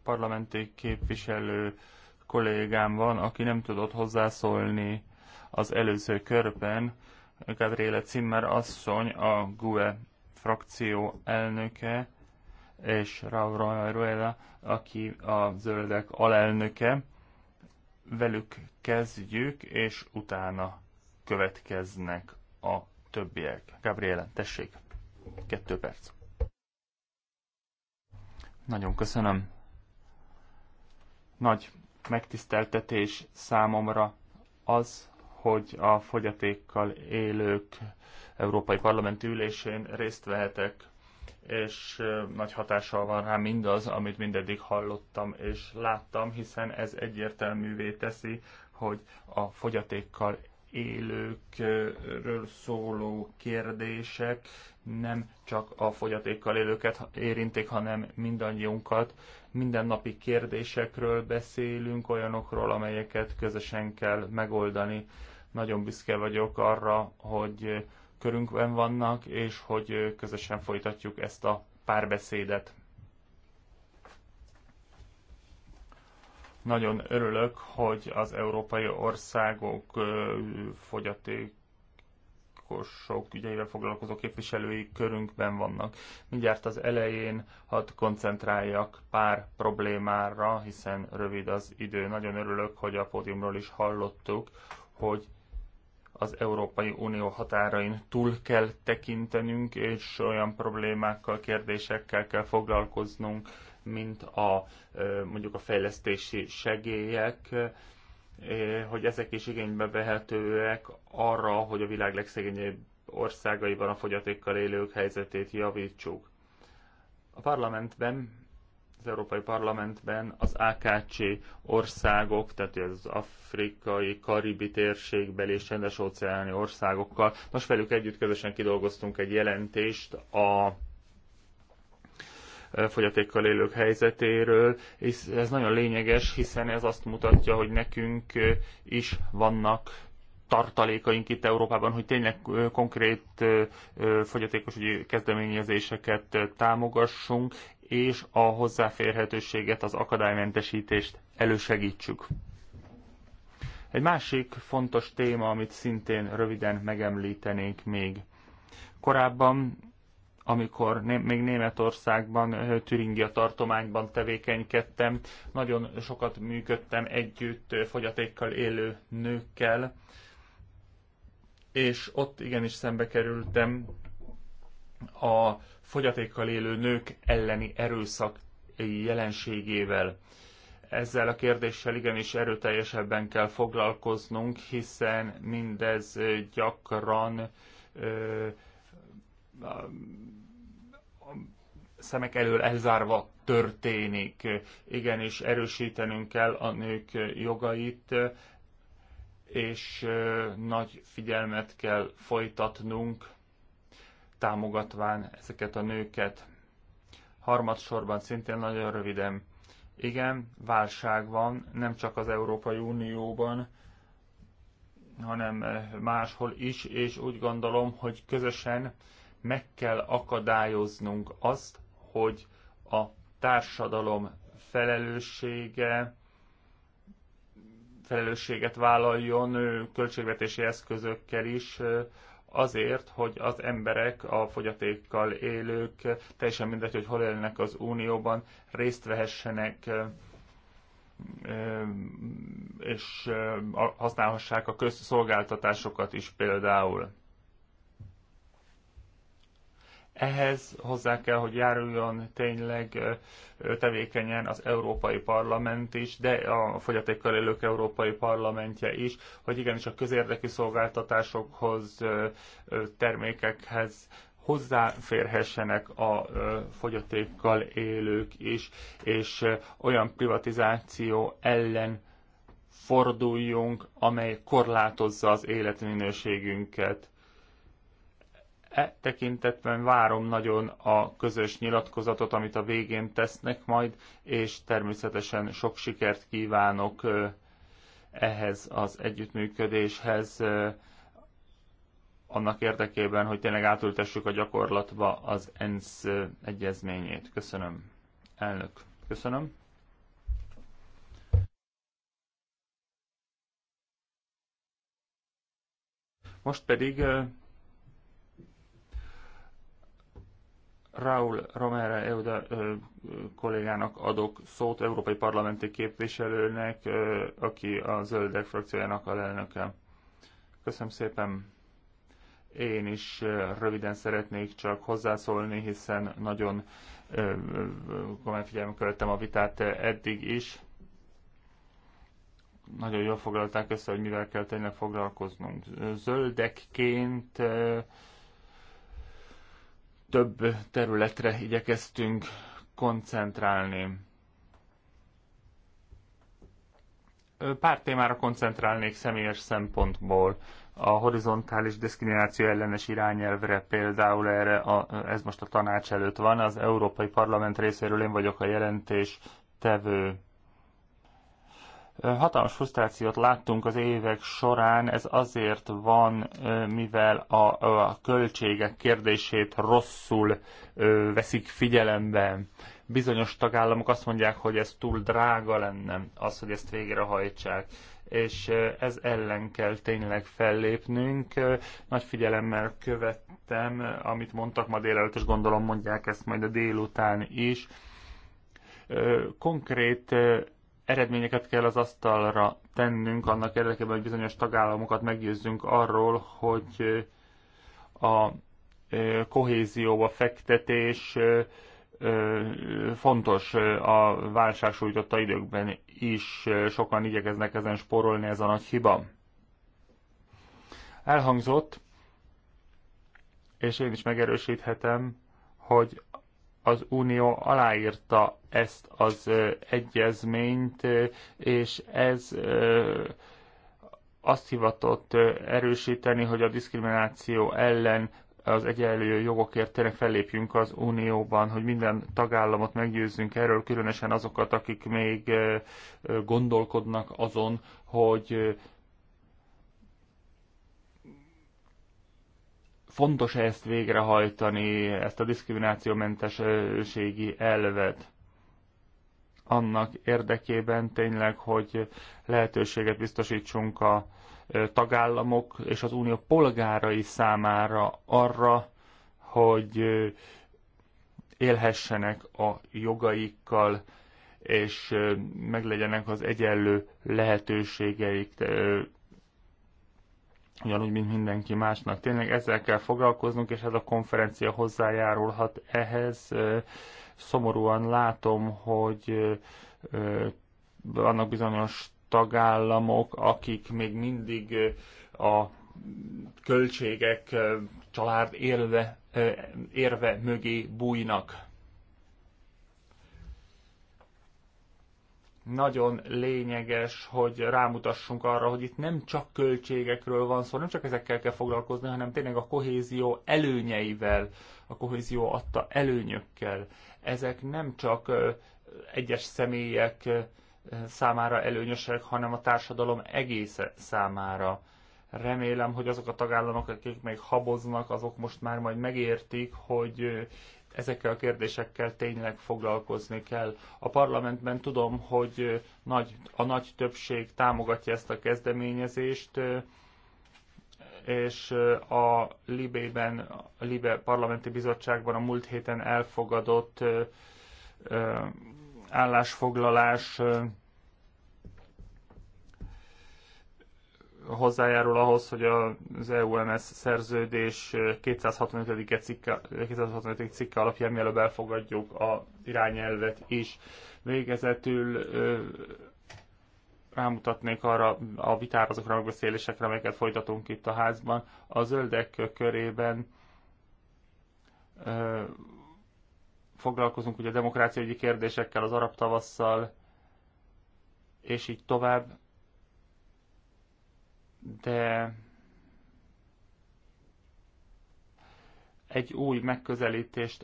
parlamenti képviselő kollégám van, aki nem tudott hozzászólni az előző körben. Gabriele Zimmer asszony, a GUE frakció elnöke, és Raúl Royal, aki a zöldek alelnöke. Velük kezdjük, és utána következnek a többiek. Gabriele, tessék, kettő perc. Nagyon köszönöm. Nagy megtiszteltetés számomra az, hogy a fogyatékkal élők Európai Parlamenti ülésén részt vehetek, és nagy hatással van rám mindaz, amit mindeddig hallottam és láttam, hiszen ez egyértelművé teszi, hogy a fogyatékkal élőkről szóló kérdések nem csak a fogyatékkal élőket érintik, hanem mindannyiunkat. Mindennapi kérdésekről beszélünk, olyanokról, amelyeket közösen kell megoldani. Nagyon büszke vagyok arra, hogy körünkben vannak, és hogy közösen folytatjuk ezt a párbeszédet. Nagyon örülök, hogy az európai országok fogyatékosok ügyeivel foglalkozó képviselői körünkben vannak. Mindjárt az elején hadd koncentráljak pár problémára, hiszen rövid az idő. Nagyon örülök, hogy a pódiumról is hallottuk, hogy az Európai Unió határain túl kell tekintenünk, és olyan problémákkal, kérdésekkel kell foglalkoznunk, mint a mondjuk a fejlesztési segélyek, hogy ezek is igénybe vehetőek arra, hogy a világ legszegényebb országaiban a fogyatékkal élők helyzetét javítsuk. A parlamentben, az Európai Parlamentben az AKC országok, tehát az afrikai, karibi térségbeli és csendes óceáni országokkal, most velük együtt közösen kidolgoztunk egy jelentést a fogyatékkal élők helyzetéről, és ez nagyon lényeges, hiszen ez azt mutatja, hogy nekünk is vannak tartalékaink itt Európában, hogy tényleg konkrét fogyatékosügyi kezdeményezéseket támogassunk, és a hozzáférhetőséget, az akadálymentesítést elősegítsük. Egy másik fontos téma, amit szintén röviden megemlítenék még. Korábban amikor még Németországban, Türingia tartományban tevékenykedtem. Nagyon sokat működtem együtt fogyatékkal élő nőkkel, és ott igenis szembe kerültem a fogyatékkal élő nők elleni erőszak jelenségével. Ezzel a kérdéssel igenis erőteljesebben kell foglalkoznunk, hiszen mindez gyakran ö, szemek elől elzárva történik. Igenis erősítenünk kell a nők jogait, és nagy figyelmet kell folytatnunk, támogatván ezeket a nőket. Harmadsorban szintén nagyon röviden. Igen, válság van, nem csak az Európai Unióban, hanem máshol is, és úgy gondolom, hogy közösen meg kell akadályoznunk azt, hogy a társadalom felelőssége felelősséget vállaljon költségvetési eszközökkel is azért, hogy az emberek, a fogyatékkal élők, teljesen mindegy, hogy hol élnek az Unióban, részt vehessenek és használhassák a közszolgáltatásokat is például. Ehhez hozzá kell, hogy járuljon tényleg tevékenyen az Európai Parlament is, de a fogyatékkal élők Európai Parlamentje is, hogy igenis a közérdekű szolgáltatásokhoz, termékekhez hozzáférhessenek a fogyatékkal élők is, és olyan privatizáció ellen forduljunk, amely korlátozza az életminőségünket E tekintetben várom nagyon a közös nyilatkozatot, amit a végén tesznek majd, és természetesen sok sikert kívánok ehhez az együttműködéshez annak érdekében, hogy tényleg átültessük a gyakorlatba az ENSZ egyezményét. Köszönöm. Elnök, köszönöm. Most pedig Raúl Romero Euda kollégának adok szót, európai parlamenti képviselőnek, ö, aki a Zöldek frakciójának a lelnöke. Köszönöm szépen. Én is röviden szeretnék csak hozzászólni, hiszen nagyon komoly figyelmet követtem a vitát eddig is. Nagyon jól foglalták össze, hogy mivel kell tényleg foglalkoznunk. Zöldekként több területre igyekeztünk koncentrálni. Pár témára koncentrálnék személyes szempontból. A horizontális diszkrimináció ellenes irányelvre például erre, a, ez most a tanács előtt van, az Európai Parlament részéről én vagyok a jelentés tevő Hatalmas frusztrációt láttunk az évek során, ez azért van, mivel a, a költségek kérdését rosszul veszik figyelembe. Bizonyos tagállamok azt mondják, hogy ez túl drága lenne, az, hogy ezt végrehajtsák és ez ellen kell tényleg fellépnünk. Nagy figyelemmel követtem, amit mondtak ma délelőtt, és gondolom mondják ezt majd a délután is. Konkrét eredményeket kell az asztalra tennünk annak érdekében, hogy bizonyos tagállamokat meggyőzzünk arról, hogy a kohézióba fektetés fontos a válság sújtotta időkben is. Sokan igyekeznek ezen spórolni, ez a nagy hiba. Elhangzott, és én is megerősíthetem, hogy az Unió aláírta ezt az egyezményt, és ez azt hivatott erősíteni, hogy a diszkrimináció ellen az egyenlő jogokért tényleg fellépjünk az Unióban, hogy minden tagállamot meggyőzzünk erről, különösen azokat, akik még gondolkodnak azon, hogy fontos -e ezt végrehajtani, ezt a diszkriminációmenteségi elvet annak érdekében tényleg, hogy lehetőséget biztosítsunk a tagállamok és az unió polgárai számára arra, hogy élhessenek a jogaikkal, és meglegyenek az egyenlő lehetőségeik ugyanúgy, mint mindenki másnak. Tényleg ezzel kell foglalkoznunk, és ez a konferencia hozzájárulhat ehhez. Szomorúan látom, hogy vannak bizonyos tagállamok, akik még mindig a költségek család élve, érve mögé bújnak. nagyon lényeges, hogy rámutassunk arra, hogy itt nem csak költségekről van szó, nem csak ezekkel kell foglalkozni, hanem tényleg a kohézió előnyeivel, a kohézió adta előnyökkel. Ezek nem csak egyes személyek számára előnyösek, hanem a társadalom egésze számára. Remélem, hogy azok a tagállamok, akik még haboznak, azok most már majd megértik, hogy ezekkel a kérdésekkel tényleg foglalkozni kell. A parlamentben tudom, hogy nagy, a nagy többség támogatja ezt a kezdeményezést, és a Libében, a Libe Parlamenti Bizottságban a múlt héten elfogadott állásfoglalás hozzájárul ahhoz, hogy az EUMS szerződés 265. cikke, 265. cikke alapján mielőbb elfogadjuk a irányelvet is. Végezetül rámutatnék arra a vitára, azokra a megbeszélésekre, amelyeket folytatunk itt a házban. A zöldek körében foglalkozunk ugye a demokrácia kérdésekkel, az arab tavasszal, és így tovább de egy új megközelítést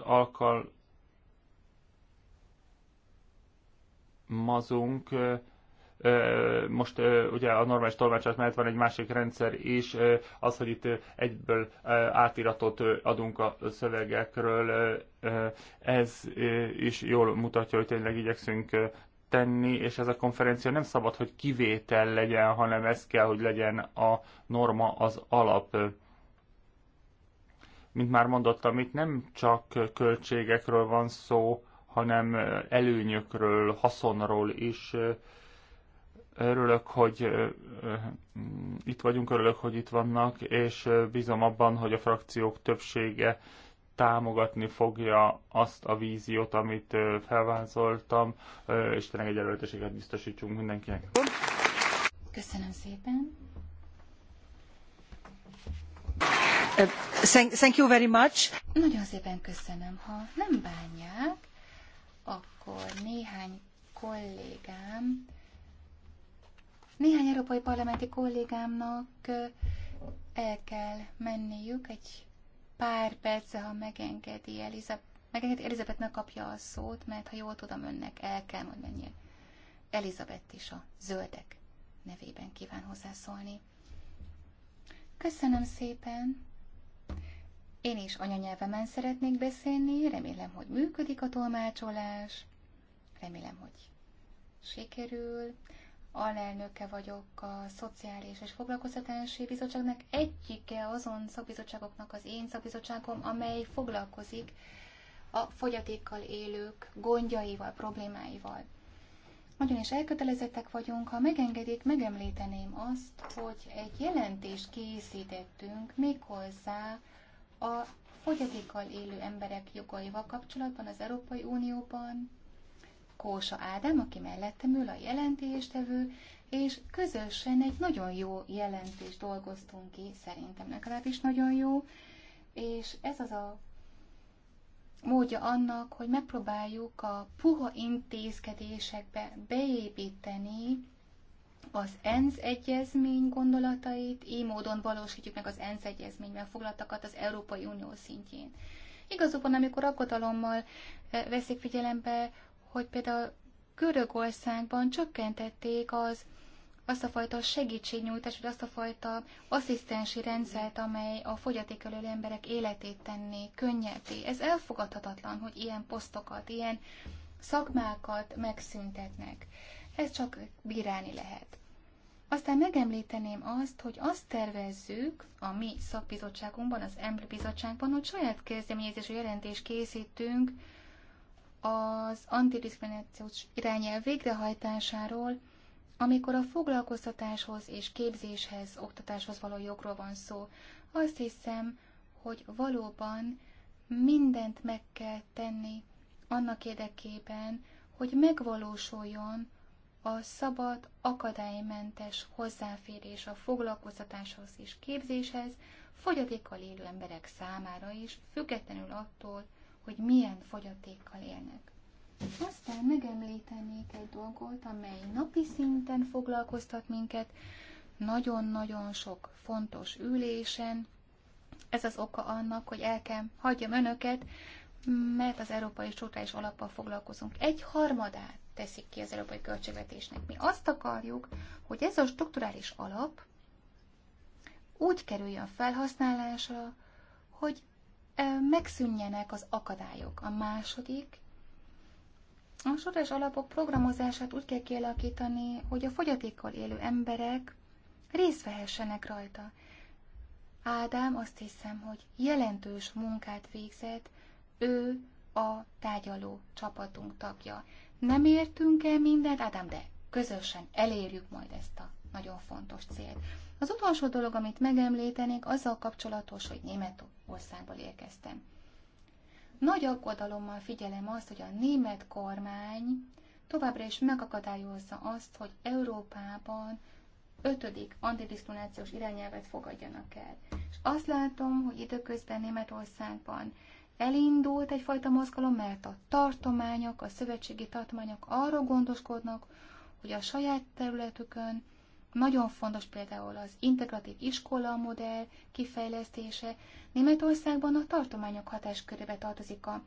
alkalmazunk. Most ugye a normális tolmácsolat mellett van egy másik rendszer is, az, hogy itt egyből átiratot adunk a szövegekről, ez is jól mutatja, hogy tényleg igyekszünk tenni, és ez a konferencia nem szabad, hogy kivétel legyen, hanem ez kell, hogy legyen a norma, az alap. Mint már mondottam, itt nem csak költségekről van szó, hanem előnyökről, haszonról is. Örülök, hogy itt vagyunk, örülök, hogy itt vannak, és bízom abban, hogy a frakciók többsége támogatni fogja azt a víziót, amit felvázoltam, és tényleg egy előtteséget biztosítsunk mindenkinek. Köszönöm szépen. Uh, thank, thank you very much. Nagyon szépen köszönöm. Ha nem bánják, akkor néhány kollégám, néhány európai parlamenti kollégámnak el kell menniük egy pár perce, ha megengedi, Elizabeth, megengedi Elizabeth megkapja a szót, mert ha jól tudom, önnek el kell majd mennie. Elizabeth is a zöldek nevében kíván hozzászólni. Köszönöm szépen! Én is anyanyelvemen szeretnék beszélni, remélem, hogy működik a tolmácsolás, remélem, hogy sikerül alelnöke vagyok a Szociális és Foglalkoztatási Bizottságnak. Egyike azon szakbizottságoknak az én szakbizottságom, amely foglalkozik a fogyatékkal élők gondjaival, problémáival. Nagyon is elkötelezettek vagyunk, ha megengedik, megemlíteném azt, hogy egy jelentést készítettünk méghozzá a fogyatékkal élő emberek jogaival kapcsolatban az Európai Unióban, Kósa Ádám, aki mellettem ül a jelentéstevő, és közösen egy nagyon jó jelentést dolgoztunk ki, szerintem legalábbis nagyon jó, és ez az a módja annak, hogy megpróbáljuk a puha intézkedésekbe beépíteni az ENSZ egyezmény gondolatait, így módon valósítjuk meg az ENSZ egyezményben foglaltakat az Európai Unió szintjén. Igazabban, amikor aggodalommal eh, veszik figyelembe, hogy például Görögországban csökkentették az azt a fajta segítségnyújtást, vagy azt a fajta asszisztensi rendszert, amely a fogyatékelő emberek életét tenné könnyebbé. Ez elfogadhatatlan, hogy ilyen posztokat, ilyen szakmákat megszüntetnek. Ez csak bírálni lehet. Aztán megemlíteném azt, hogy azt tervezzük a mi szakbizottságunkban, az emberbizottságban, bizottságban, hogy saját kezdeményezésű jelentést készítünk az antidiszkriminációs irányel végrehajtásáról, amikor a foglalkoztatáshoz és képzéshez, oktatáshoz való jogról van szó. Azt hiszem, hogy valóban mindent meg kell tenni annak érdekében, hogy megvalósuljon a szabad, akadálymentes hozzáférés a foglalkoztatáshoz és képzéshez, fogyatékkal élő emberek számára is, függetlenül attól, hogy milyen fogyatékkal élnek. Aztán megemlítenék egy dolgot, amely napi szinten foglalkoztat minket, nagyon-nagyon sok fontos ülésen. Ez az oka annak, hogy el kell hagyjam önöket, mert az európai struktúrális alappal foglalkozunk. Egy harmadát teszik ki az európai költségvetésnek. Mi azt akarjuk, hogy ez a strukturális alap úgy kerüljön felhasználásra, hogy megszűnjenek az akadályok. A második, a soros alapok programozását úgy kell kialakítani, hogy a fogyatékkal élő emberek részt vehessenek rajta. Ádám azt hiszem, hogy jelentős munkát végzett, ő a tárgyaló csapatunk tagja. Nem értünk el mindent, Ádám, de közösen elérjük majd ezt a nagyon fontos cél. Az utolsó dolog, amit megemlítenék, azzal kapcsolatos, hogy Németországból érkeztem. Nagy aggodalommal figyelem azt, hogy a német kormány továbbra is megakadályozza azt, hogy Európában ötödik antidiszkriminációs irányelvet fogadjanak el. És azt látom, hogy időközben Németországban elindult egyfajta mozgalom, mert a tartományok, a szövetségi tartományok arra gondoskodnak, hogy a saját területükön nagyon fontos például az integratív iskola modell kifejlesztése. Németországban a tartományok hatáskörébe tartozik a,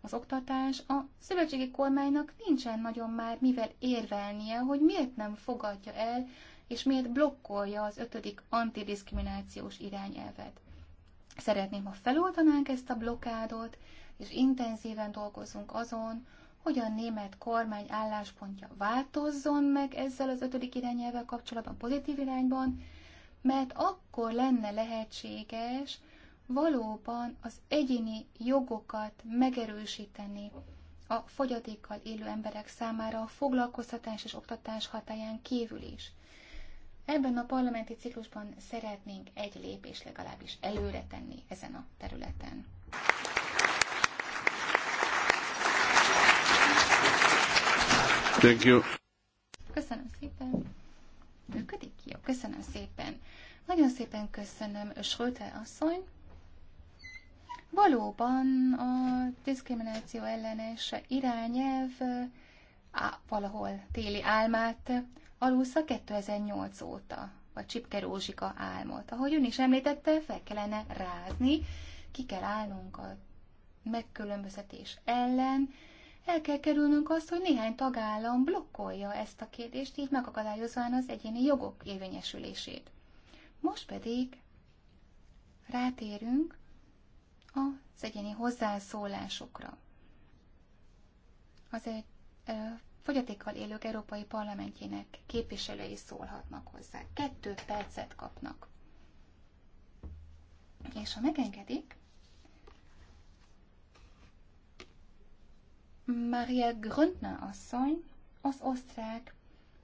az oktatás. A szövetségi kormánynak nincsen nagyon már mivel érvelnie, hogy miért nem fogadja el, és miért blokkolja az ötödik antidiszkriminációs irányelvet. Szeretném, ha feloldanánk ezt a blokádot, és intenzíven dolgozunk azon, hogy a német kormány álláspontja változzon meg ezzel az ötödik irányelvvel kapcsolatban pozitív irányban, mert akkor lenne lehetséges valóban az egyéni jogokat megerősíteni a fogyatékkal élő emberek számára a foglalkoztatás és oktatás hatáján kívül is. Ebben a parlamenti ciklusban szeretnénk egy lépés legalábbis előre tenni ezen a területen. Thank you. Köszönöm szépen. Működik? Jó, köszönöm szépen. Nagyon szépen köszönöm, Schröter asszony. Valóban a diszkrimináció ellenes irányelv á, valahol téli álmát alulsza 2008 óta, a Csipke Rózsika álmot. Ahogy ön is említette, fel kellene rázni, ki kell állnunk a megkülönböztetés ellen, el kell kerülnünk azt, hogy néhány tagállam blokkolja ezt a kérdést, így megakadályozván az egyéni jogok érvényesülését. Most pedig rátérünk az egyéni hozzászólásokra. ö, fogyatékkal élők Európai Parlamentjének képviselői szólhatnak hozzá. Kettő percet kapnak. És ha megengedik, Maria Gröntner asszony az osztrák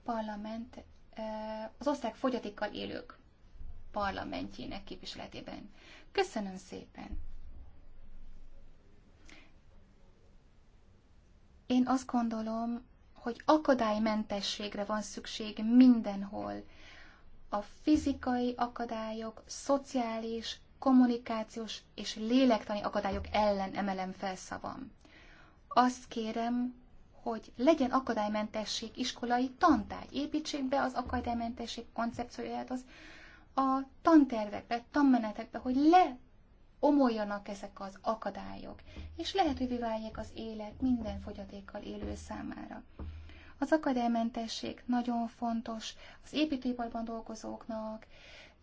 parlament, az osztrák fogyatékkal élők parlamentjének képviseletében. Köszönöm szépen! Én azt gondolom, hogy akadálymentességre van szükség mindenhol. A fizikai akadályok, szociális, kommunikációs és lélektani akadályok ellen emelem fel szavam. Azt kérem, hogy legyen akadálymentesség iskolai tantárgy. Építsék be az akadálymentesség koncepcióját az a tantervekbe, tanmenetekbe, hogy le omoljanak ezek az akadályok, és lehetővé váljék az élet minden fogyatékkal élő számára. Az akadálymentesség nagyon fontos az építőiparban dolgozóknak,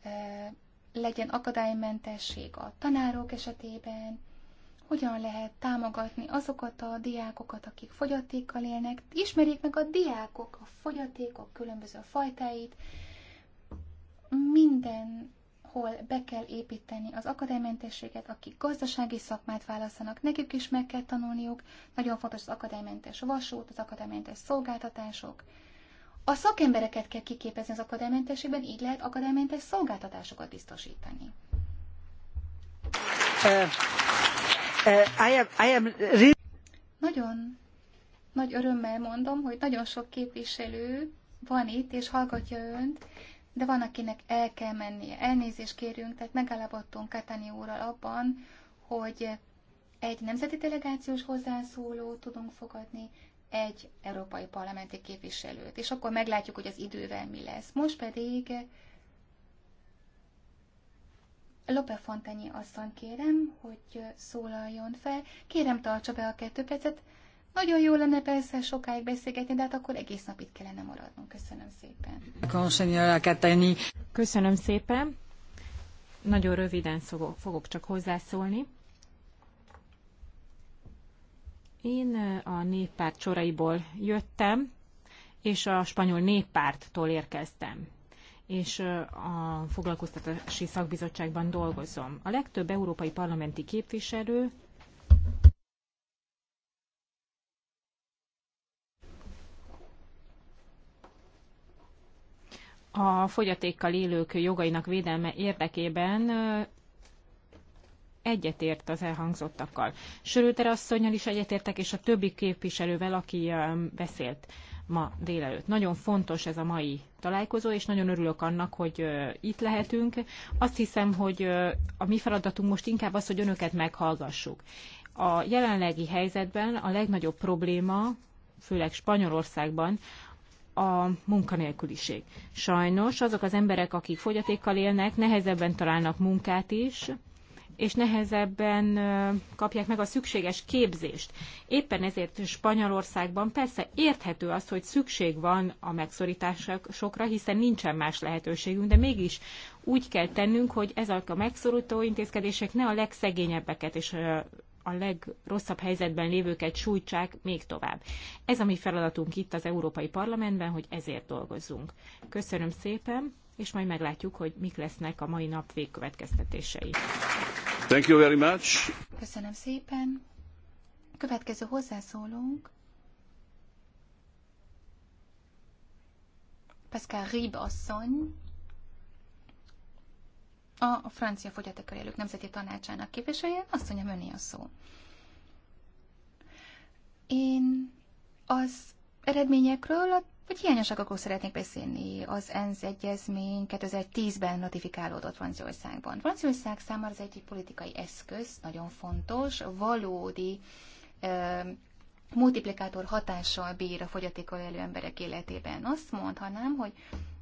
eh, legyen akadálymentesség a tanárok esetében, hogyan lehet támogatni azokat a diákokat, akik fogyatékkal élnek, ismerjék meg a diákok, a fogyatékok különböző fajtáit, mindenhol be kell építeni az akadálymentességet, akik gazdasági szakmát választanak, nekik is meg kell tanulniuk, nagyon fontos az akadálymentes vasút, az akadálymentes szolgáltatások, a szakembereket kell kiképezni az akadálymentességben, így lehet akadálymentes szolgáltatásokat biztosítani. Eh, Uh, nagyon nagy örömmel mondom, hogy nagyon sok képviselő van itt, és hallgatja önt, de van, akinek el kell mennie. Elnézést kérünk, tehát megállapodtunk Katani úrral abban, hogy egy nemzeti delegációs hozzászólót tudunk fogadni, egy európai parlamenti képviselőt, és akkor meglátjuk, hogy az idővel mi lesz. Most pedig Lope Fontanyi asszony kérem, hogy szólaljon fel. Kérem, tartsa be a kettő percet. Nagyon jó lenne persze sokáig beszélgetni, de hát akkor egész nap itt kellene maradnunk. Köszönöm szépen. Köszönöm szépen. Nagyon röviden szogok, fogok csak hozzászólni. Én eh, a néppárt soraiból jöttem, és a spanyol néppárttól érkeztem és a foglalkoztatási szakbizottságban dolgozom. A legtöbb európai parlamenti képviselő a fogyatékkal élők jogainak védelme érdekében egyetért az elhangzottakkal. Sörőter asszonynal is egyetértek, és a többi képviselővel, aki beszélt ma délelőtt. Nagyon fontos ez a mai találkozó, és nagyon örülök annak, hogy itt lehetünk. Azt hiszem, hogy a mi feladatunk most inkább az, hogy önöket meghallgassuk. A jelenlegi helyzetben a legnagyobb probléma, főleg Spanyolországban, a munkanélküliség. Sajnos azok az emberek, akik fogyatékkal élnek, nehezebben találnak munkát is, és nehezebben kapják meg a szükséges képzést. Éppen ezért Spanyolországban persze érthető az, hogy szükség van a megszorításokra, hiszen nincsen más lehetőségünk, de mégis úgy kell tennünk, hogy ezek a megszorító intézkedések ne a legszegényebbeket és a legrosszabb helyzetben lévőket sújtsák még tovább. Ez a mi feladatunk itt az Európai Parlamentben, hogy ezért dolgozzunk. Köszönöm szépen, és majd meglátjuk, hogy mik lesznek a mai nap végkövetkeztetései. Thank you very much. Köszönöm szépen. Következő hozzászólunk, Pascal Rib asszony, a francia fogyatékkal élők nemzeti tanácsának képviselője, azt mondja, öné a szó. Én az eredményekről a hogy akkor szeretnék beszélni. Az ENSZ egyezmény 2010-ben notifikálódott Franciaországban. Franciaország számára az egyik politikai eszköz, nagyon fontos, valódi ö, multiplikátor hatással bír a fogyatékkal élő emberek életében. Azt Mondhatnám, hogy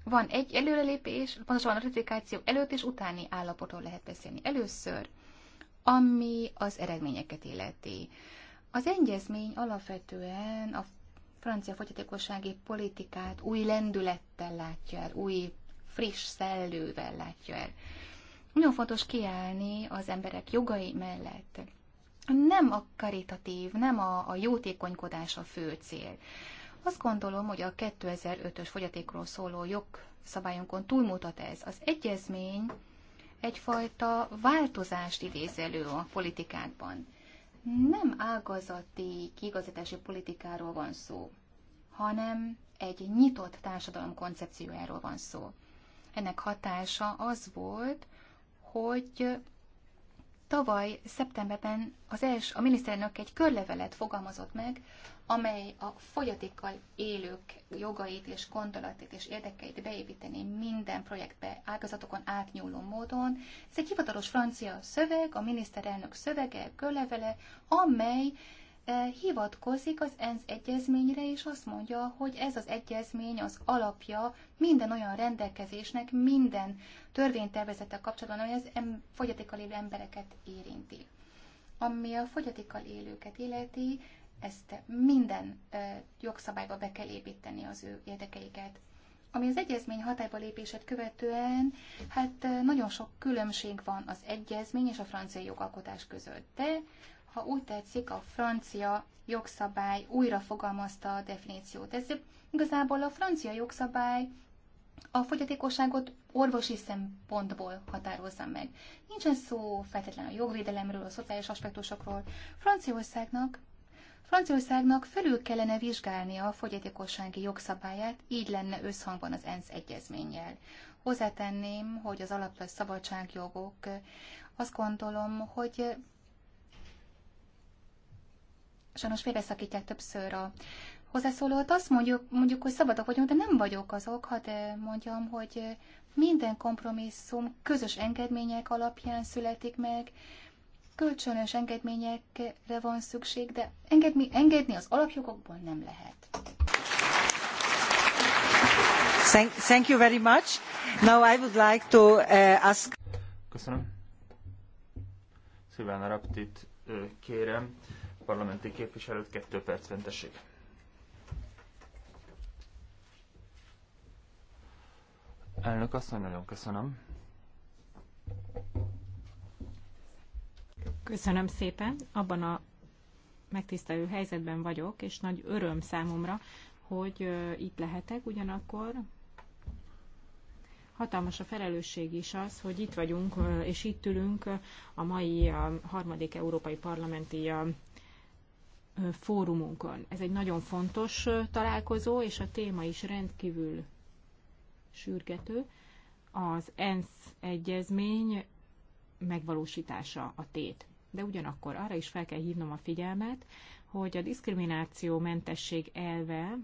van egy előrelépés, pontosan a ratifikáció előtt és utáni állapotról lehet beszélni. Először, ami az eredményeket illeti. Az egyezmény alapvetően a francia fogyatékossági politikát új lendülettel látja el, új friss szellővel látja el. Nagyon fontos kiállni az emberek jogai mellett. Nem a karitatív, nem a, a jótékonykodás a fő cél. Azt gondolom, hogy a 2005-ös fogyatékról szóló jogszabályunkon túlmutat ez. Az egyezmény egyfajta változást idéz elő a politikákban nem ágazati kigazítási politikáról van szó, hanem egy nyitott társadalom koncepciójáról van szó. Ennek hatása az volt, hogy Tavaly szeptemberben az els, a miniszterelnök egy körlevelet fogalmazott meg, amely a fogyatékkal élők jogait és gondolatait és érdekeit beépíteni minden projektbe ágazatokon átnyúló módon. Ez egy hivatalos francia szöveg, a miniszterelnök szövege, körlevele, amely E, hivatkozik az ENSZ egyezményre, és azt mondja, hogy ez az egyezmény az alapja minden olyan rendelkezésnek, minden törvénytervezettel kapcsolatban, ami az em- fogyatékkal élő embereket érinti. Ami a fogyatékkal élőket illeti, ezt minden e, jogszabályba be kell építeni az ő érdekeiket. Ami az egyezmény hatályba lépését követően, hát e, nagyon sok különbség van az egyezmény és a francia jogalkotás között, de ha úgy tetszik, a francia jogszabály újra fogalmazta a definíciót. Ez igazából a francia jogszabály a fogyatékosságot orvosi szempontból határozza meg. Nincsen szó feltétlenül a jogvédelemről, a szociális aspektusokról. Franciaországnak Franciaországnak felül kellene vizsgálnia a fogyatékossági jogszabályát, így lenne összhangban az ENSZ egyezménnyel. Hozzátenném, hogy az alapvető szabadságjogok azt gondolom, hogy Sajnos félbeszakítják többször a hozzászólót. Azt mondjuk, mondjuk, hogy szabadok vagyunk, de nem vagyok azok, ha de mondjam, hogy minden kompromisszum közös engedmények alapján születik meg, kölcsönös engedményekre van szükség, de engedmi, engedni az alapjogokból nem lehet. Thank, thank you very much. Now I would like to uh, ask... Köszönöm. Szilván Raptit uh, kérem, parlamenti képviselőt, kettő perc tessék. Elnök asszony, nagyon köszönöm. Köszönöm szépen. Abban a megtisztelő helyzetben vagyok, és nagy öröm számomra, hogy itt lehetek, ugyanakkor hatalmas a felelősség is az, hogy itt vagyunk és itt ülünk a mai a harmadik európai parlamenti fórumunkon. Ez egy nagyon fontos találkozó, és a téma is rendkívül sürgető. Az ENSZ egyezmény megvalósítása a tét. De ugyanakkor arra is fel kell hívnom a figyelmet, hogy a diszkrimináció mentesség elve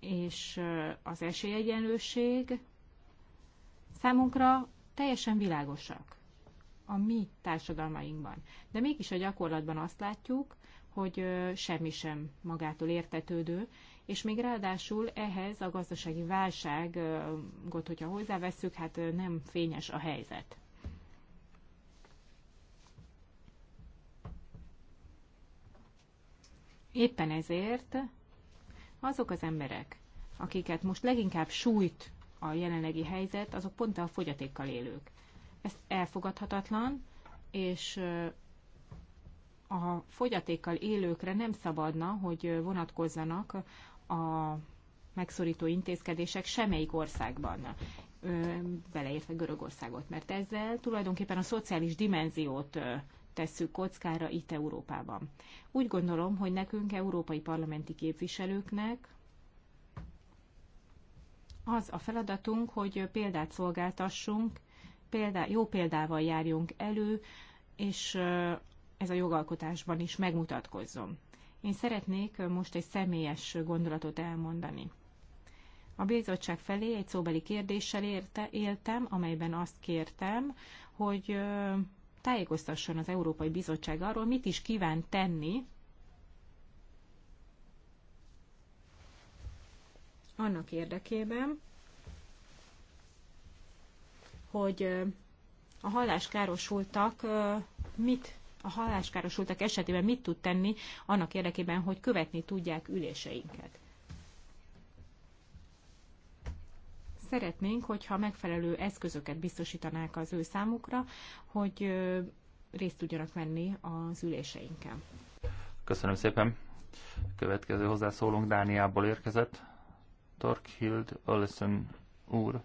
és az esélyegyenlőség számunkra teljesen világosak a mi társadalmainkban. De mégis a gyakorlatban azt látjuk, hogy semmi sem magától értetődő, és még ráadásul ehhez a gazdasági válságot, hogyha hozzáveszünk, hát nem fényes a helyzet. Éppen ezért azok az emberek, akiket most leginkább sújt a jelenlegi helyzet, azok pont a fogyatékkal élők. Ez elfogadhatatlan, és a fogyatékkal élőkre nem szabadna, hogy vonatkozzanak a megszorító intézkedések semmelyik országban, beleértve Görögországot, mert ezzel tulajdonképpen a szociális dimenziót tesszük kockára itt Európában. Úgy gondolom, hogy nekünk, európai parlamenti képviselőknek az a feladatunk, hogy példát szolgáltassunk példá, jó példával járjunk elő, és ez a jogalkotásban is megmutatkozzon. Én szeretnék most egy személyes gondolatot elmondani. A bizottság felé egy szóbeli kérdéssel érte, éltem, amelyben azt kértem, hogy tájékoztasson az Európai Bizottság arról, mit is kíván tenni annak érdekében, hogy a halláskárosultak mit a halláskárosultak esetében mit tud tenni annak érdekében, hogy követni tudják üléseinket. Szeretnénk, hogyha megfelelő eszközöket biztosítanák az ő számukra, hogy részt tudjanak venni az üléseinken. Köszönöm szépen. Következő hozzászólónk Dániából érkezett. Torkhild Olesen úr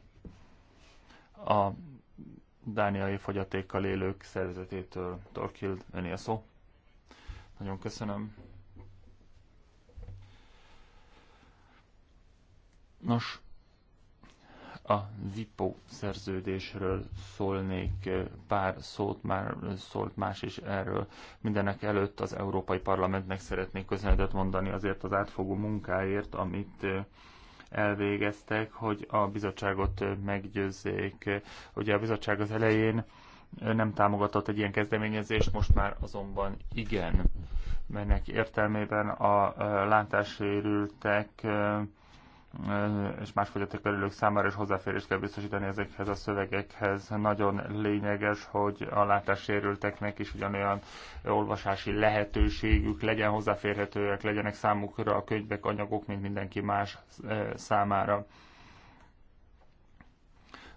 a dániai fogyatékkal élők szervezetétől Torkild, öné a szó. Nagyon köszönöm. Nos, a VIPO szerződésről szólnék eh, pár szót, már szólt más is erről. Mindenek előtt az Európai Parlamentnek szeretnék köszönetet mondani azért az átfogó munkáért, amit eh, elvégeztek, hogy a bizottságot meggyőzzék. Ugye a bizottság az elején nem támogatott egy ilyen kezdeményezést, most már azonban igen. Mennek értelmében a látássérültek és más fogyatékkal számára is hozzáférést kell biztosítani ezekhez a szövegekhez. Nagyon lényeges, hogy a látássérülteknek is ugyanolyan olvasási lehetőségük legyen, hozzáférhetőek legyenek számukra a könyvek, anyagok, mint mindenki más eh, számára.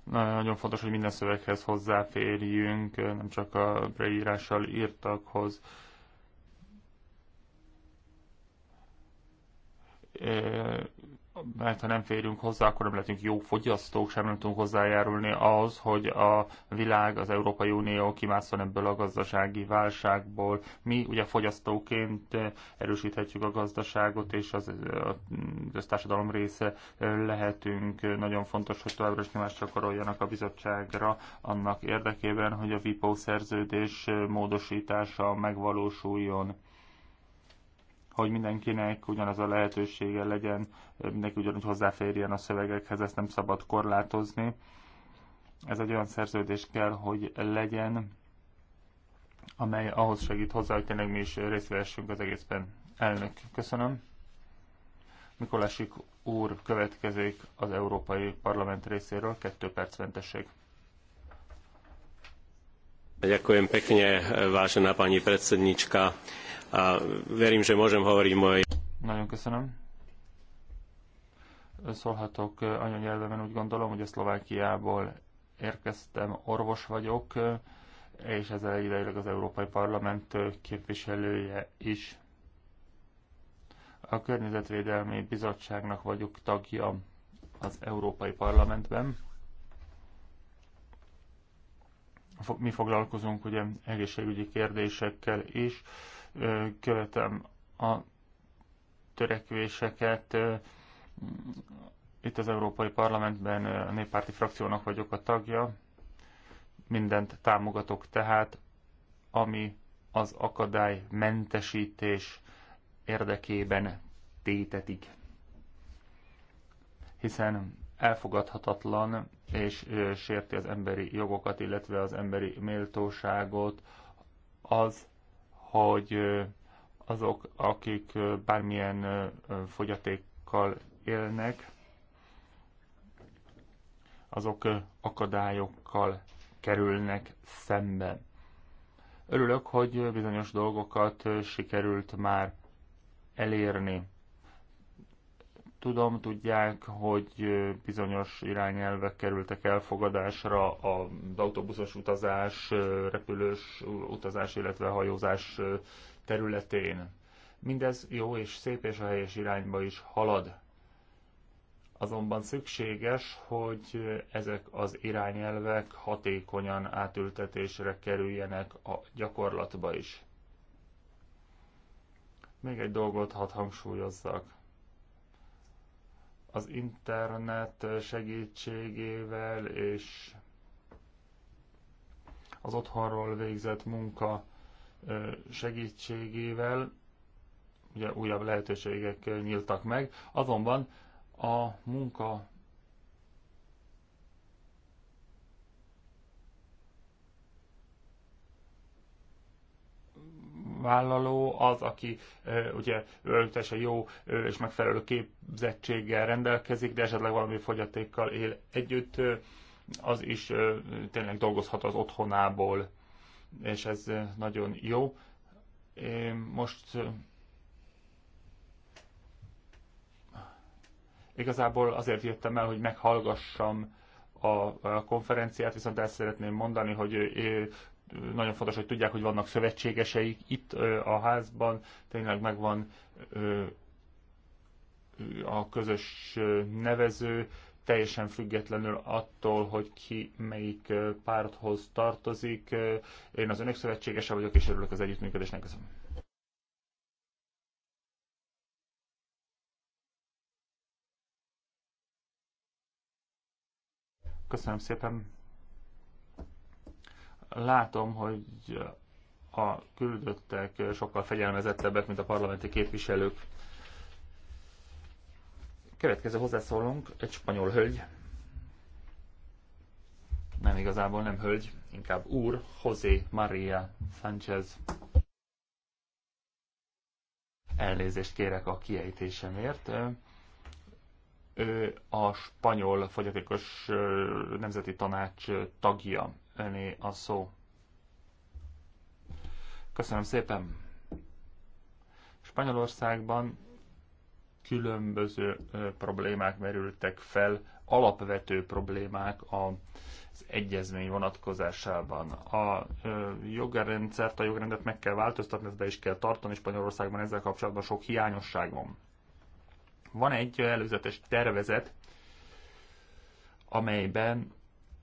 Nagyon fontos, hogy minden szöveghez hozzáférjünk, nem csak a beírással írtakhoz. Eh, mert ha nem férünk hozzá, akkor nem lehetünk jó fogyasztók, sem nem tudunk hozzájárulni ahhoz, hogy a világ, az Európai Unió kimászol ebből a gazdasági válságból. Mi ugye fogyasztóként eh, erősíthetjük a gazdaságot, és az eh, össztársadalom része eh, lehetünk. Nagyon fontos, hogy továbbra is nyomást csakoroljanak a bizottságra annak érdekében, hogy a VIPO szerződés módosítása megvalósuljon hogy mindenkinek ugyanaz a lehetősége legyen, eh, mindenki ugyanúgy hozzáférjen a szövegekhez, ezt nem szabad korlátozni. Ez egy olyan szerződés kell, hogy legyen, amely ahhoz segít hozzá, hogy tényleg mi is részt vehessünk az egészben. Elnök, köszönöm. Mikolásik úr következik az Európai Parlament részéről, kettő perc mentesség. Ďakujem pekne, vážená pani predsednička a verím, že môžem hovoriť moj... Nagyon köszönöm. Szólhatok eh, anyanyelvemen, úgy gondolom, hogy a Szlovákiából érkeztem, orvos vagyok, eh, és ezzel egyidejűleg az Európai Parlament eh, képviselője is. A Környezetvédelmi Bizottságnak vagyok tagja az Európai Parlamentben. Mi foglalkozunk ugye egészségügyi kérdésekkel is, követem a törekvéseket. Itt az Európai Parlamentben a néppárti frakciónak vagyok a tagja. Mindent támogatok tehát, ami az akadálymentesítés érdekében tétetik. Hiszen elfogadhatatlan és sérti az emberi jogokat, illetve az emberi méltóságot az, hogy azok, akik bármilyen fogyatékkal élnek, azok akadályokkal kerülnek szembe. Örülök, hogy bizonyos dolgokat sikerült már elérni. Tudom, tudják, hogy bizonyos irányelvek kerültek elfogadásra az autóbuszos utazás, repülős utazás, illetve hajózás területén. Mindez jó és szép és a helyes irányba is halad. Azonban szükséges, hogy ezek az irányelvek hatékonyan átültetésre kerüljenek a gyakorlatba is. Még egy dolgot hadd hangsúlyozzak az internet segítségével és az otthonról végzett munka segítségével ugye újabb lehetőségek nyíltak meg, azonban a munka vállaló, az, aki ugye a jó és megfelelő képzettséggel rendelkezik, de esetleg valami fogyatékkal él együtt, az is tényleg dolgozhat az otthonából, és ez nagyon jó. Most igazából azért jöttem el, hogy meghallgassam a, konferenciát, viszont ezt szeretném mondani, hogy nagyon fontos, hogy tudják, hogy vannak szövetségeseik itt a házban, tényleg megvan a közös nevező, teljesen függetlenül attól, hogy ki melyik párthoz tartozik. Én az önök szövetségese vagyok, és örülök az együttműködésnek. Köszönöm. Köszönöm szépen. Látom, hogy a küldöttek sokkal fegyelmezettebbek, mint a parlamenti képviselők. Következő hozzászólunk, egy spanyol hölgy. Nem igazából nem hölgy, inkább úr, José María Sánchez. Elnézést kérek a kiejtésemért. Ő a spanyol fogyatékos nemzeti tanács tagja öné a szó. Köszönöm szépen! Spanyolországban különböző problémák merültek fel, alapvető problémák az egyezmény vonatkozásában. A jogrendszert, a jogrendet meg kell változtatni, ezt be is kell tartani, Spanyolországban ezzel kapcsolatban sok hiányosság van. Van egy előzetes tervezet, amelyben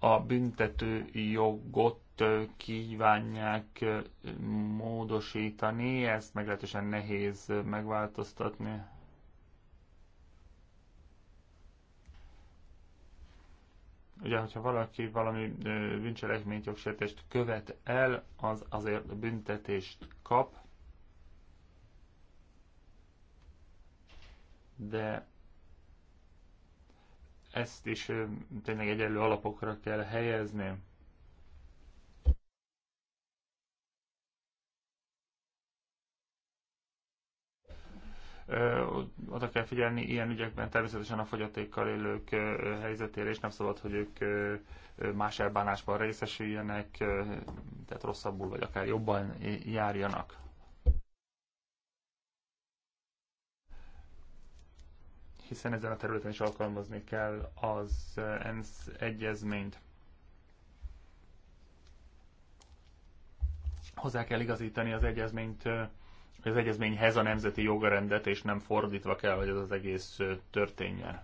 a büntető jogot kívánják módosítani, ezt meglehetősen nehéz megváltoztatni. Ugye, hogyha valaki valami bűncselekményt, jogsértést követ el, az azért büntetést kap, de ezt is tényleg egyenlő alapokra kell helyezni. oda kell figyelni ilyen ügyekben természetesen a fogyatékkal élők helyzetére, és nem szabad, hogy ők más elbánásban részesüljenek, tehát rosszabbul vagy akár jobban járjanak. hiszen ezen a területen is alkalmazni kell az ENSZ egyezményt. Hozzá kell igazítani az egyezményt, az egyezményhez a nemzeti jogarendet, és nem fordítva kell, hogy ez az egész történjen.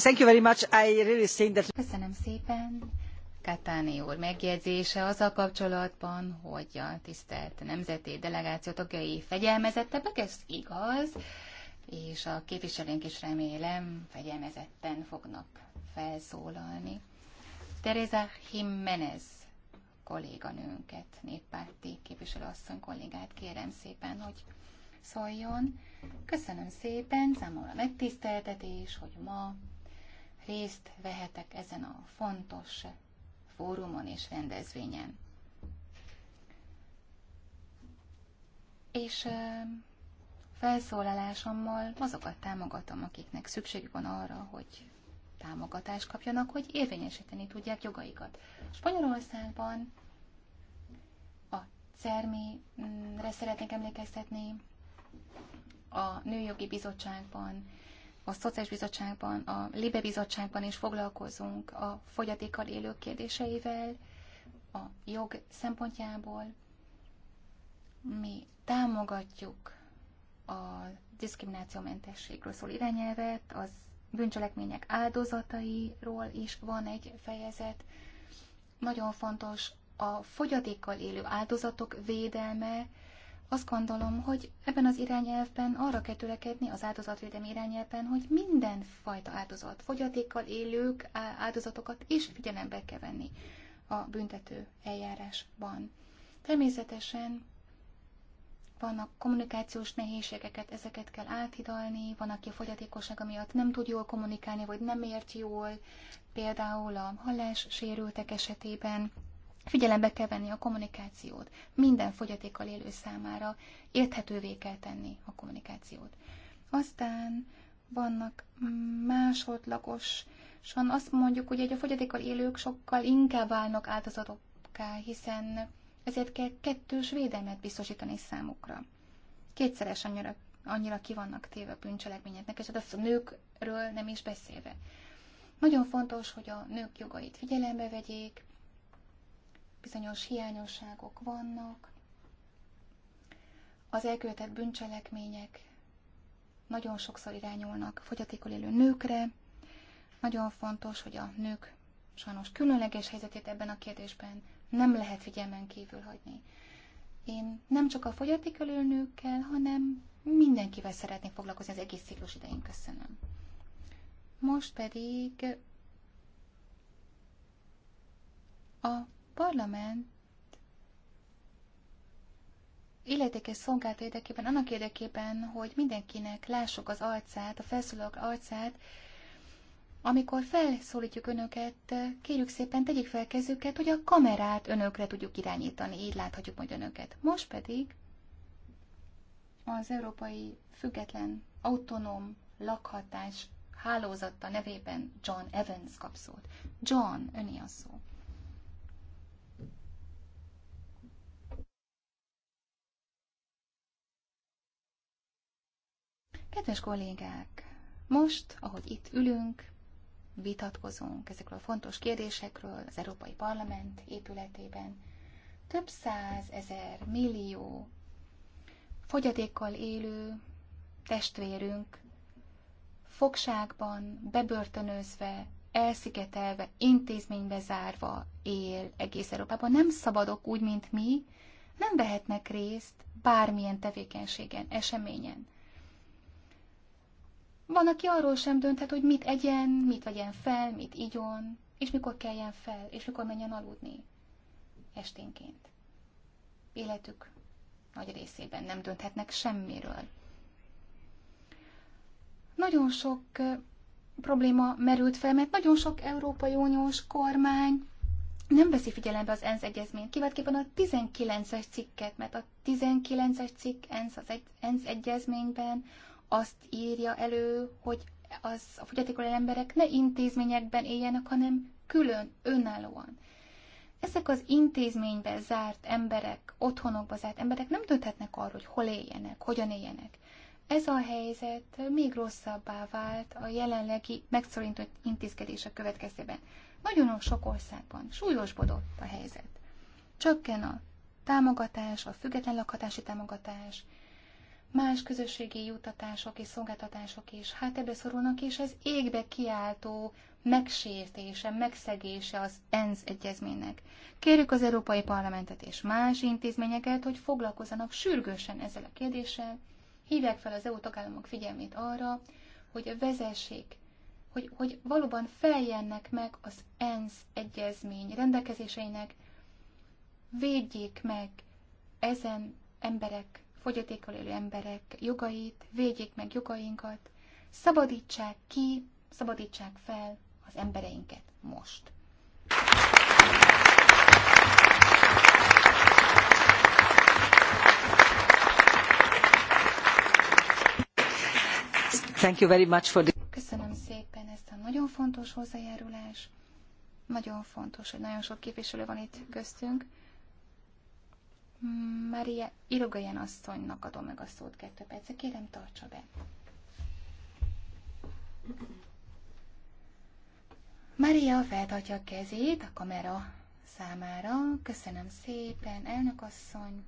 Thank you very much. I really think that... Köszönöm szépen. Katáni úr megjegyzése az a kapcsolatban, hogy a tisztelt nemzeti delegáció tagjai fegyelmezettebbek, ez igaz, és a képviselőnk is remélem fegyelmezetten fognak felszólalni. Teresa Jiménez kolléganőnket, néppárti képviselőasszony kollégát kérem szépen, hogy szóljon. Köszönöm szépen, számomra megtiszteltetés, hogy ma részt vehetek ezen a fontos fórumon és rendezvényen. És felszólalásommal azokat támogatom, akiknek szükségük van arra, hogy támogatást kapjanak, hogy érvényesíteni tudják jogaikat. Spanyolországban a CERMI-re szeretnék emlékeztetni, a Nőjogi Bizottságban a Szociális Bizottságban, a Libe Bizottságban is foglalkozunk a fogyatékkal élők kérdéseivel, a jog szempontjából. Mi támogatjuk a diszkriminációmentességről szól irányelvet, az bűncselekmények áldozatairól is van egy fejezet. Nagyon fontos a fogyatékkal élő áldozatok védelme, azt gondolom, hogy ebben az irányelvben arra kell törekedni az áldozatvédelmi irányelvben, hogy minden fajta áldozat, fogyatékkal élők áldozatokat is figyelembe kell venni a büntető eljárásban. Természetesen vannak kommunikációs nehézségeket, ezeket kell áthidalni, van, aki a fogyatékossága miatt nem tud jól kommunikálni, vagy nem ért jól, például a hallássérültek esetében Figyelembe kell venni a kommunikációt. Minden fogyatékkal élő számára érthetővé kell tenni a kommunikációt. Aztán vannak másodlagosan azt mondjuk, hogy egy a fogyatékkal élők sokkal inkább válnak áldozatokká, hiszen ezért kell kettős védelmet biztosítani számukra. Kétszeres annyira, annyira ki vannak téve bűncselekményeknek, és hát a nőkről nem is beszélve. Nagyon fontos, hogy a nők jogait figyelembe vegyék, bizonyos hiányosságok vannak, az elkövetett bűncselekmények nagyon sokszor irányulnak fogyatékkal élő nőkre. Nagyon fontos, hogy a nők sajnos különleges helyzetét ebben a kérdésben nem lehet figyelmen kívül hagyni. Én nem csak a fogyatékkal élő nőkkel, hanem mindenkivel szeretnék foglalkozni az egész ciklus idején. Köszönöm. Most pedig a parlament illetékes szolgált érdekében, annak érdekében, hogy mindenkinek lássuk az arcát, a felszólalók arcát, amikor felszólítjuk önöket, kérjük szépen tegyék fel kezüket, hogy a kamerát önökre tudjuk irányítani, így láthatjuk majd önöket. Most pedig az Európai Független Autonóm Lakhatás Hálózata nevében John Evans kap szót. John, öné a szó. Kedves kollégák, most, ahogy itt ülünk, vitatkozunk ezekről a fontos kérdésekről az Európai Parlament épületében, több száz ezer millió fogyatékkal élő testvérünk fogságban, bebörtönözve, elszigetelve, intézménybe zárva él egész Európában. Nem szabadok úgy, mint mi, nem vehetnek részt bármilyen tevékenységen, eseményen. Van, aki arról sem dönthet, hogy mit egyen, mit vegyen fel, mit igyon, és mikor keljen fel, és mikor menjen aludni. Esténként. Életük nagy részében nem dönthetnek semmiről. Nagyon sok probléma merült fel, mert nagyon sok Európai Uniós kormány nem veszi figyelembe az ENSZ egyezményt, kiváltképpen a 19-es cikket, mert a 19-es cikk ENSZ, az egy, ENSZ egyezményben azt írja elő, hogy az a fogyatékos emberek ne intézményekben éljenek, hanem külön, önállóan. Ezek az intézménybe zárt emberek, otthonokba zárt emberek nem dönthetnek arról, hogy hol éljenek, hogyan éljenek. Ez a helyzet még rosszabbá vált a jelenlegi megszorított intézkedések következtében. Nagyon sok országban súlyosbodott a helyzet. Csökken a támogatás, a független lakhatási támogatás, más közösségi juttatások és szolgáltatások is háttérbe szorulnak, és ez égbe kiáltó megsértése, megszegése az ENSZ egyezménynek. Kérjük az Európai Parlamentet és más intézményeket, hogy foglalkozzanak sürgősen ezzel a kérdéssel, hívják fel az EU tagállamok figyelmét arra, hogy vezessék, hogy, hogy valóban feljennek meg az ENSZ egyezmény rendelkezéseinek, védjék meg ezen emberek fogyatékkal élő emberek jogait, védjék meg jogainkat, szabadítsák ki, szabadítsák fel az embereinket most. Thank you very much for the... Köszönöm szépen ezt a nagyon fontos hozzájárulás. Nagyon fontos, hogy nagyon sok képviselő van itt köztünk. Maria Irogajan asszonynak adom meg a szót kettő percre. Kérem, tartsa be. Maria feltartja a kezét a kamera számára. Köszönöm szépen, elnök asszony.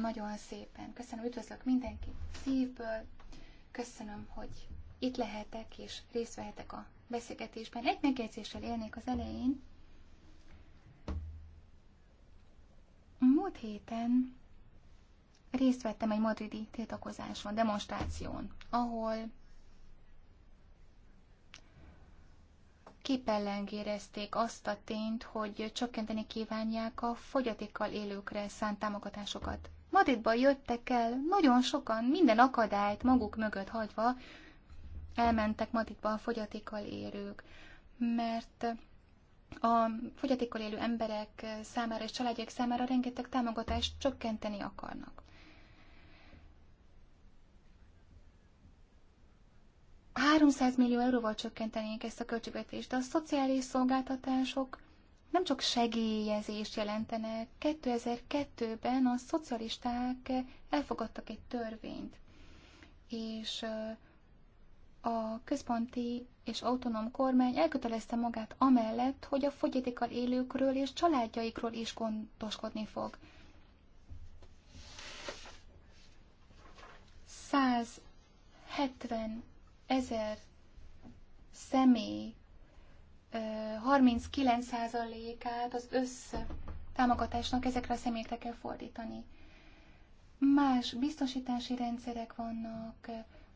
Nagyon szépen. Köszönöm, üdvözlök mindenkit szívből. Köszönöm, hogy itt lehetek és részt vehetek a beszélgetésben. Egy megjegyzéssel élnék az elején. Múlt héten részt vettem egy madridi tiltakozáson, demonstráción, ahol képellengérezték azt a tényt, hogy csökkenteni kívánják a fogyatékkal élőkre szánt támogatásokat. Madridba jöttek el, nagyon sokan, minden akadályt maguk mögött hagyva, elmentek Madridba a fogyatékkal érők, mert a fogyatékkal élő emberek számára és családjaik számára rengeteg támogatást csökkenteni akarnak. A 300 millió euróval csökkentenénk ezt a költségvetést, de a szociális szolgáltatások nem csak segélyezést jelentenek. 2002-ben a szocialisták elfogadtak egy törvényt, és a központi és autonóm kormány elkötelezte magát amellett, hogy a fogyatékkal élőkről és családjaikról is gondoskodni fog. 170 ezer személy 39%-át az össz támogatásnak ezekre a személyekre kell fordítani. Más biztosítási rendszerek vannak,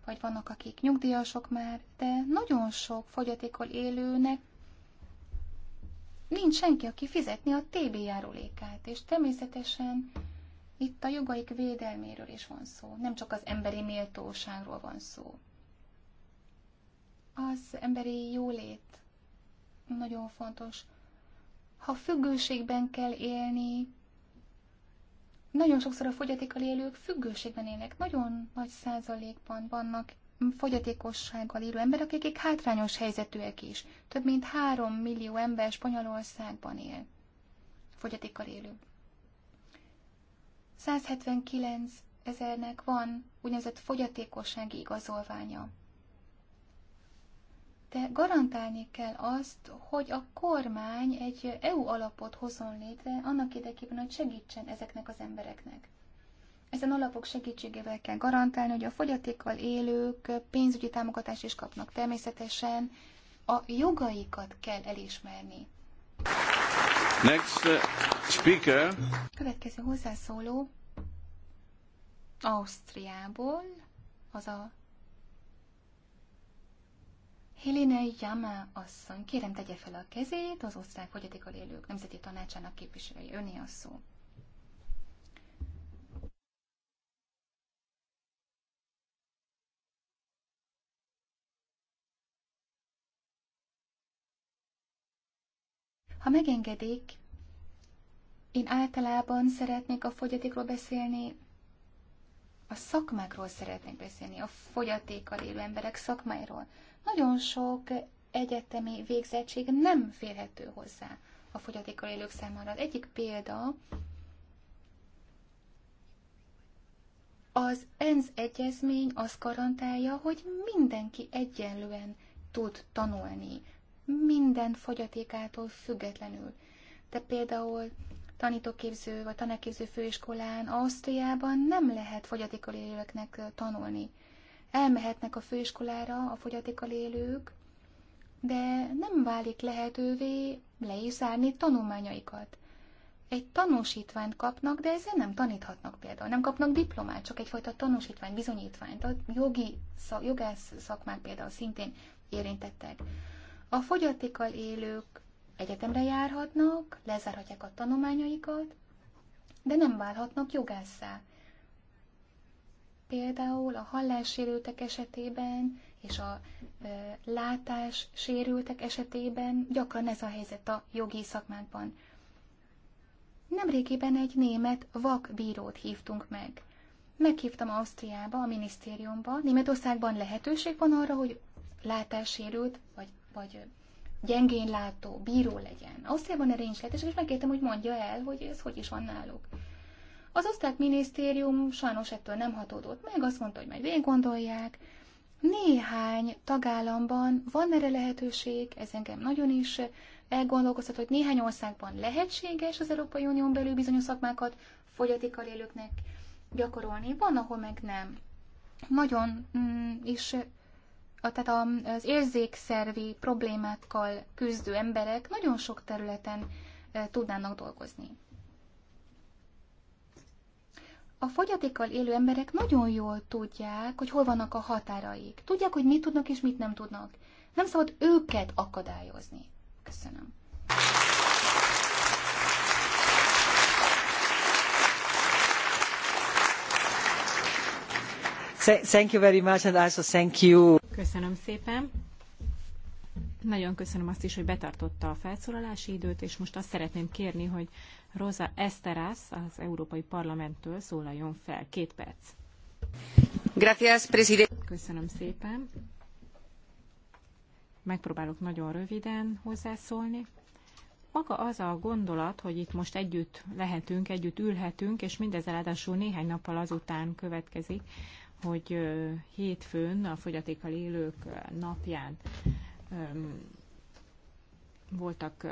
vagy vannak, akik nyugdíjasok már, de nagyon sok fogyatékkal élőnek nincs senki, aki fizetni a TB járulékát, és természetesen itt a jogaik védelméről is van szó, nem csak az emberi méltóságról van szó. Az emberi jólét nagyon fontos. Ha függőségben kell élni, nagyon sokszor a fogyatékkal élők függőségben élnek, nagyon nagy százalékban vannak fogyatékossággal élő emberek, akik hátrányos helyzetűek is. Több mint három millió ember Spanyolországban él, fogyatékkal élő. 179 ezernek van úgynevezett fogyatékossági igazolványa de garantálni kell azt, hogy a kormány egy EU alapot hozzon létre annak érdekében, hogy segítsen ezeknek az embereknek. Ezen alapok segítségével kell garantálni, hogy a fogyatékkal élők pénzügyi támogatást is kapnak. Természetesen a jogaikat kell elismerni. Next uh, speaker. Következő hozzászóló Ausztriából, az a Helene Jama asszony, kérem tegye fel a kezét, az osztrák fogyatékkal élők nemzeti tanácsának képviselője. Öné a szó. Ha megengedik, én általában szeretnék a fogyatékról beszélni, a szakmákról szeretnék beszélni, a fogyatékkal élő emberek szakmáiról. Nagyon sok egyetemi végzettség nem férhető hozzá a fogyatékkal élők számára. Az egyik példa az ENSZ egyezmény azt garantálja, hogy mindenki egyenlően tud tanulni, minden fogyatékától függetlenül. De például tanítóképző vagy tanárképző főiskolán Ausztriában nem lehet fogyatékkal élőknek tanulni elmehetnek a főiskolára a fogyatékkal élők, de nem válik lehetővé le is zárni tanulmányaikat. Egy tanúsítványt kapnak, de ezzel nem taníthatnak például. Nem kapnak diplomát, csak egyfajta tanúsítványt, bizonyítványt. A jogi, szak, jogász szakmák például szintén érintettek. A fogyatékkal élők egyetemre járhatnak, lezárhatják a tanulmányaikat, de nem válhatnak jogásszá például a hallássérültek esetében és a látás sérültek esetében gyakran ez a helyzet a jogi szakmánkban. Nemrégiben egy német vakbírót hívtunk meg. Meghívtam Ausztriába, a minisztériumba. Németországban lehetőség van arra, hogy látássérült vagy, vagy gyengén látó bíró legyen. Ausztriában erre nincs lehetőség, és megkértem, hogy mondja el, hogy ez hogy is van náluk. Az osztrák minisztérium sajnos ettől nem hatódott meg, azt mondta, hogy majd végig gondolják. Néhány tagállamban van erre lehetőség, ez engem nagyon is elgondolkoztat, hogy néhány országban lehetséges az Európai Unión belül bizonyos szakmákat fogyatékkal élőknek gyakorolni, van, ahol meg nem. Nagyon mm, is a, tehát az érzékszervi problémákkal küzdő emberek nagyon sok területen e, tudnának dolgozni a fogyatékkal élő emberek nagyon jól tudják, hogy hol vannak a határaik. Tudják, hogy mit tudnak és mit nem tudnak. Nem szabad őket akadályozni. Köszönöm. Thank you very much, and also thank you. Köszönöm szépen. Nagyon köszönöm azt is, hogy betartotta a felszólalási időt, és most azt szeretném kérni, hogy Rosa Esteras az Európai Parlamenttől szólaljon fel. Két perc. Gracias, president. Köszönöm szépen. Megpróbálok nagyon röviden hozzászólni. Maga az a gondolat, hogy itt most együtt lehetünk, együtt ülhetünk, és mindez ráadásul néhány nappal azután következik, hogy hétfőn a fogyatékkal élők napján voltak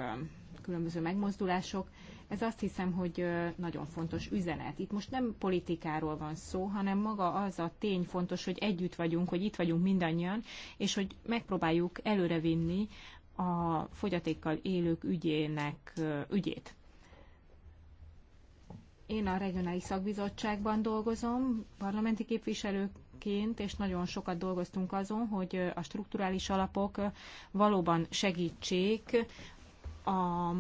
különböző megmozdulások. Ez azt hiszem, hogy nagyon fontos üzenet. Itt most nem politikáról van szó, hanem maga az a tény fontos, hogy együtt vagyunk, hogy itt vagyunk mindannyian, és hogy megpróbáljuk előrevinni a fogyatékkal élők ügyének ügyét. Én a regionális szakbizottságban dolgozom, parlamenti képviselőként, és nagyon sokat dolgoztunk azon, hogy a strukturális alapok valóban segítsék a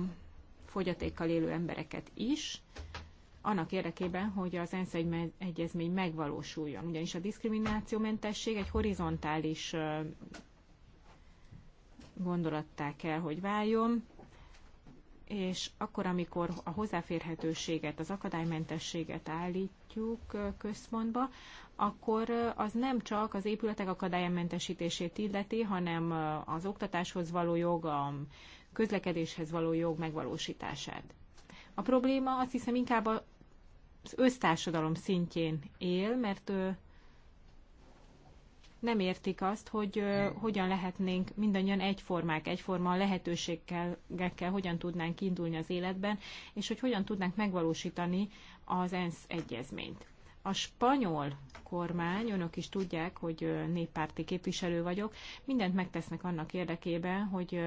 fogyatékkal élő embereket is, annak érdekében, hogy az ENSZ egyezmény megvalósuljon. Ugyanis a diszkriminációmentesség egy horizontális gondolattá kell, hogy váljon, és akkor, amikor a hozzáférhetőséget, az akadálymentességet állítjuk központba, akkor az nem csak az épületek akadálymentesítését illeti, hanem az oktatáshoz való jog, a közlekedéshez való jog megvalósítását. A probléma azt hiszem inkább az össztársadalom szintjén él, mert nem értik azt, hogy hogyan lehetnénk mindannyian egyformák, egyforma lehetőségekkel hogyan tudnánk indulni az életben, és hogy hogyan tudnánk megvalósítani az ENSZ egyezményt. A spanyol kormány, önök is tudják, hogy néppárti képviselő vagyok, mindent megtesznek annak érdekében, hogy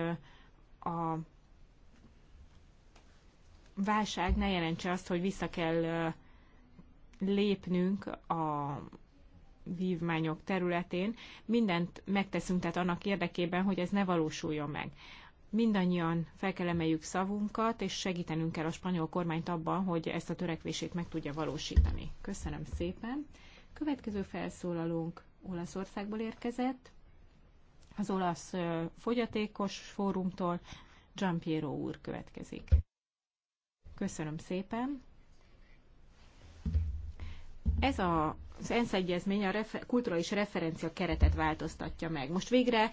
a válság ne jelentse azt, hogy vissza kell lépnünk a vívmányok területén. Mindent megteszünk tehát annak érdekében, hogy ez ne valósuljon meg. Mindannyian fel kell emeljük szavunkat, és segítenünk kell a spanyol kormányt abban, hogy ezt a törekvését meg tudja valósítani. Köszönöm szépen. Következő felszólalónk Olaszországból érkezett az olasz fogyatékos fórumtól. Giampiero úr következik. Köszönöm szépen. Ez a, az ENSZ egyezmény a refer, kulturális referencia keretet változtatja meg. Most végre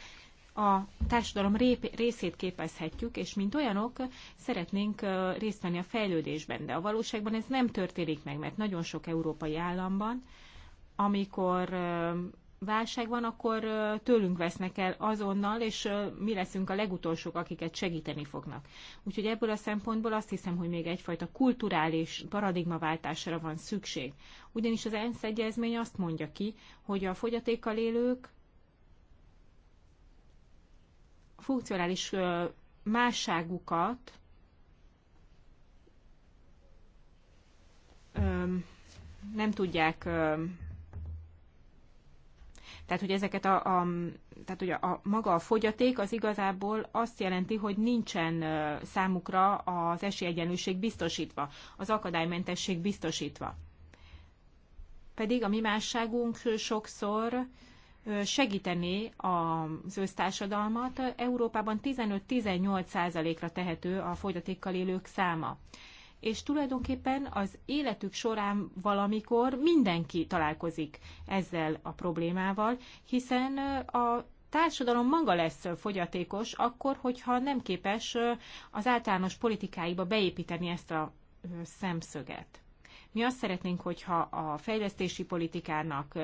a társadalom rép, részét képezhetjük, és mint olyanok szeretnénk részt venni a fejlődésben, de a valóságban ez nem történik meg, mert nagyon sok európai államban, amikor válság van, akkor tőlünk vesznek el azonnal, és mi leszünk a legutolsók, akiket segíteni fognak. Úgyhogy ebből a szempontból azt hiszem, hogy még egyfajta kulturális paradigmaváltásra van szükség. Ugyanis az ENSZ egyezmény azt mondja ki, hogy a fogyatékkal élők funkcionális másságukat nem tudják tehát, hogy ezeket a, a tehát hogy a, a, maga a fogyaték az igazából azt jelenti, hogy nincsen számukra az esélyegyenlőség biztosítva, az akadálymentesség biztosítva. Pedig a mi másságunk sokszor segíteni az ősztársadalmat. Európában 15-18 százalékra tehető a fogyatékkal élők száma és tulajdonképpen az életük során valamikor mindenki találkozik ezzel a problémával, hiszen a társadalom maga lesz fogyatékos akkor, hogyha nem képes az általános politikáiba beépíteni ezt a szemszöget. Mi azt szeretnénk, hogyha a fejlesztési politikának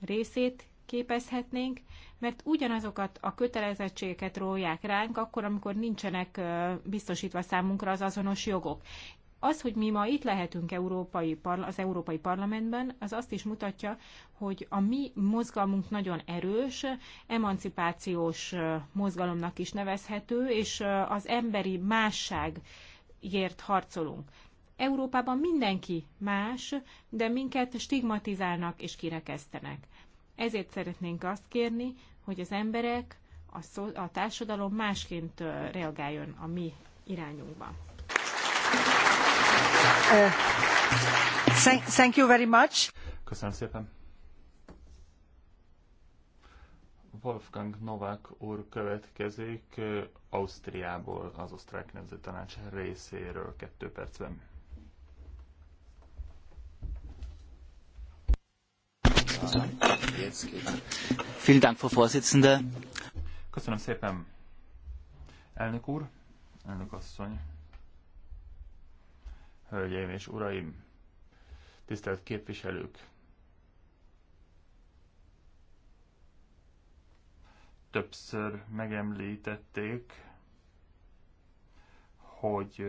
részét képezhetnénk, mert ugyanazokat a kötelezettségeket rólják ránk, akkor, amikor nincsenek biztosítva számunkra az azonos jogok. Az, hogy mi ma itt lehetünk európai az Európai Parlamentben, az azt is mutatja, hogy a mi mozgalmunk nagyon erős, emancipációs mozgalomnak is nevezhető, és az emberi másságért harcolunk. Európában mindenki más, de minket stigmatizálnak és kirekesztenek. Ezért szeretnénk azt kérni, hogy az emberek, a, szó, a társadalom másként reagáljon a mi irányunkba. Eh, thank you very much. Köszönöm szépen. Wolfgang Novák úr következik Ausztriából, az osztrák nemzetanács részéről kettő percben. Köszönöm szépen, elnök úr, elnök asszony, hölgyeim és uraim, tisztelt képviselők, többször megemlítették, hogy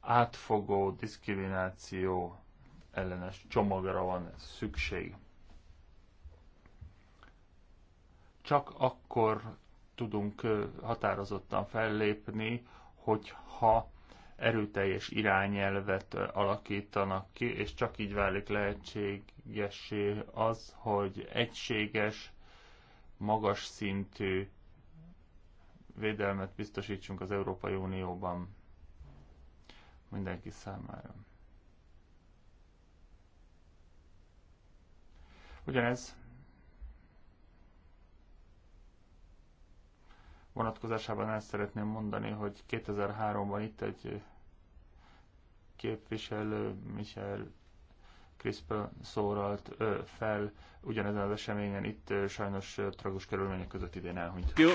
átfogó diszkrimináció ellenes csomagra van szükség. Csak akkor tudunk határozottan fellépni, hogyha erőteljes irányelvet alakítanak ki, és csak így válik lehetségesé az, hogy egységes, magas szintű védelmet biztosítsunk az Európai Unióban mindenki számára. Ugyanez vonatkozásában el szeretném mondani, hogy 2003-ban itt egy képviselő, Michel Crispa szólalt ö, fel ugyanezen az eseményen, itt ö, sajnos ö, tragus körülmények között idén elhunyt. Jó.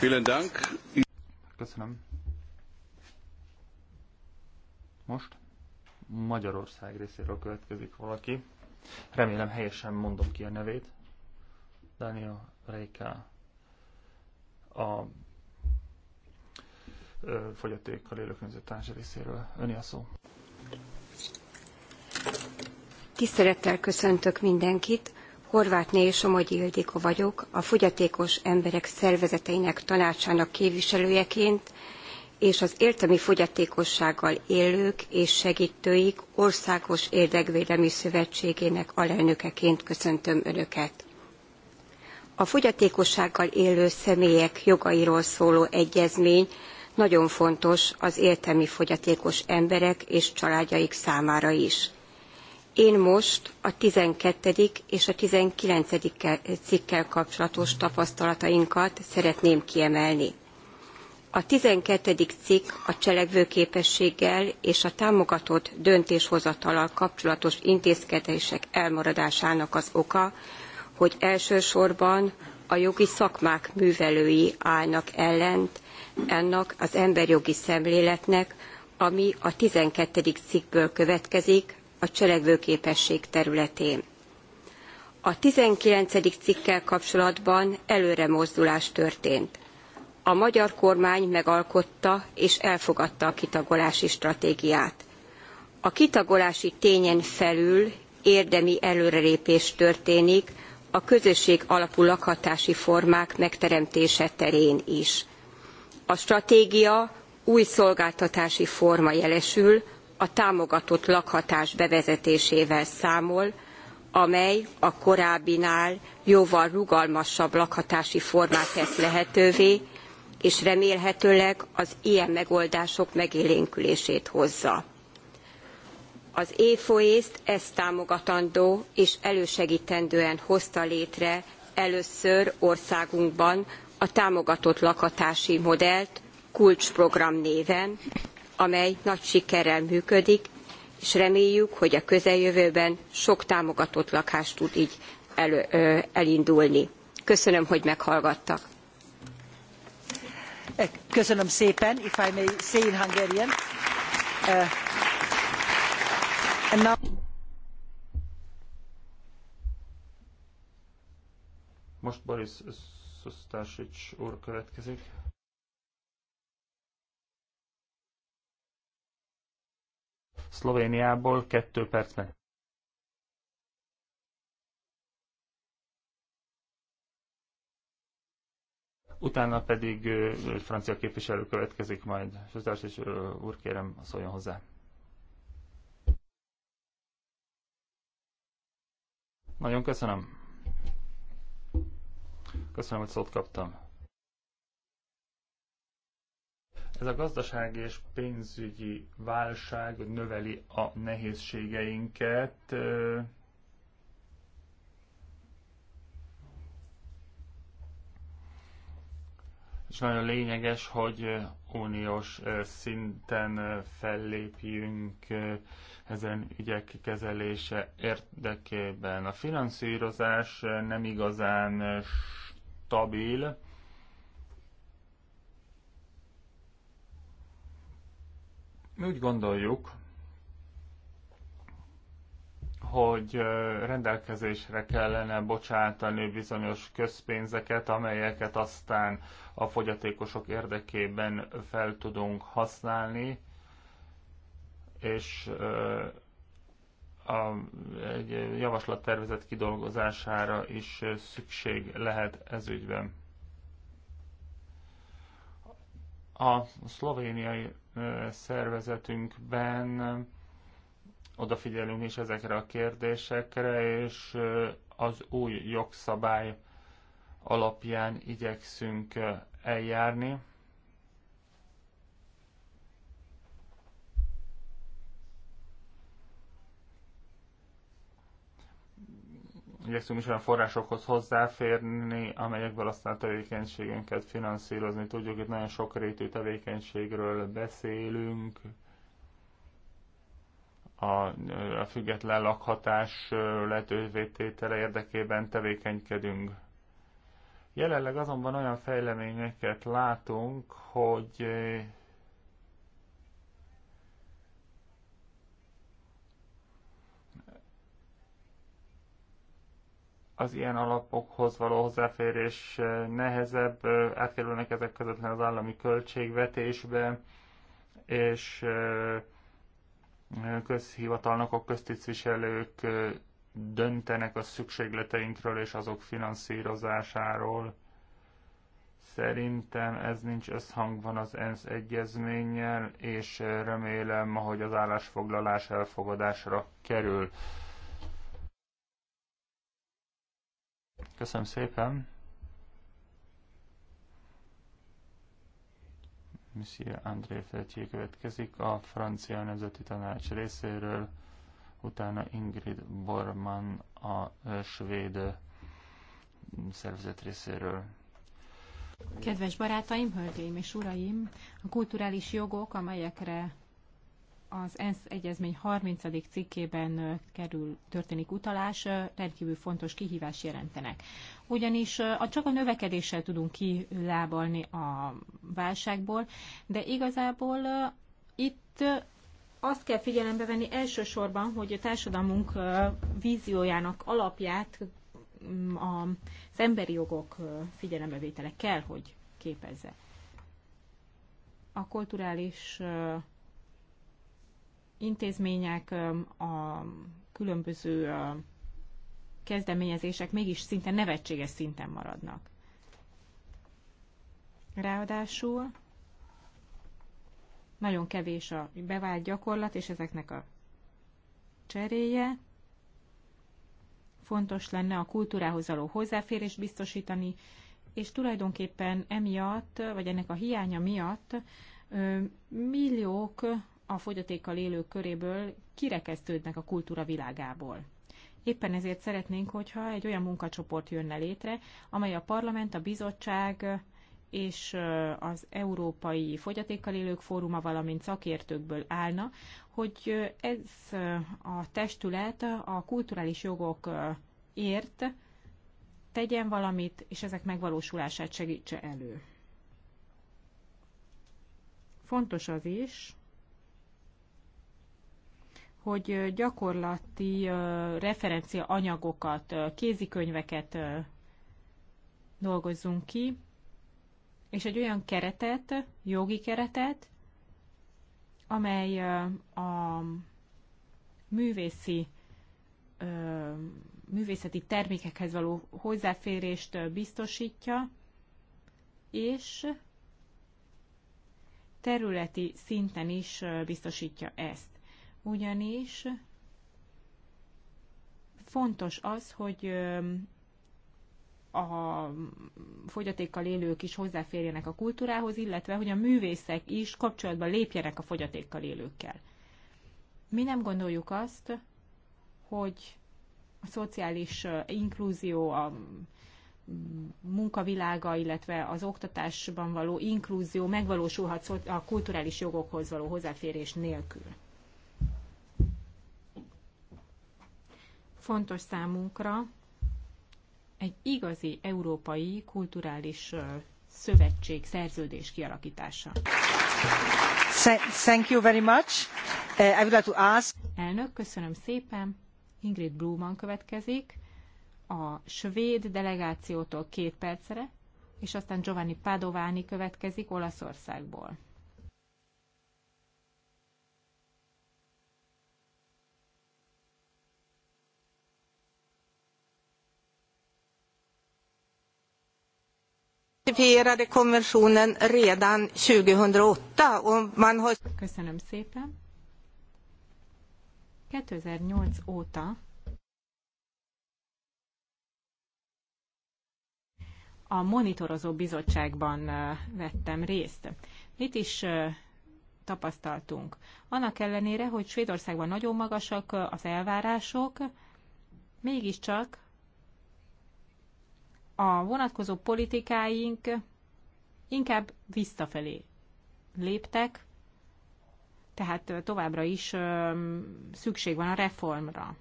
Vielen Dank. Köszönöm. Most? Magyarország részéről következik valaki. Remélem helyesen mondom ki a nevét. Daniel Reika a fogyatékkal élő környezettárs részéről. Öni a szó. Tisztelettel köszöntök mindenkit. Horvátné és Somogyi Ildiko vagyok, a fogyatékos emberek szervezeteinek tanácsának képviselőjeként és az értelmi fogyatékossággal élők és segítőik Országos Érdekvédelmi Szövetségének alelnökeként köszöntöm Önöket. A fogyatékossággal élő személyek jogairól szóló egyezmény nagyon fontos az értelmi fogyatékos emberek és családjaik számára is. Én most a 12. és a 19. cikkel kapcsolatos tapasztalatainkat szeretném kiemelni. A 12. cikk a cselekvőképességgel és a támogatott döntéshozatalal kapcsolatos intézkedések elmaradásának az oka, hogy elsősorban a jogi szakmák művelői állnak ellent ennek az emberjogi szemléletnek, ami a 12. cikkből következik a cselekvőképesség területén. A 19. cikkel kapcsolatban előremozdulás történt a magyar kormány megalkotta és elfogadta a kitagolási stratégiát. A kitagolási tényen felül érdemi előrelépés történik a közösség alapú lakhatási formák megteremtése terén is. A stratégia új szolgáltatási forma jelesül, a támogatott lakhatás bevezetésével számol, amely a korábbinál jóval rugalmasabb lakhatási formát tesz lehetővé, és remélhetőleg az ilyen megoldások megélénkülését hozza. Az éfoészt ezt támogatandó és elősegítendően hozta létre először országunkban a támogatott lakatási modellt kulcsprogram néven, amely nagy sikerrel működik, és reméljük, hogy a közeljövőben sok támogatott lakás tud így el, ö, elindulni. Köszönöm, hogy meghallgattak. Köszönöm szépen, if I may say in Hungarian. Eh, Most Boris Szusztásics úr következik. Szlovéniából kettő perc percben. utána pedig francia képviselő következik majd. Sőtárs és úr, kérem, szóljon hozzá. Nagyon köszönöm. Köszönöm, hogy szót kaptam. Ez a gazdasági és pénzügyi válság növeli a nehézségeinket és nagyon lényeges, hogy uniós szinten fellépjünk ezen ügyek kezelése érdekében. A finanszírozás nem igazán stabil, mi úgy gondoljuk, hogy rendelkezésre kellene bocsátani bizonyos közpénzeket, amelyeket aztán a fogyatékosok érdekében fel tudunk használni, és a, egy javaslattervezet kidolgozására is szükség lehet ez ügyben. A szlovéniai szervezetünkben odafigyelünk is ezekre a kérdésekre, és az új jogszabály alapján igyekszünk eljárni. igyekszünk is olyan forrásokhoz hozzáférni, amelyekből aztán a tevékenységünket finanszírozni tudjuk. Itt nagyon sokrétű tevékenységről beszélünk. A, a független lakhatás lehetővé tétele érdekében tevékenykedünk. Jelenleg azonban olyan fejleményeket látunk, hogy eh, az ilyen alapokhoz való hozzáférés eh, nehezebb, eh, átkerülnek ezek közvetlenül az állami költségvetésbe, és közhivatalnokok, köztisztviselők döntenek a szükségleteinkről és azok finanszírozásáról. Szerintem ez nincs összhangban az ENSZ egyezménnyel, és remélem, hogy az állásfoglalás elfogadásra kerül. Köszönöm szépen! Monsieur André Feltier következik a francia nemzeti tanács részéről utána Ingrid Borman a svéd szervezet részéről. Kedves barátaim, hölgyeim és uraim, a kulturális jogok, amelyekre az ENSZ egyezmény 30. cikkében kerül, történik utalás, rendkívül fontos kihívás jelentenek. Ugyanis a csak a növekedéssel tudunk kilábalni a válságból, de igazából itt azt kell figyelembe venni elsősorban, hogy a társadalmunk víziójának alapját mm, az emberi jogok figyelembevétele kell, hogy képezze. A kulturális intézmények, a különböző kezdeményezések mégis szinte nevetséges szinten maradnak. Ráadásul nagyon kevés a bevált gyakorlat, és ezeknek a cseréje. Fontos lenne a kultúrához való hozzáférés biztosítani, és tulajdonképpen emiatt, vagy ennek a hiánya miatt milliók a fogyatékkal élők köréből kirekesztődnek a kultúra világából. Éppen ezért szeretnénk, hogyha egy olyan munkacsoport jönne létre, amely a parlament, a bizottság, és az Európai Fogyatékkal Élők Fóruma, valamint szakértőkből állna, hogy ez a testület a kulturális jogok ért tegyen valamit, és ezek megvalósulását segítse elő. Fontos az is, hogy gyakorlati referencia anyagokat, kézikönyveket dolgozzunk ki, és egy olyan keretet, jogi keretet, amely a művészi, művészeti termékekhez való hozzáférést biztosítja, és területi szinten is biztosítja ezt. Ugyanis fontos az, hogy a fogyatékkal élők is hozzáférjenek a kultúrához, illetve hogy a művészek is kapcsolatban lépjenek a fogyatékkal élőkkel. Mi nem gondoljuk azt, hogy a szociális inkluzió, a munkavilága, illetve az oktatásban való inkluzió megvalósulhat a kulturális jogokhoz való hozzáférés nélkül. Fontos számunkra, egy igazi európai kulturális szövetség, szerződés kialakítása. Thank you very much. Uh, I would like to ask... Elnök, köszönöm szépen. Ingrid Blumann következik a svéd delegációtól két percre, és aztán Giovanni Padovani következik Olaszországból. ratificerade konventionen redan 2008 och man har... Köszönöm szépen. 2008 óta a monitorozó bizottságban vettem részt. Mit is tapasztaltunk? Annak ellenére, hogy Svédországban nagyon magasak az elvárások, mégiscsak a vonatkozó politikáink inkább visszafelé léptek, tehát továbbra is szükség van a reformra.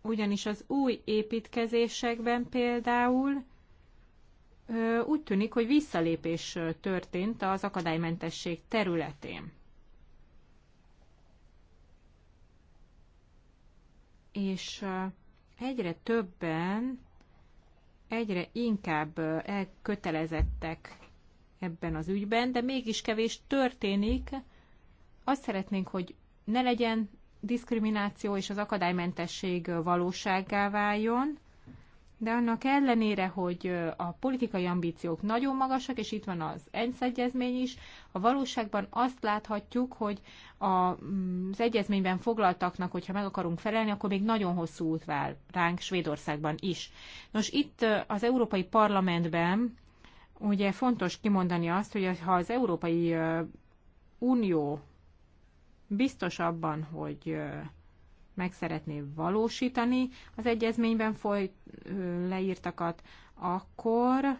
Ugyanis az új építkezésekben például úgy tűnik, hogy visszalépés történt az akadálymentesség területén. és egyre többen, egyre inkább elkötelezettek ebben az ügyben, de mégis kevés történik. Azt szeretnénk, hogy ne legyen diszkrimináció és az akadálymentesség valóságá váljon, de annak ellenére, hogy a politikai ambíciók nagyon magasak, és itt van az ENSZ egyezmény is, a valóságban azt láthatjuk, hogy mm, az egyezményben foglaltaknak, hogyha meg akarunk felelni, akkor még nagyon hosszú út vár ránk Svédországban is. Nos, itt az Európai Parlamentben ugye fontos kimondani azt, hogy ha az Európai Unió biztos abban, hogy meg szeretné valósítani az egyezményben folyt leírtakat, akkor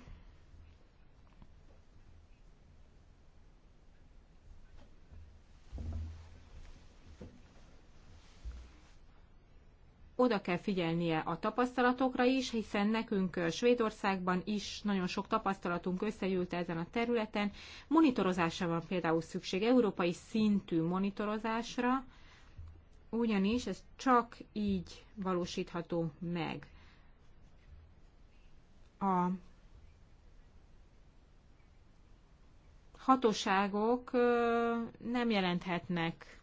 oda kell figyelnie a tapasztalatokra is, hiszen nekünk Svédországban is nagyon sok tapasztalatunk összegyűlt ezen a területen. Monitorozásra van például szükség, európai szintű monitorozásra, ugyanis ez csak így valósítható meg. A hatóságok nem jelenthetnek,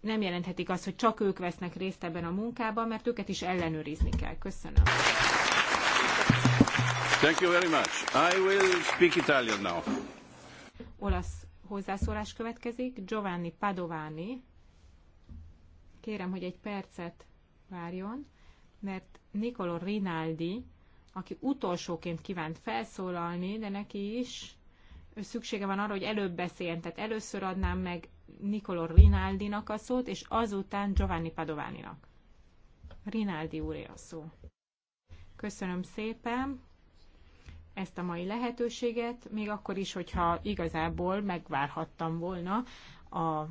nem jelenthetik azt, hogy csak ők vesznek részt ebben a munkában, mert őket is ellenőrizni kell. Köszönöm. Thank you very much. I will speak Italian now. Olasz hozzászólás következik. Giovanni Padovani kérem, hogy egy percet várjon, mert Nicolo Rinaldi, aki utolsóként kívánt felszólalni, de neki is szüksége van arra, hogy előbb beszéljen. Tehát először adnám meg Nicolo Rinaldinak a szót, és azután Giovanni Padováninak. Rinaldi úré a szó. Köszönöm szépen ezt a mai lehetőséget, még akkor is, hogyha igazából megvárhattam volna a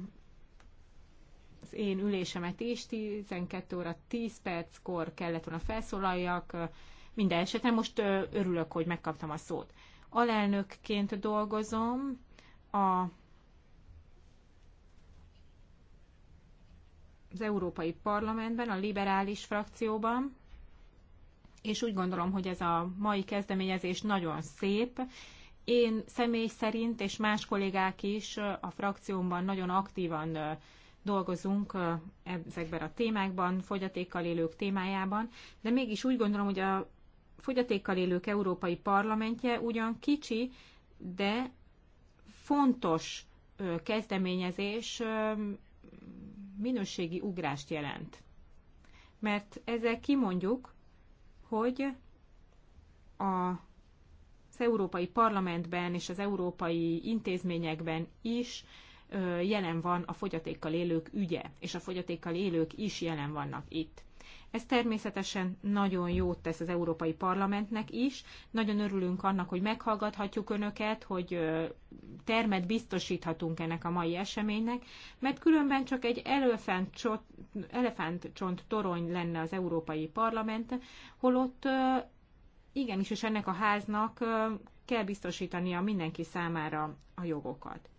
én ülésemet is, 12 óra 10 perckor kellett volna felszólaljak, minden esetre most örülök, hogy megkaptam a szót. Alelnökként dolgozom, a az Európai Parlamentben, a liberális frakcióban, és úgy gondolom, hogy ez a mai kezdeményezés nagyon szép. Én személy szerint és más kollégák is a frakciómban nagyon aktívan dolgozunk ezekben a témákban, fogyatékkal élők témájában, de mégis úgy gondolom, hogy a fogyatékkal élők Európai Parlamentje ugyan kicsi, de fontos kezdeményezés minőségi ugrást jelent. Mert ezzel kimondjuk, hogy a az Európai Parlamentben és az európai intézményekben is jelen van a fogyatékkal élők ügye, és a fogyatékkal élők is jelen vannak itt. Ez természetesen nagyon jót tesz az Európai Parlamentnek is. Nagyon örülünk annak, hogy meghallgathatjuk Önöket, hogy termet biztosíthatunk ennek a mai eseménynek, mert különben csak egy elefántcsont, torony lenne az Európai Parlament, holott igenis, és ennek a háznak kell biztosítania mindenki számára a jogokat.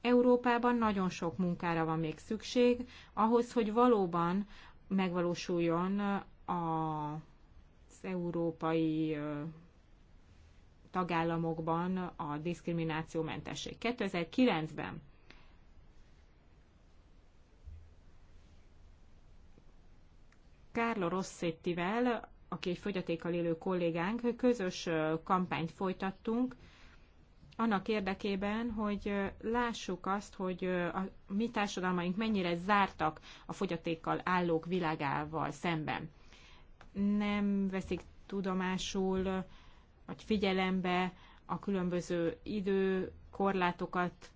Európában nagyon sok munkára van még szükség, ahhoz, hogy valóban megvalósuljon az európai tagállamokban a diszkriminációmentesség. 2009-ben Carlo Rossettivel, aki egy fogyatékkal élő kollégánk, közös kampányt folytattunk, annak érdekében, hogy lássuk azt, hogy a mi társadalmaink mennyire zártak a fogyatékkal állók világával szemben. Nem veszik tudomásul vagy figyelembe a különböző időkorlátokat,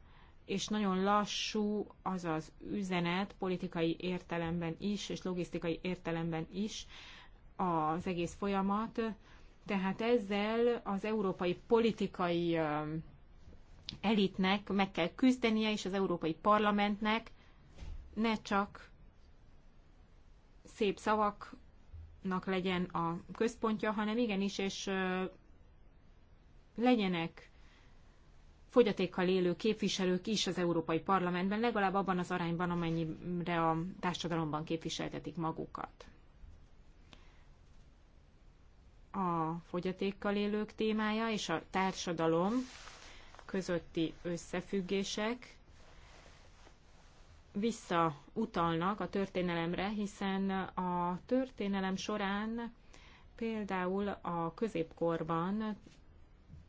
és nagyon lassú az az üzenet politikai értelemben is, és logisztikai értelemben is az egész folyamat. Tehát ezzel az európai politikai elitnek meg kell küzdenie, és az Európai Parlamentnek ne csak szép szavaknak legyen a központja, hanem igenis, és legyenek fogyatékkal élő képviselők is az Európai Parlamentben, legalább abban az arányban, amennyire a társadalomban képviseltetik magukat. A fogyatékkal élők témája és a társadalom közötti összefüggések visszautalnak a történelemre, hiszen a történelem során például a középkorban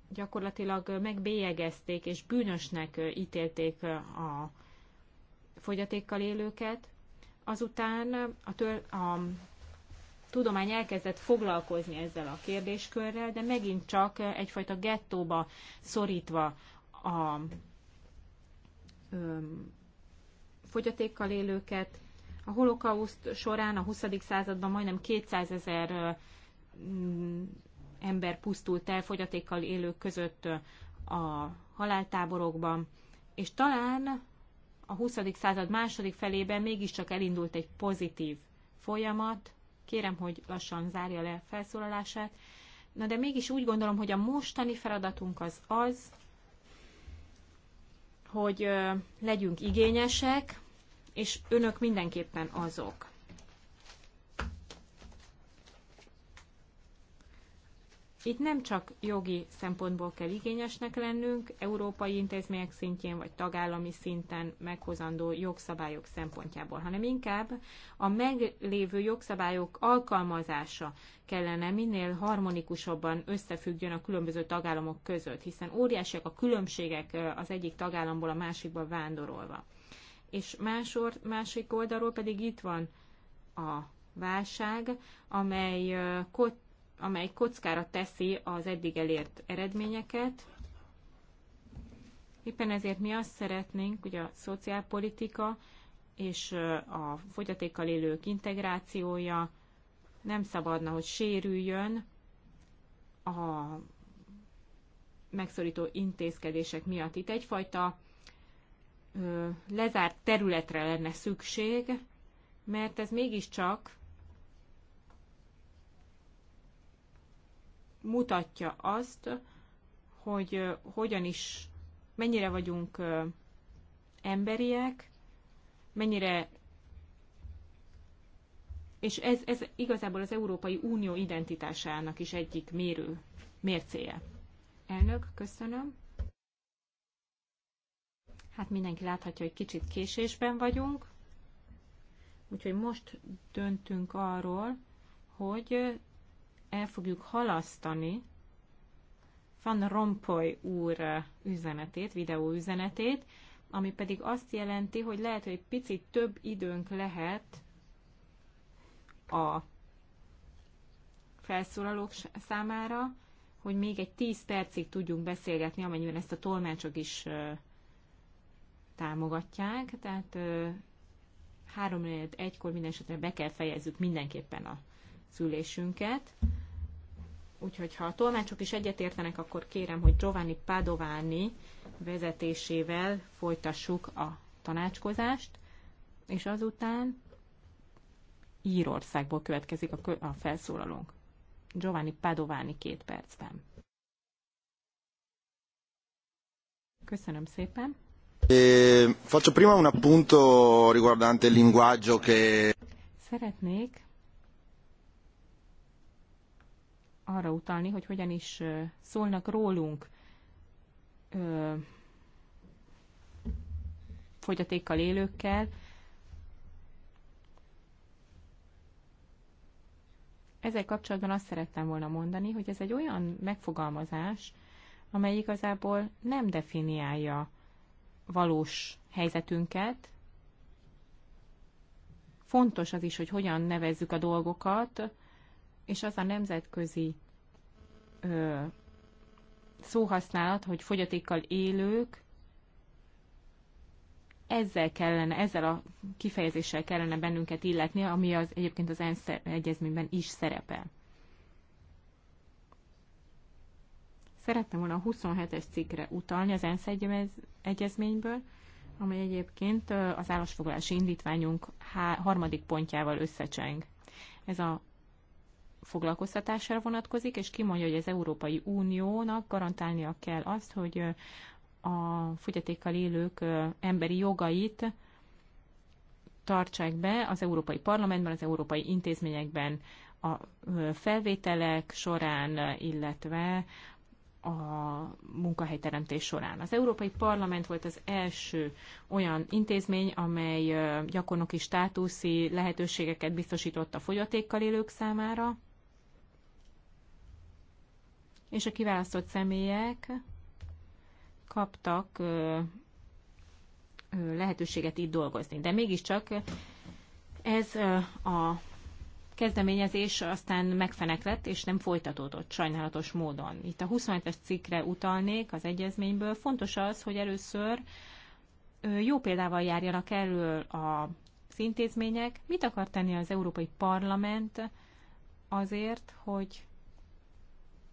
gyakorlatilag megbélyegezték és bűnösnek ítélték a fogyatékkal élőket, azután a, tör, a tudomány elkezdett foglalkozni ezzel a kérdéskörrel, de megint csak egyfajta gettóba szorítva a öm, fogyatékkal élőket. A holokauszt során a 20. században majdnem 200 ezer ember pusztult el fogyatékkal élők között a haláltáborokban, és talán a 20. század második felében mégiscsak elindult egy pozitív folyamat, Kérem, hogy lassan zárja le felszólalását. Na de mégis úgy gondolom, hogy a mostani feladatunk az az, hogy legyünk igényesek, és önök mindenképpen azok. Itt nem csak jogi szempontból kell igényesnek lennünk, európai intézmények szintjén vagy tagállami szinten meghozandó jogszabályok szempontjából, hanem inkább a meglévő jogszabályok alkalmazása kellene minél harmonikusabban összefüggjön a különböző tagállamok között, hiszen óriásiak a különbségek eh, az egyik tagállamból a másikba vándorolva. És másor, másik oldalról pedig itt van a válság, amely eh, amely kockára teszi az eddig elért eredményeket. Éppen ezért mi azt szeretnénk, hogy a szociálpolitika és a fogyatékkal élők integrációja nem szabadna, hogy sérüljön a megszorító intézkedések miatt. Itt egyfajta lezárt területre lenne szükség, mert ez mégiscsak mutatja azt, hogy hogyan is, mennyire vagyunk emberiek, mennyire és ez, ez igazából az Európai Unió identitásának is egyik mérő mércéje. Elnök, köszönöm. Hát mindenki láthatja, hogy kicsit késésben vagyunk. Úgyhogy most döntünk arról, hogy el fogjuk halasztani Van Rompoy úr eh, üzenetét, videó üzenetét, ami pedig azt jelenti, hogy lehet, hogy egy picit több időnk lehet a felszólalók számára, hogy még egy 10 percig tudjunk beszélgetni, amennyiben ezt a tolmácsok is eh, támogatják, tehát eh, három egykor minden esetre be kell fejezzük mindenképpen a szülésünket. Úgyhogy ha a tolmácsok is egyetértenek, akkor kérem, hogy Giovanni Padovani vezetésével folytassuk a tanácskozást, és azután Írországból következik a, kö- a felszólalónk. Giovanni Padovani két percben. Köszönöm szépen. E, faccio prima un appunto riguardante il linguaggio che... Szeretnék arra utalni, hogy hogyan is szólnak rólunk ö, fogyatékkal élőkkel. Ezzel kapcsolatban azt szerettem volna mondani, hogy ez egy olyan megfogalmazás, amely igazából nem definiálja valós helyzetünket. Fontos az is, hogy hogyan nevezzük a dolgokat, és az a nemzetközi ö, szóhasználat, hogy fogyatékkal élők, ezzel kellene, ezzel a kifejezéssel kellene bennünket illetni, ami az egyébként az ENSZ egyezményben is szerepel. Szerettem volna a 27-es cikkre utalni az ENSZ egyezményből, amely egyébként az állásfoglalási indítványunk harmadik pontjával összecseng. Ez a foglalkoztatására vonatkozik, és kimondja, hogy az Európai Uniónak garantálnia kell azt, hogy a fogyatékkal élők emberi jogait tartsák be az Európai Parlamentben, az európai intézményekben a felvételek során, illetve a munkahelyteremtés során. Az Európai Parlament volt az első olyan intézmény, amely gyakornoki státuszi lehetőségeket biztosított a fogyatékkal élők számára, és a kiválasztott személyek kaptak lehetőséget itt dolgozni. De mégiscsak ez a kezdeményezés aztán megfeneklett, és nem folytatódott sajnálatos módon. Itt a 27-es cikkre utalnék az egyezményből. Fontos az, hogy először jó példával járjanak elől a intézmények. Mit akar tenni az Európai Parlament azért, hogy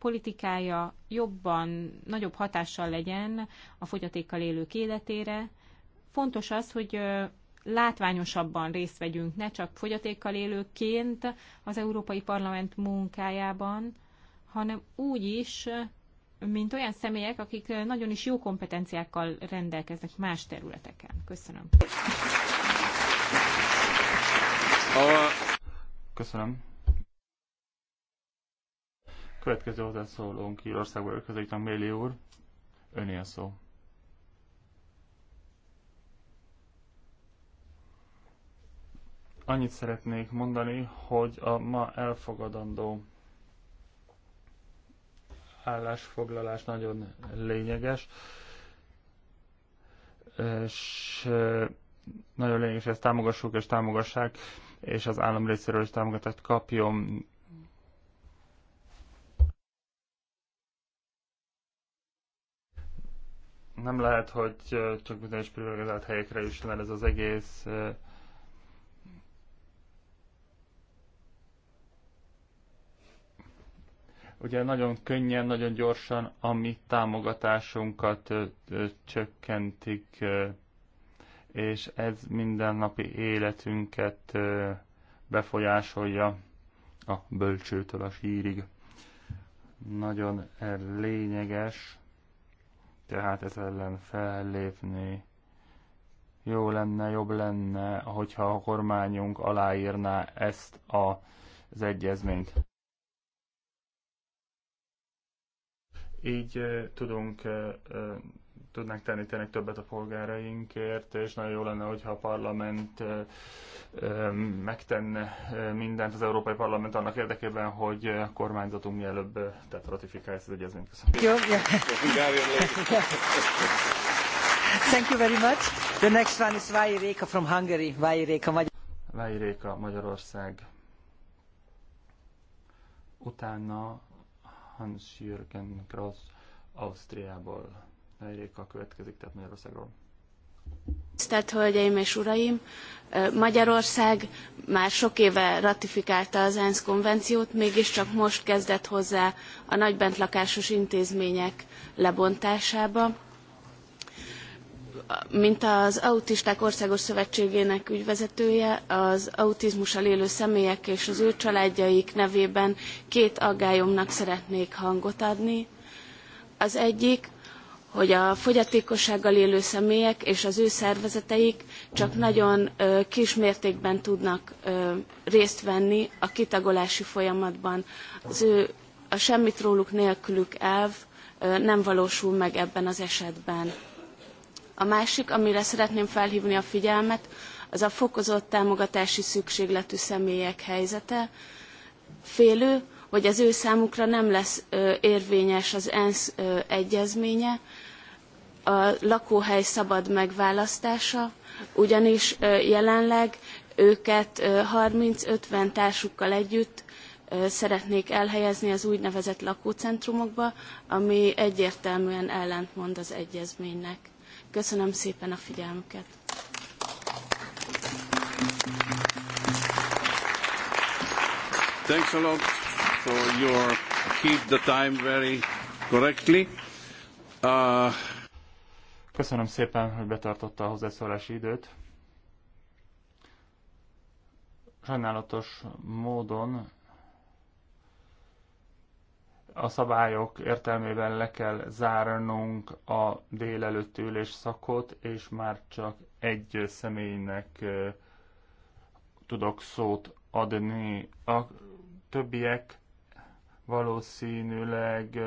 politikája jobban, nagyobb hatással legyen a fogyatékkal élők életére. Fontos az, hogy látványosabban részt vegyünk, ne csak fogyatékkal élőként az Európai Parlament munkájában, hanem úgy is, mint olyan személyek, akik nagyon is jó kompetenciákkal rendelkeznek más területeken. Köszönöm. Köszönöm. Következő hozzászólónk Írországból a Méli úr. Öné a szó. Annyit szeretnék mondani, hogy a ma elfogadandó állásfoglalás nagyon lényeges, és nagyon lényeges, ezt támogassuk és támogassák, és az állam részéről is támogatást kapjon nem lehet, hogy csak bizonyos privilegizált helyekre jusson el ez az egész ugye nagyon könnyen, nagyon gyorsan a mi támogatásunkat csökkentik, és ez mindennapi életünket befolyásolja a bölcsőtől a sírig. Nagyon lényeges tehát ez ellen fellépni jó lenne, jobb lenne, hogyha a kormányunk aláírná ezt a, az egyezményt. Így tudunk tudnánk tenni tényleg többet a polgárainkért, és nagyon jó lenne, hogyha a parlament megtenne mindent az Európai Parlament annak érdekében, hogy a kormányzatunk mielőbb tehát ratifikálja ezt az egyezményt. Köszönöm. Jó, Thank you very much. The next one is Vai Réka from Hungary. Vai Réka, Magyar Vai Réka Magyarország. Utána Hans Jürgen Gross Ausztriából. Erika következik, tehát Magyarországról. Tisztelt Hölgyeim és Uraim! Magyarország már sok éve ratifikálta az ENSZ konvenciót, mégiscsak most kezdett hozzá a nagybentlakásos intézmények lebontásába. Mint az Autisták Országos Szövetségének ügyvezetője, az autizmussal élő személyek és az ő családjaik nevében két aggályomnak szeretnék hangot adni. Az egyik, hogy a fogyatékossággal élő személyek és az ő szervezeteik csak nagyon kis mértékben tudnak részt venni a kitagolási folyamatban. Az ő a semmit róluk nélkülük elv nem valósul meg ebben az esetben. A másik, amire szeretném felhívni a figyelmet, az a fokozott támogatási szükségletű személyek helyzete. Félő, hogy az ő számukra nem lesz érvényes az ENSZ egyezménye, a lakóhely szabad megválasztása, ugyanis jelenleg őket 30-50 társukkal együtt szeretnék elhelyezni az úgynevezett lakócentrumokba, ami egyértelműen ellentmond az egyezménynek. Köszönöm szépen a figyelmüket! Thanks a lot for your keep the time very correctly. Uh, Köszönöm szépen, hogy betartotta a hozzászólási időt. Sajnálatos módon a szabályok értelmében le kell zárnunk a délelőtt ülés szakot, és már csak egy személynek tudok szót adni. A többiek valószínűleg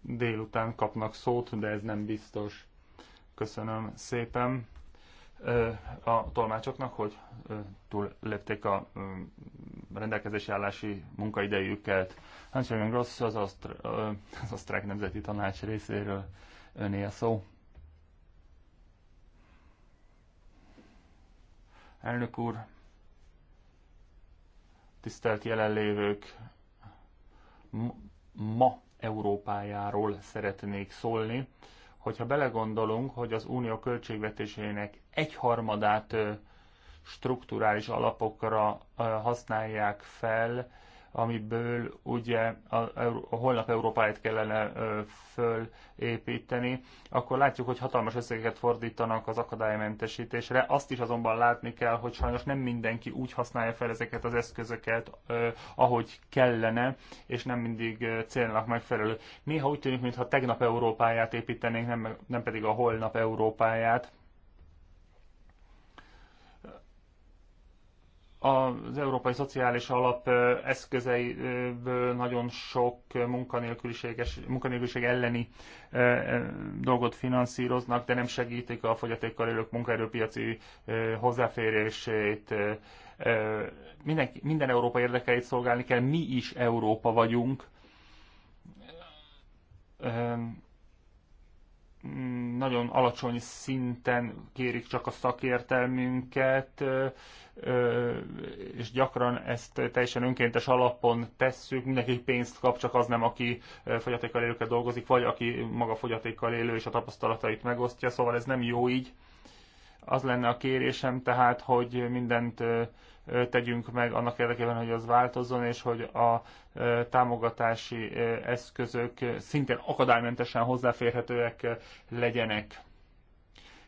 délután kapnak szót, de ez nem biztos. Köszönöm szépen a tolmácsoknak, hogy túl lépték a rendelkezési állási munkaidejüket. Hans-Jürgen Gross az, Osztr- az Osztrák Nemzeti Tanács részéről öné a szó. Elnök úr, tisztelt jelenlévők, ma Európájáról szeretnék szólni. Hogyha belegondolunk, hogy az unió költségvetésének egyharmadát strukturális alapokra használják fel, amiből ugye a, a holnap Európáját kellene ö, fölépíteni, akkor látjuk, hogy hatalmas összegeket fordítanak az akadálymentesítésre. Azt is azonban látni kell, hogy sajnos nem mindenki úgy használja fel ezeket az eszközöket, ö, ahogy kellene, és nem mindig célnak megfelelő. Néha úgy tűnik, mintha tegnap Európáját építenénk, nem, nem pedig a holnap Európáját az Európai Szociális Alap eszközeiből nagyon sok munkanélküliség elleni dolgot finanszíroznak, de nem segítik a fogyatékkal élők munkaerőpiaci hozzáférését. Minden, minden Európa érdekeit szolgálni kell, mi is Európa vagyunk nagyon alacsony szinten kérik csak a szakértelmünket, és gyakran ezt teljesen önkéntes alapon tesszük, mindenki pénzt kap, csak az nem, aki fogyatékkal élőkkel dolgozik, vagy aki maga fogyatékkal élő és a tapasztalatait megosztja, szóval ez nem jó így. Az lenne a kérésem tehát, hogy mindent tegyünk meg annak érdekében, hogy az változzon, és hogy a támogatási eszközök szintén akadálymentesen hozzáférhetőek legyenek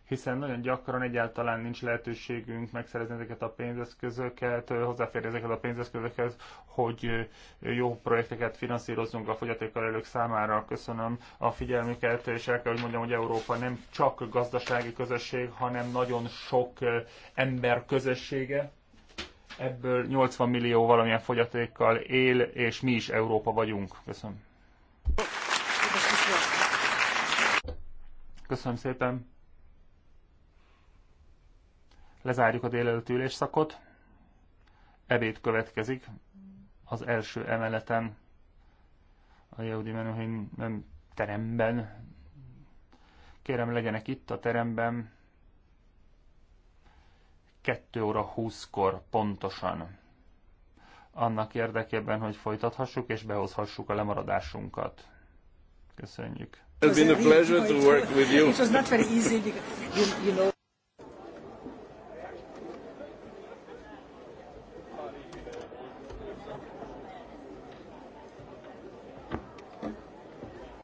hiszen nagyon gyakran egyáltalán nincs lehetőségünk megszerezni ezeket a pénzeszközöket, hozzáférni ezeket a pénzeszközökhez, hogy jó projekteket finanszírozzunk a fogyatékkal élők számára. Köszönöm a figyelmüket, és el kell, hogy mondjam, hogy Európa nem csak gazdasági közösség, hanem nagyon sok ember közössége ebből 80 millió valamilyen fogyatékkal él, és mi is Európa vagyunk. Köszönöm. Köszönöm szépen. Lezárjuk a délelőtti ülésszakot. Ebéd következik az első emeleten a Jehudi Menuhin teremben. Kérem, legyenek itt a teremben. 2 óra 20-kor pontosan. Annak érdekében, hogy folytathassuk és behozhassuk a lemaradásunkat. Köszönjük. It's been a pleasure to work with you. It was not very easy, you know.